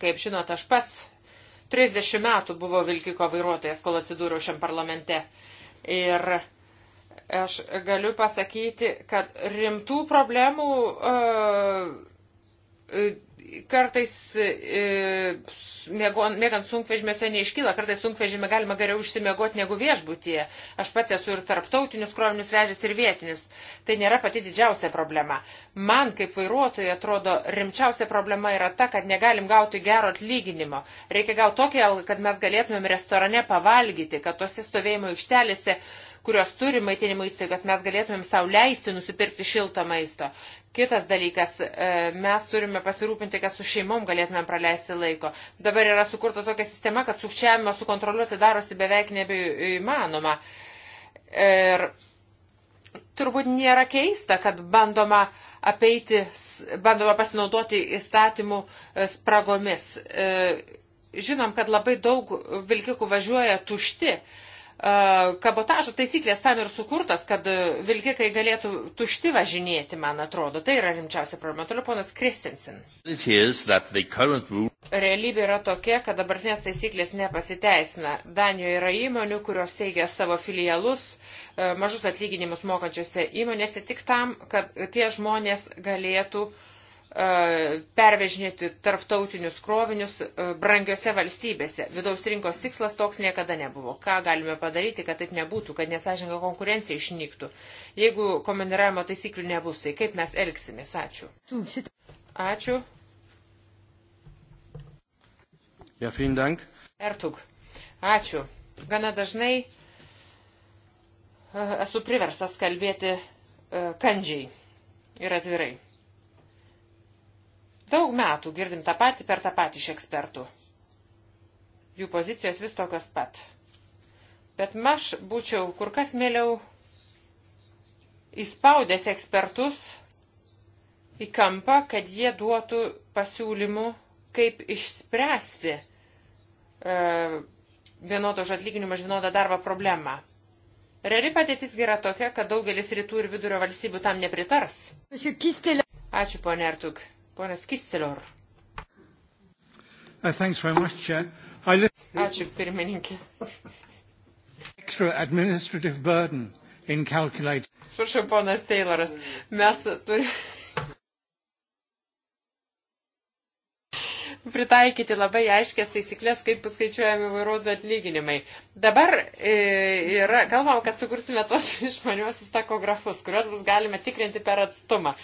Kaip žinot, aš pats 30 metų buvau Vilkiko vairuotojas, kol atsidūriau šiam parlamente. Ir aš galiu pasakyti, kad rimtų problemų uh, E, kartais e, mėgant sunkvežimėse neiškyla, kartais sunkvežimė galima geriau užsimiegoti negu viešbutyje. Aš pats esu ir tarptautinius krovinius vežęs ir vietinius. Tai nėra pati didžiausia problema. Man kaip vairuotojai atrodo rimčiausia problema yra ta, kad negalim gauti gero atlyginimo. Reikia gauti tokį, kad mes galėtumėm restorane pavalgyti, kad tose stovėjimo aikštelėse uh, kurios turi maitinimo įstaigas, mes galėtumėm savo leisti nusipirkti šilto maisto. Kitas dalykas, e, mes turime pasirūpinti, kad su šeimom galėtumėm praleisti laiko. Dabar yra sukurta tokia sistema, kad sukčiavimą sukontroliuoti darosi beveik nebeįmanoma. Ir turbūt nėra keista, kad bandoma apeiti, bandoma pasinaudoti įstatymų e, spragomis. E, žinom, kad labai daug vilkikų važiuoja tušti. Kabotažo taisyklės tam ir sukurtas, kad vilkikai galėtų tušti važinėti, man atrodo. Tai yra rimčiausia problema. Toliau ponas Kristinsin. Realybė yra tokia, kad dabartinės taisyklės nepasiteisina. Danijoje yra įmonių, kurios teigia savo filialus, e, mažus atlyginimus mokančiose įmonėse tik tam, kad tie žmonės galėtų uh, pervežinėti tarptautinius krovinius e, brangiose valstybėse. Vidaus rinkos tikslas toks niekada nebuvo. Ką galime padaryti, kad taip nebūtų, kad nesažininga konkurencija išnyktų. Jeigu komandiravimo taisyklių nebus, tai kaip mes elgsimės? Ačiū. Ačiū.
Ja, vielen Dank.
Ertug. Ačiū. Gana dažnai e, esu priverstas kalbėti e, kandžiai ir atvirai. Daug metų girdim tą patį per tą patį iš ekspertų. Jų pozicijos vis tokios pat. Bet aš būčiau kur kas mėliau įspaudęs ekspertus į kampą, kad jie duotų pasiūlymų, kaip išspręsti e, vienodo už atlyginimą už vienodą darbą problemą. Reali padėtis yra tokia, kad daugelis rytų ir vidurio valstybių tam nepritars. Ačiū, ponė Artuk. Ponas Kistelor. Uh, Ačiū pirmininkė. Atsiprašau, ponas Tayloras. Mes turime pritaikyti labai aiškias taisyklės, kaip paskaičiuojami vairuotojų atlyginimai. Dabar e, yra, galvom, kad sukursime tos išmaniuosius takografus, kuriuos bus galima tikrinti per atstumą.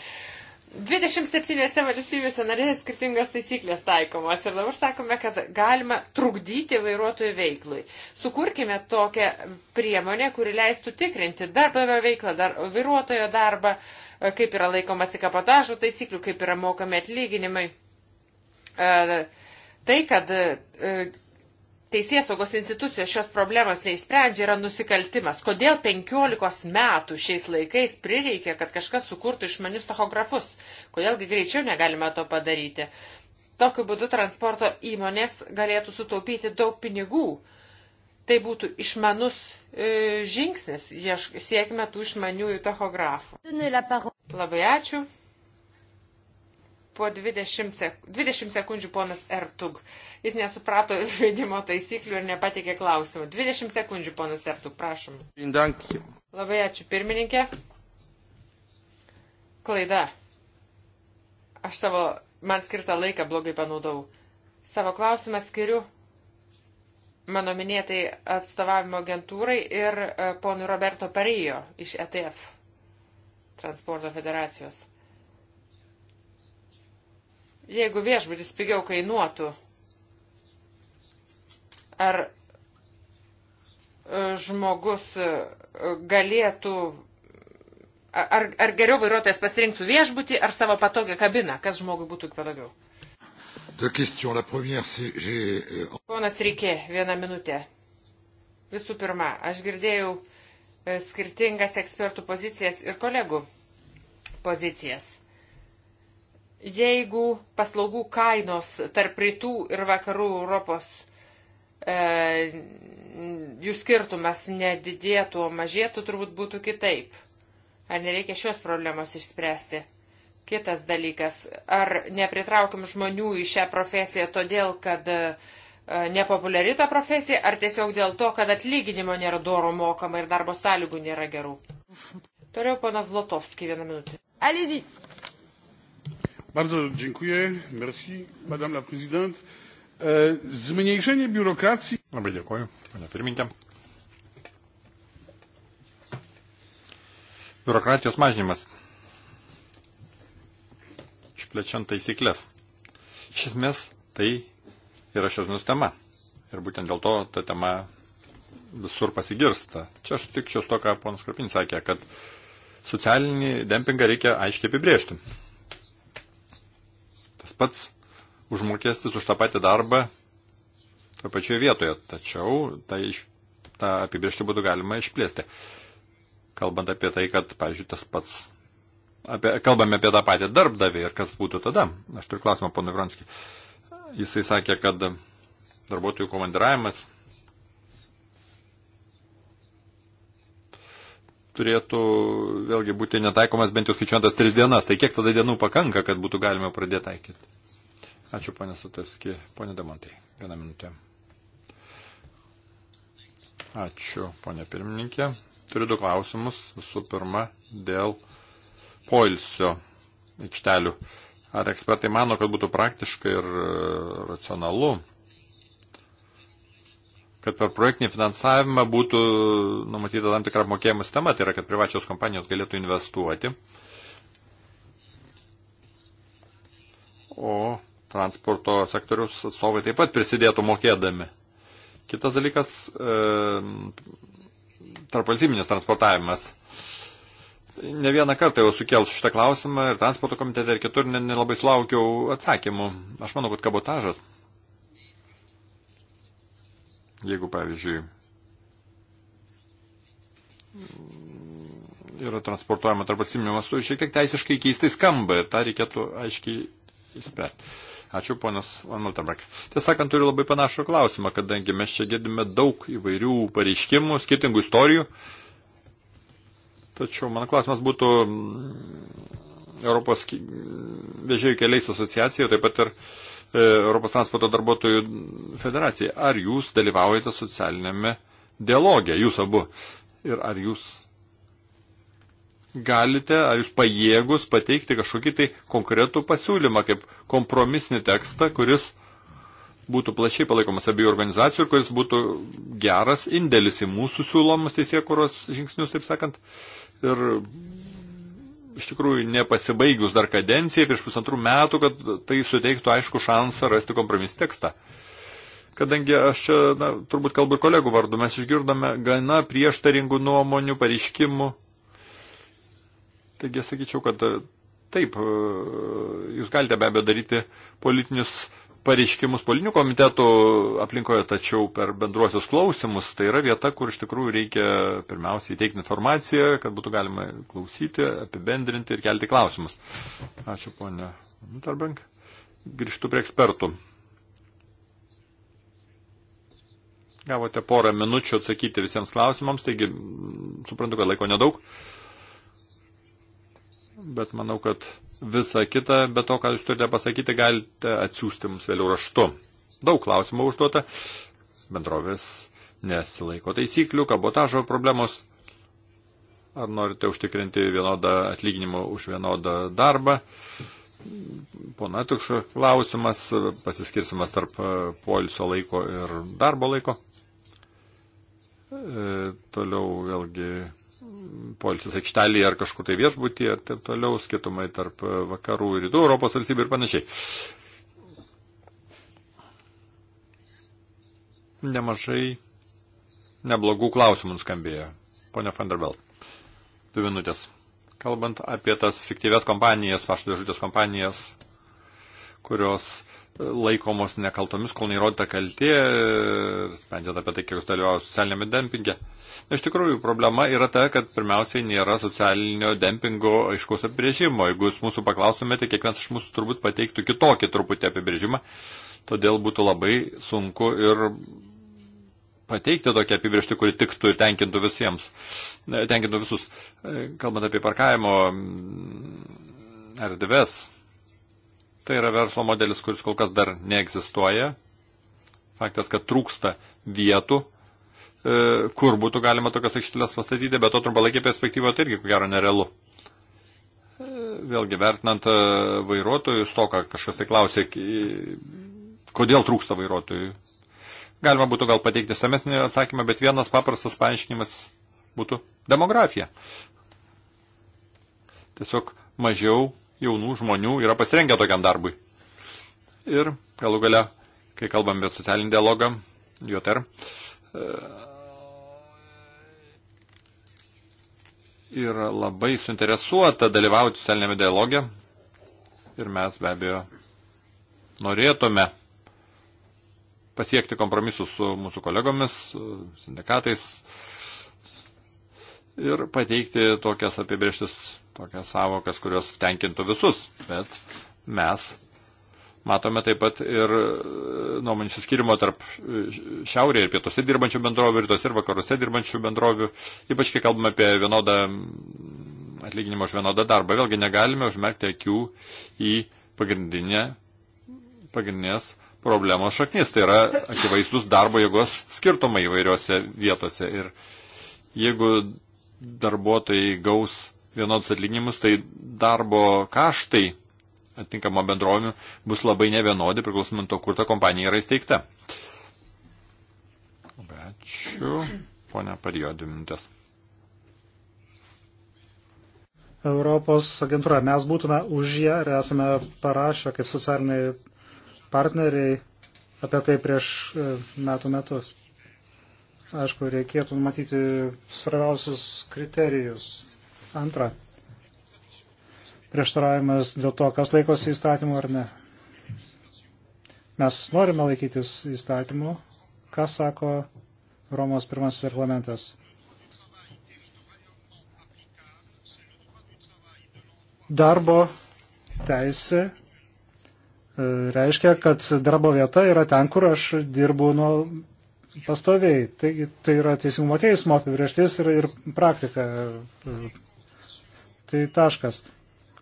27 valstybėse narėse skirtingas taisyklės taikomos ir dabar sakome, kad galima trukdyti vairuotojų veiklui. Sukurkime tokią priemonę, kuri leistų tikrinti darbdavio veiklą, dar, vairuotojo darbą, kaip yra laikomasi kapotažo taisyklių, kaip yra mokami atlyginimai. E, tai, kad e, teisės saugos institucijos šios problemos neišsprendžia, yra nusikaltimas. Kodėl 15 metų šiais laikais prireikė, kad kažkas sukurtų išmanius tachografus? Kodėlgi greičiau negalime to padaryti? Tokiu būdu transporto įmonės galėtų sutaupyti daug pinigų. Tai būtų išmanus e, žingsnis, siekime tų išmaniųjų tachografų. Labai ačiū po 20, sek 20 sekundžių ponas Ertug. Jis nesuprato žaidimo taisyklių ir nepatikė klausimų. 20 sekundžių ponas Ertug, prašom. Dankiu. Labai ačiū pirmininkė. Klaida. Aš savo, man skirtą laiką blogai panaudau. Savo klausimą skiriu mano minėtai atstovavimo agentūrai ir e, ponui Roberto Perijo iš ETF transporto federacijos. Jeigu viešbutis pigiau kainuotų, ar e, žmogus e, galėtų, ar, ar geriau vairuotojas pasirinktų viešbutį ar savo patogią kabiną, kas žmogui būtų patogiau? Euh, Ponas Rykė, vieną minutę. Visų pirma, aš girdėjau e, skirtingas ekspertų pozicijas ir kolegų pozicijas. Jeigu paslaugų kainos tarp rytų ir vakarų Europos e, jų skirtumas nedidėtų, o mažėtų, turbūt būtų kitaip. Ar nereikia šios problemos išspręsti? Kitas dalykas, ar nepritraukim žmonių į šią profesiją todėl, kad e, nepopuliari ta profesija, ar tiesiog dėl to, kad atlyginimo nėra doro mokama ir darbo sąlygų nėra gerų. Toliau ponas Lotovski vieną minutę. Alizy.
Bardzo dziękuję. Merci, madame la prezident. E, Zmniejšenie biurokracji.
Labai dėkoju, ponia pirmininkė. Biurokratijos mažinimas. Išplečiant taisyklės. Iš esmės tai yra šios nustema. Ir būtent dėl to ta tema visur pasigirsta. Čia aš sutikčiau su to, ką ponas Krapin sakė, kad socialinį dempingą reikia aiškiai apibrėžti pats užmokestis už tą patį darbą toje pačioje vietoje. Tačiau tai, tą apibriežtį būtų galima išplėsti. Kalbant apie tai, kad, pavyzdžiui, tas pats. Apie, kalbame apie tą patį darbdavį ir kas būtų tada. Aš turiu klausimą, ponui Vronskiai. Jisai sakė, kad darbuotojų komandiravimas turėtų vėlgi būti netaikomas bent jau skaičiuotas tris dienas. Tai kiek tada dienų pakanka, kad būtų galima pradėti taikyti? Ačiū, ponė Sutaski. Pone Damontai, vieną minutę. Ačiū, ponė pirmininkė. Turiu du klausimus. Visų pirma, dėl poilsio aikštelių. Ar ekspertai mano, kad būtų praktiška ir racionalu kad per projektinį finansavimą būtų numatyta tam tikra apmokėjimo sistema, tai yra, kad privačios kompanijos galėtų investuoti. O transporto sektorius atstovai taip pat prisidėtų mokėdami. Kitas dalykas e, - tarpvalstybinis transportavimas. Ne vieną kartą jau sukėlus šitą klausimą ir transporto komitete ir kitur nelabai ne, ne sulaukiau atsakymų. Aš manau, kad kabotažas Jeigu, pavyzdžiui, yra transportuojama tarp atsiminių mastų, šiek tiek teisiškai keistai skamba ir tą reikėtų aiškiai įspręsti. Ačiū, ponas Van Maltenberg. Tiesą sakant, turiu labai panašų klausimą, kadangi mes čia girdime daug įvairių pareiškimų, skirtingų istorijų. Tačiau mano klausimas būtų mm, Europos vežėjų keliais asociacija, taip pat ir E, Europos transporto darbuotojų federacijai. Ar jūs dalyvaujate socialinėme dialoge, jūs abu? Ir ar jūs galite, ar jūs pajėgus pateikti kažkokį tai konkretų pasiūlymą, kaip kompromisinį tekstą, kuris būtų plačiai palaikomas abiejų organizacijų ir kuris būtų geras indėlis į mūsų siūlomus teisėkuros žingsnius, taip sakant, ir iš tikrųjų nepasibaigus dar kadencijai prieš pusantrų metų, kad tai suteiktų aišku šansą rasti kompromis tekstą. Kadangi aš čia, na, turbūt kalbu ir kolegų vardu, mes išgirdome gana prieštaringų nuomonių, pareiškimų. Taigi sakyčiau, kad e, taip, e, jūs galite be abejo daryti politinius pareiškimus politinių komitetų aplinkoje, tačiau per bendruosius klausimus tai yra vieta, kur iš tikrųjų reikia pirmiausiai teikti informaciją, kad būtų galima klausyti, apibendrinti ir kelti klausimus. Ačiū, ponė Nutarbank. Grįžtu prie ekspertų. Gavote porą minučių atsakyti visiems klausimams, taigi suprantu, kad laiko nedaug. Uh, bet manau, kad visą kitą, bet to, ką jūs turite pasakyti, galite atsiųsti mums vėliau raštu. Daug klausimų užduota. Bendrovės nesilaiko taisyklių, kabotažo problemos. Ar norite užtikrinti vienodą atlyginimą už vienodą darbą? Pona toks klausimas, pasiskirsimas tarp poilsio laiko ir darbo laiko. E, toliau vėlgi polisis aikštelėje ar kažkur tai viešbutyje ir taip toliau, skirtumai tarp e, vakarų ir rytų Europos valstybių ir panašiai. Nemažai neblogų klausimų nuskambėjo. Pone Fanderbelt, du minutės. Kalbant apie tas fiktyvės kompanijas, pašto dėžutės kompanijas, kurios laikomos nekaltomis, kol neįrodyta kaltė, sprendžiant apie tai, kiek jūs dalyvavote socialinėme dempinge. Iš tikrųjų, problema yra ta, kad pirmiausiai nėra socialinio dempingo aiškaus apibrėžimo. Jeigu jūs mūsų paklaustumėte, kiekvienas iš mūsų turbūt pateiktų kitokį truputį apibrėžimą, todėl būtų labai sunku ir pateikti tokią apibrėžtį, kuri tiktų ir tenkintų visiems, tenkintų visus. Kalbant apie parkavimo mm, erdves. Er Tai yra verslo modelis, kuris kol kas dar neegzistuoja. Faktas, kad trūksta vietų, e, kur būtų galima tokias aikštelės pastatyti, bet to trumpalaikė perspektyvoje tai irgi ko gero nerealu. E, vėlgi, vertinant e, vairuotojų stoką, kažkas tai klausė, kodėl trūksta vairuotojų. Galima būtų gal pateikti samesnį atsakymą, bet vienas paprastas paaiškinimas būtų demografija. Tiesiog mažiau jaunų žmonių yra pasirengę tokiam darbui. Ir galų gale, kai kalbam apie socialinį dialogą, JOTR, e, yra labai suinteresuota dalyvauti socialinėme dialoge ir mes be abejo norėtume pasiekti kompromisus su mūsų kolegomis, sindikatais ir pateikti tokias apibrieštis tokias savokas, kurios tenkintų visus, bet mes matome taip pat ir e, nuomonių suskirimo tarp e, šiaurėje ir pietuose dirbančių bendrovių, rytuose ir vakaruose dirbančių bendrovių, ypač kai kalbame apie vienodą mm, atlyginimą už vienodą darbą. Vėlgi negalime užmerkti akių į pagrindinę, pagrindinės problemos šaknis. Tai yra akivaizdus darbo jėgos skirtumai įvairiose vietose. Ir jeigu darbuotojai gaus vienodus atlyginimus, tai darbo kaštai atinkamo bendrovių bus labai nevienodi, priklausomant to, kur ta kompanija yra įsteigta. Ačiū. Pone Parijo, dvi minutės.
Europos agentūra. Mes būtume už ją ir esame parašę kaip socialiniai partneriai apie tai prieš e, metų metus. Aišku, reikėtų matyti svarbiausius kriterijus Antra, prieštaravimas dėl to, kas laikosi įstatymų ar ne. Mes norime laikytis įstatymų, ką sako Romos pirmasis reglamentas. Darbo teisė e, reiškia, kad darbo vieta yra ten, kur aš dirbu nuo pastoviai. Tai, tai yra teisingumo teismo apibrieštis ir, ir praktika e, tai taškas.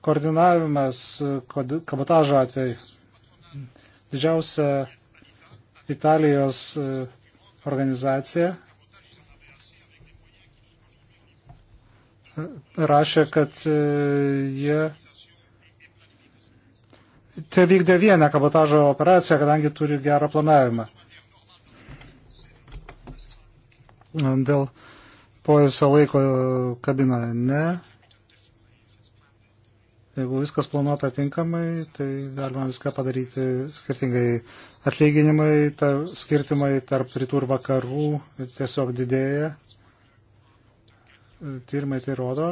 Koordinavimas kabotažo atveju. Didžiausia Italijos e, organizacija e, rašė, kad e, jie te vykdė vieną kabotažo operaciją, kadangi turi gerą planavimą. Dėl poilsio laiko kabinoje ne. Jeigu viskas planuota tinkamai, tai galima viską padaryti skirtingai. Atlyginimai, ta, skirtimai tarp rytų ir vakarų tiesiog didėja. Tyrimai tai rodo.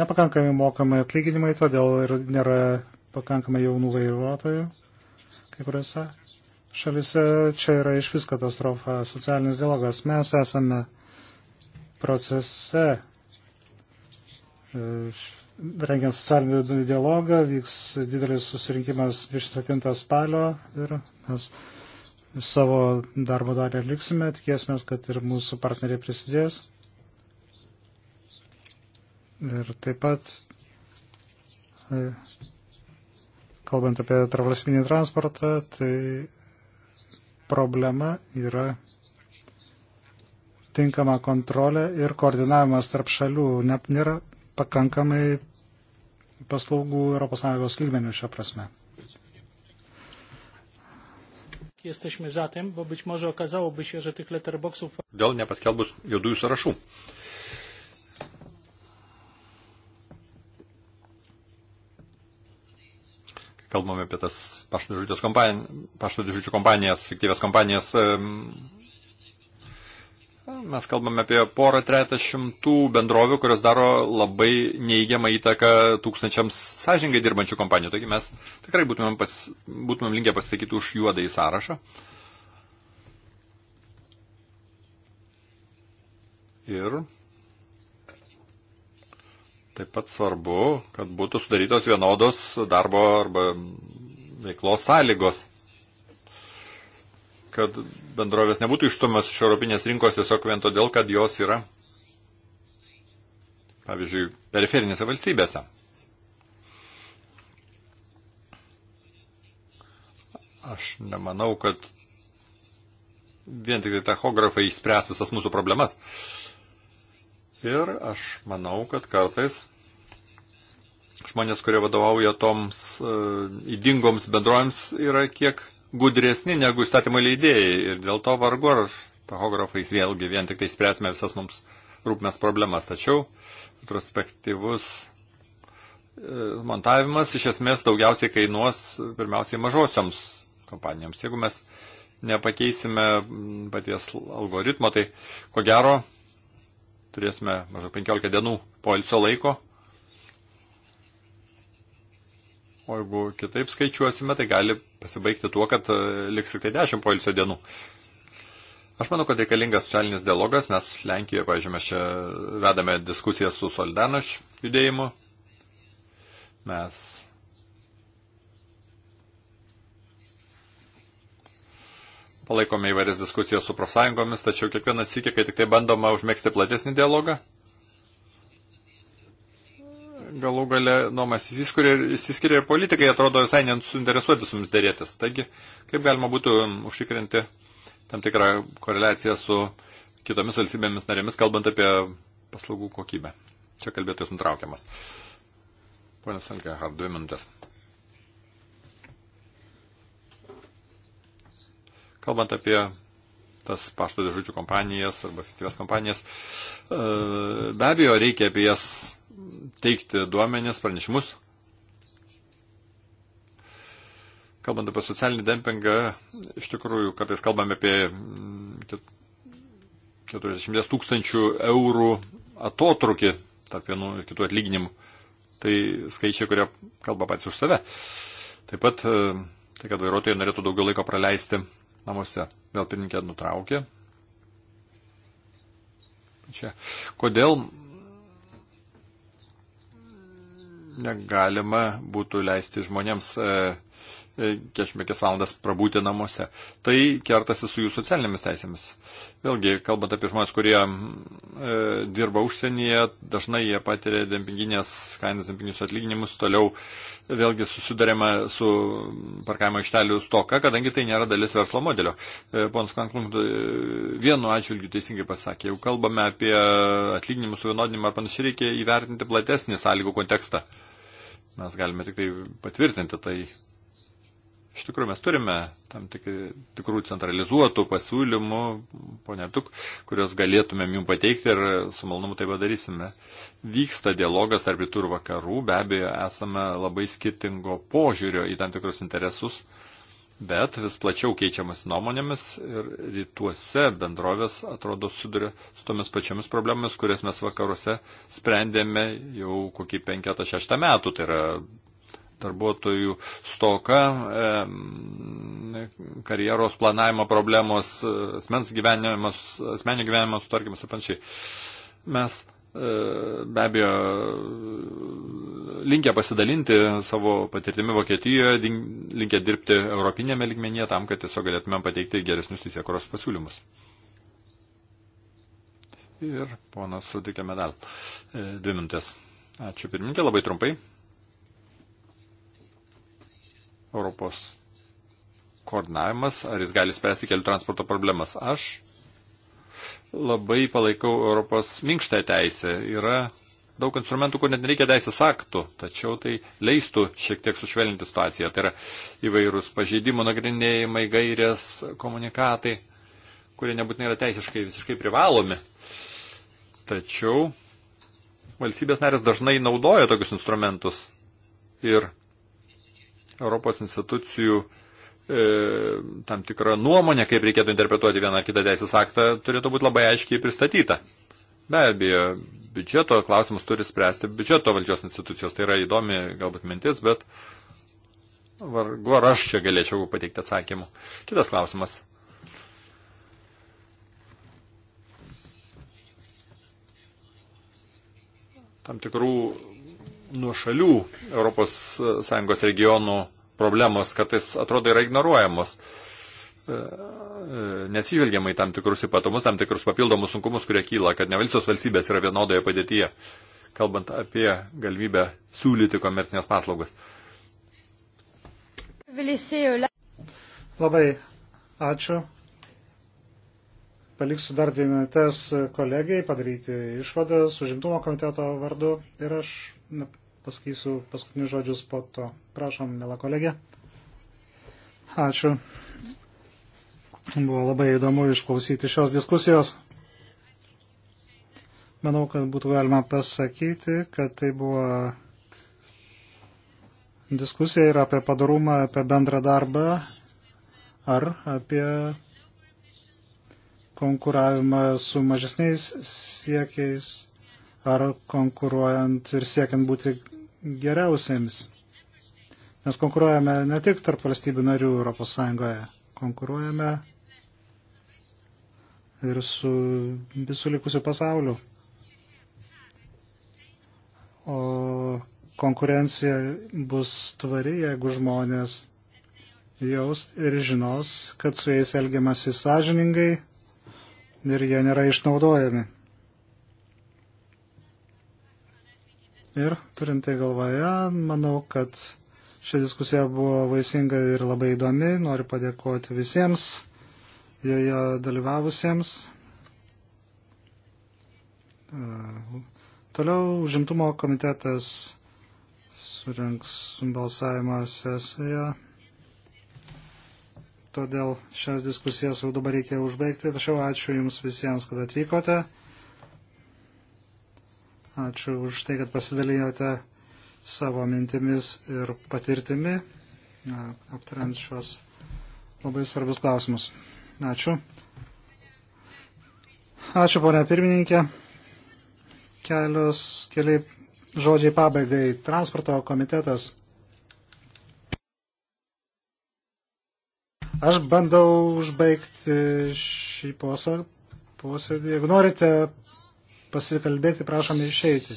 Nepakankamai mokami atlyginimai, todėl ir nėra pakankamai jaunų vairuotojų. Kai kuriuose šalise čia yra iš vis katastrofa. Socialinis dialogas. Mes esame procese. Iš rengiant socialinį dialogą, vyks didelis susirinkimas 27 spalio ir mes savo darbo dalį atliksime, tikėsime, kad ir mūsų partneriai prisidės. Ir taip pat, e, kalbant apie travalsminį transportą, tai problema yra tinkama kontrolė ir koordinavimas tarp šalių. Nėra pakankamai paslaugų ES lygmenių šią prasme.
Dėl nepaskelbus juodųjų sąrašų. Kai kalbame apie tas pašto dėžučių kompanijas, fiktyvės kompanijas, Mes kalbame apie porą tretą šimtų bendrovių, kurios daro labai neįgiamą įtaką tūkstančiams sąžingai dirbančių kompanijų. Taigi mes tikrai būtumėm, pas, būtumėm linkę pasakyti už juodą į sąrašą. Ir taip pat svarbu, kad būtų sudarytos vienodos darbo arba veiklos sąlygos kad bendrovės nebūtų išstumas iš europinės rinkos tiesiog vien todėl, kad jos yra, pavyzdžiui, periferinėse valstybėse. Aš nemanau, kad vien tik tai tachografai išspręs visas mūsų problemas. Ir aš manau, kad kartais žmonės, kurie vadovauja toms uh, e, įdingoms bendrojams, yra kiek gudresni negu įstatymai leidėjai ir dėl to vargu ar tachografais vėlgi vien tik tai spręsime visas mums rūpmes problemas. Tačiau retrospektyvus e, montavimas iš esmės daugiausiai kainuos pirmiausiai mažosioms kompanijoms. Jeigu mes nepakeisime paties algoritmo, tai ko gero turėsime maždaug 15 dienų poilsio laiko O jeigu kitaip skaičiuosime, tai gali pasibaigti tuo, kad e, liks tik tai 10 poilsio dienų. Aš manau, kad reikalingas socialinis dialogas, nes Lenkijoje, pavyzdžiui, mes čia vedame diskusiją su Soldanoš judėjimu. Mes palaikome įvairias diskusijas su profsąjungomis, tačiau kiekvieną sykį, kai tik tai bandoma užmėgsti platesnį dialogą, galų gale nuomas įsiskiria, įsiskiria ir politikai atrodo visai nesuinteresuoti su mums dėrėtis. Taigi, kaip galima būtų um, užtikrinti tam tikrą koreliaciją su kitomis valstybėmis narėmis, kalbant apie paslaugų kokybę. Čia kalbėtojas nutraukiamas. Pone Sankė, ar dvi minutės. Kalbant apie tas pašto dėžučių kompanijas arba fiktyvės kompanijas. E, be abejo, reikia apie jas teikti duomenis, pranešimus. Kalbant apie socialinį dempingą, iš tikrųjų kartais kalbame apie 40 mm, tūkstančių eurų atotrukį tarp vienų ir kitų atlyginimų. Tai skaičiai, kurie kalba patys už save. Taip pat e, tai, kad vairuotojai norėtų daugiau laiko praleisti namuose. Vėl pirmininkė nutraukė. Čia. Kodėl negalima būtų leisti žmonėms 45 e, e, valandas prabūti namuose. Tai kertasi su jų socialinėmis teisėmis. Vėlgi, kalbant apie žmonės, kurie e, dirba užsienyje, dažnai jie patiria dempinginės kainas, dempinginius atlyginimus, toliau vėlgi susidurėme su parkavimo aikštelių stoka, kadangi tai nėra dalis verslo modelio. E, Ponas Kanklung e, vienu atžvilgiu teisingai pasakė, jau kalbame apie atlyginimus suvienodinimą ar panašiai, reikia įvertinti platesnį sąlygų kontekstą. E, Mes galime tik tai patvirtinti tai. Iš tikrųjų, mes turime tam tikri, tikrų centralizuotų pasiūlymų, ponia Tuk, kuriuos galėtumėm jums pateikti ir su malonumu tai padarysime. Vyksta dialogas tarp rytų ir vakarų, be abejo, esame labai skirtingo požiūrio į tam tikrus interesus. Uh, bet vis plačiau keičiamas nuomonėmis ir rytuose bendrovės atrodo suduria su tomis pačiomis problemomis, kurias mes vakaruose sprendėme jau kokį penketą šeštą metų. Tai yra darbuotojų stoka, karjeros planavimo problemos, asmenio gyvenimo sutarkimas ir panašiai. Mes E, be abejo linkę pasidalinti savo patirtimi Vokietijoje, linkę dirbti europinėme ligmenyje tam, kad tiesiog galėtumėm pateikti geresnius teisėkuros pasiūlymus. Ir ponas sutikė medal. E, dvi minutės. Ačiū pirmininkė, labai trumpai. Europos koordinavimas, ar jis gali spręsti kelių transporto problemas? Aš labai palaikau Europos minkštą teisę. Yra daug instrumentų, kur net nereikia teisės aktų, tačiau tai leistų šiek tiek sušvelninti situaciją. Tai yra įvairūs pažeidimų nagrinėjimai, gairės, komunikatai, kurie nebūtinai yra teisiškai visiškai privalomi. Tačiau valstybės narės dažnai naudoja tokius instrumentus ir Europos institucijų uh, E, tam tikra nuomonė, kaip reikėtų interpretuoti vieną ar kitą teisės aktą, turėtų būti labai aiškiai pristatyta. Be abejo, biudžeto klausimus turi spręsti biudžeto valdžios institucijos. Tai yra įdomi galbūt mintis, bet vargu ar aš čia galėčiau pateikti atsakymų. Kitas klausimas. Tam tikrų nuo šalių ES regionų problemos kartais atrodo yra ignoruojamos. E, e, Neatsižvelgiamai tam tikrus ypatumus, tam tikrus papildomus sunkumus, kurie kyla, kad ne visos valstybės yra vienodoje padėtyje, kalbant apie galimybę siūlyti komercinės paslaugas.
Labai ačiū. Paliksiu dar dvi minutės kolegijai padaryti išvadas užimtumo komiteto vardu ir aš pasakysiu paskutinius žodžius po to. Prašom, mėla kolegė. Ačiū. Buvo labai įdomu išklausyti šios diskusijos. Manau, kad būtų galima pasakyti, kad tai buvo diskusija ir apie padarumą, apie bendrą darbą ar apie konkuravimą su mažesniais siekiais ar konkuruojant ir siekiant būti geriausiems. Mes konkuruojame ne tik tarp valstybių narių ES, konkuruojame ir su visų likusiu pasauliu. O konkurencija bus tvari, jeigu žmonės jaus ir žinos, kad su jais elgiamasi sąžiningai ir jie nėra išnaudojami. Ir turintai galvoje, manau, kad ši diskusija buvo vaisinga ir labai įdomi. Noriu padėkoti visiems joje dalyvavusiems. Toliau užimtumo komitetas surinks balsavimo sesiją. Todėl šias diskusijas jau dabar reikia užbaigti. Tačiau ačiū Jums visiems, kad atvykote. Ačiū už tai, kad pasidalijote savo mintimis ir patirtimi, aptariant šios labai svarbus klausimus. Ačiū. Ačiū, ponia pirmininkė. Kelios, keliai žodžiai pabaigai. Transporto komitetas. Aš bandau užbaigti šį posėdį. Jeigu norite pasikalbėti, prašom išeiti.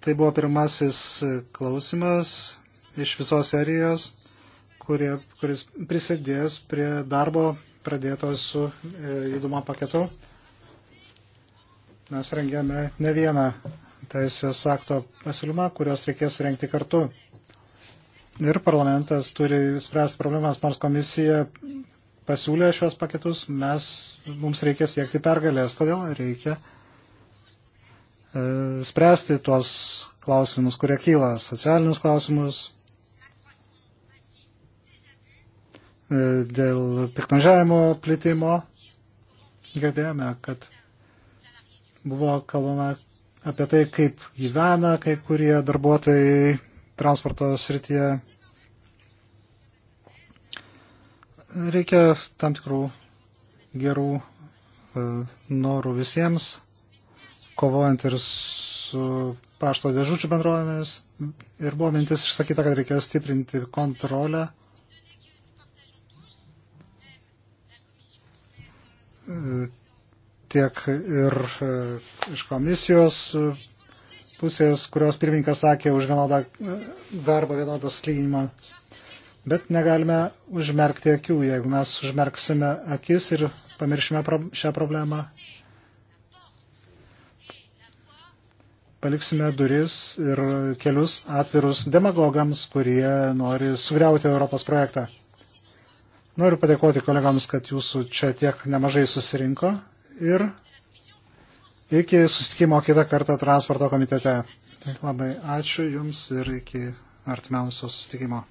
Tai buvo pirmasis klausimas iš visos serijos, kurie, kuris prisidės prie darbo pradėtos su e, judumo paketu. Mes rengėme ne vieną teisės akto pasiūlymą, kurios reikės rengti kartu. Ir parlamentas turi spręsti problemas, nors komisija pasiūlė šios paketus, mes, mums reikia siekti pergalės, todėl reikia e, spręsti tuos klausimus, kurie kyla, socialinius klausimus, e, dėl piknažiavimo plitimo. Girdėjome, kad buvo kalbama apie tai, kaip gyvena kai kurie darbuotojai transporto srityje Reikia tam tikrų gerų e, norų visiems, kovojant ir su pašto dėžučių bendrovėmis. Ir buvo mintis išsakyta, kad reikia stiprinti kontrolę. E, tiek ir e, iš komisijos pusės, kurios pirmininkas sakė už vienodą darbą, vienodas atlyginimas Bet negalime užmerkti akių, jeigu mes užmerksime akis ir pamiršime pro šią problemą. Paliksime duris ir kelius atvirus demagogams, kurie nori sugriauti Europos projektą. Noriu padėkoti kolegams, kad jūsų čia tiek nemažai susirinko ir iki susitikimo kitą kartą transporto komitete. Labai ačiū Jums ir iki artimiausio susitikimo.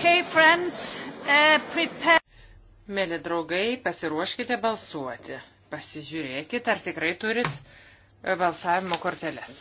Okay, friends, uh, prepare... Mėly draugai, pasiruoškite balsuoti. Pasižiūrėkite, ar tikrai turit uh, balsavimo korteles.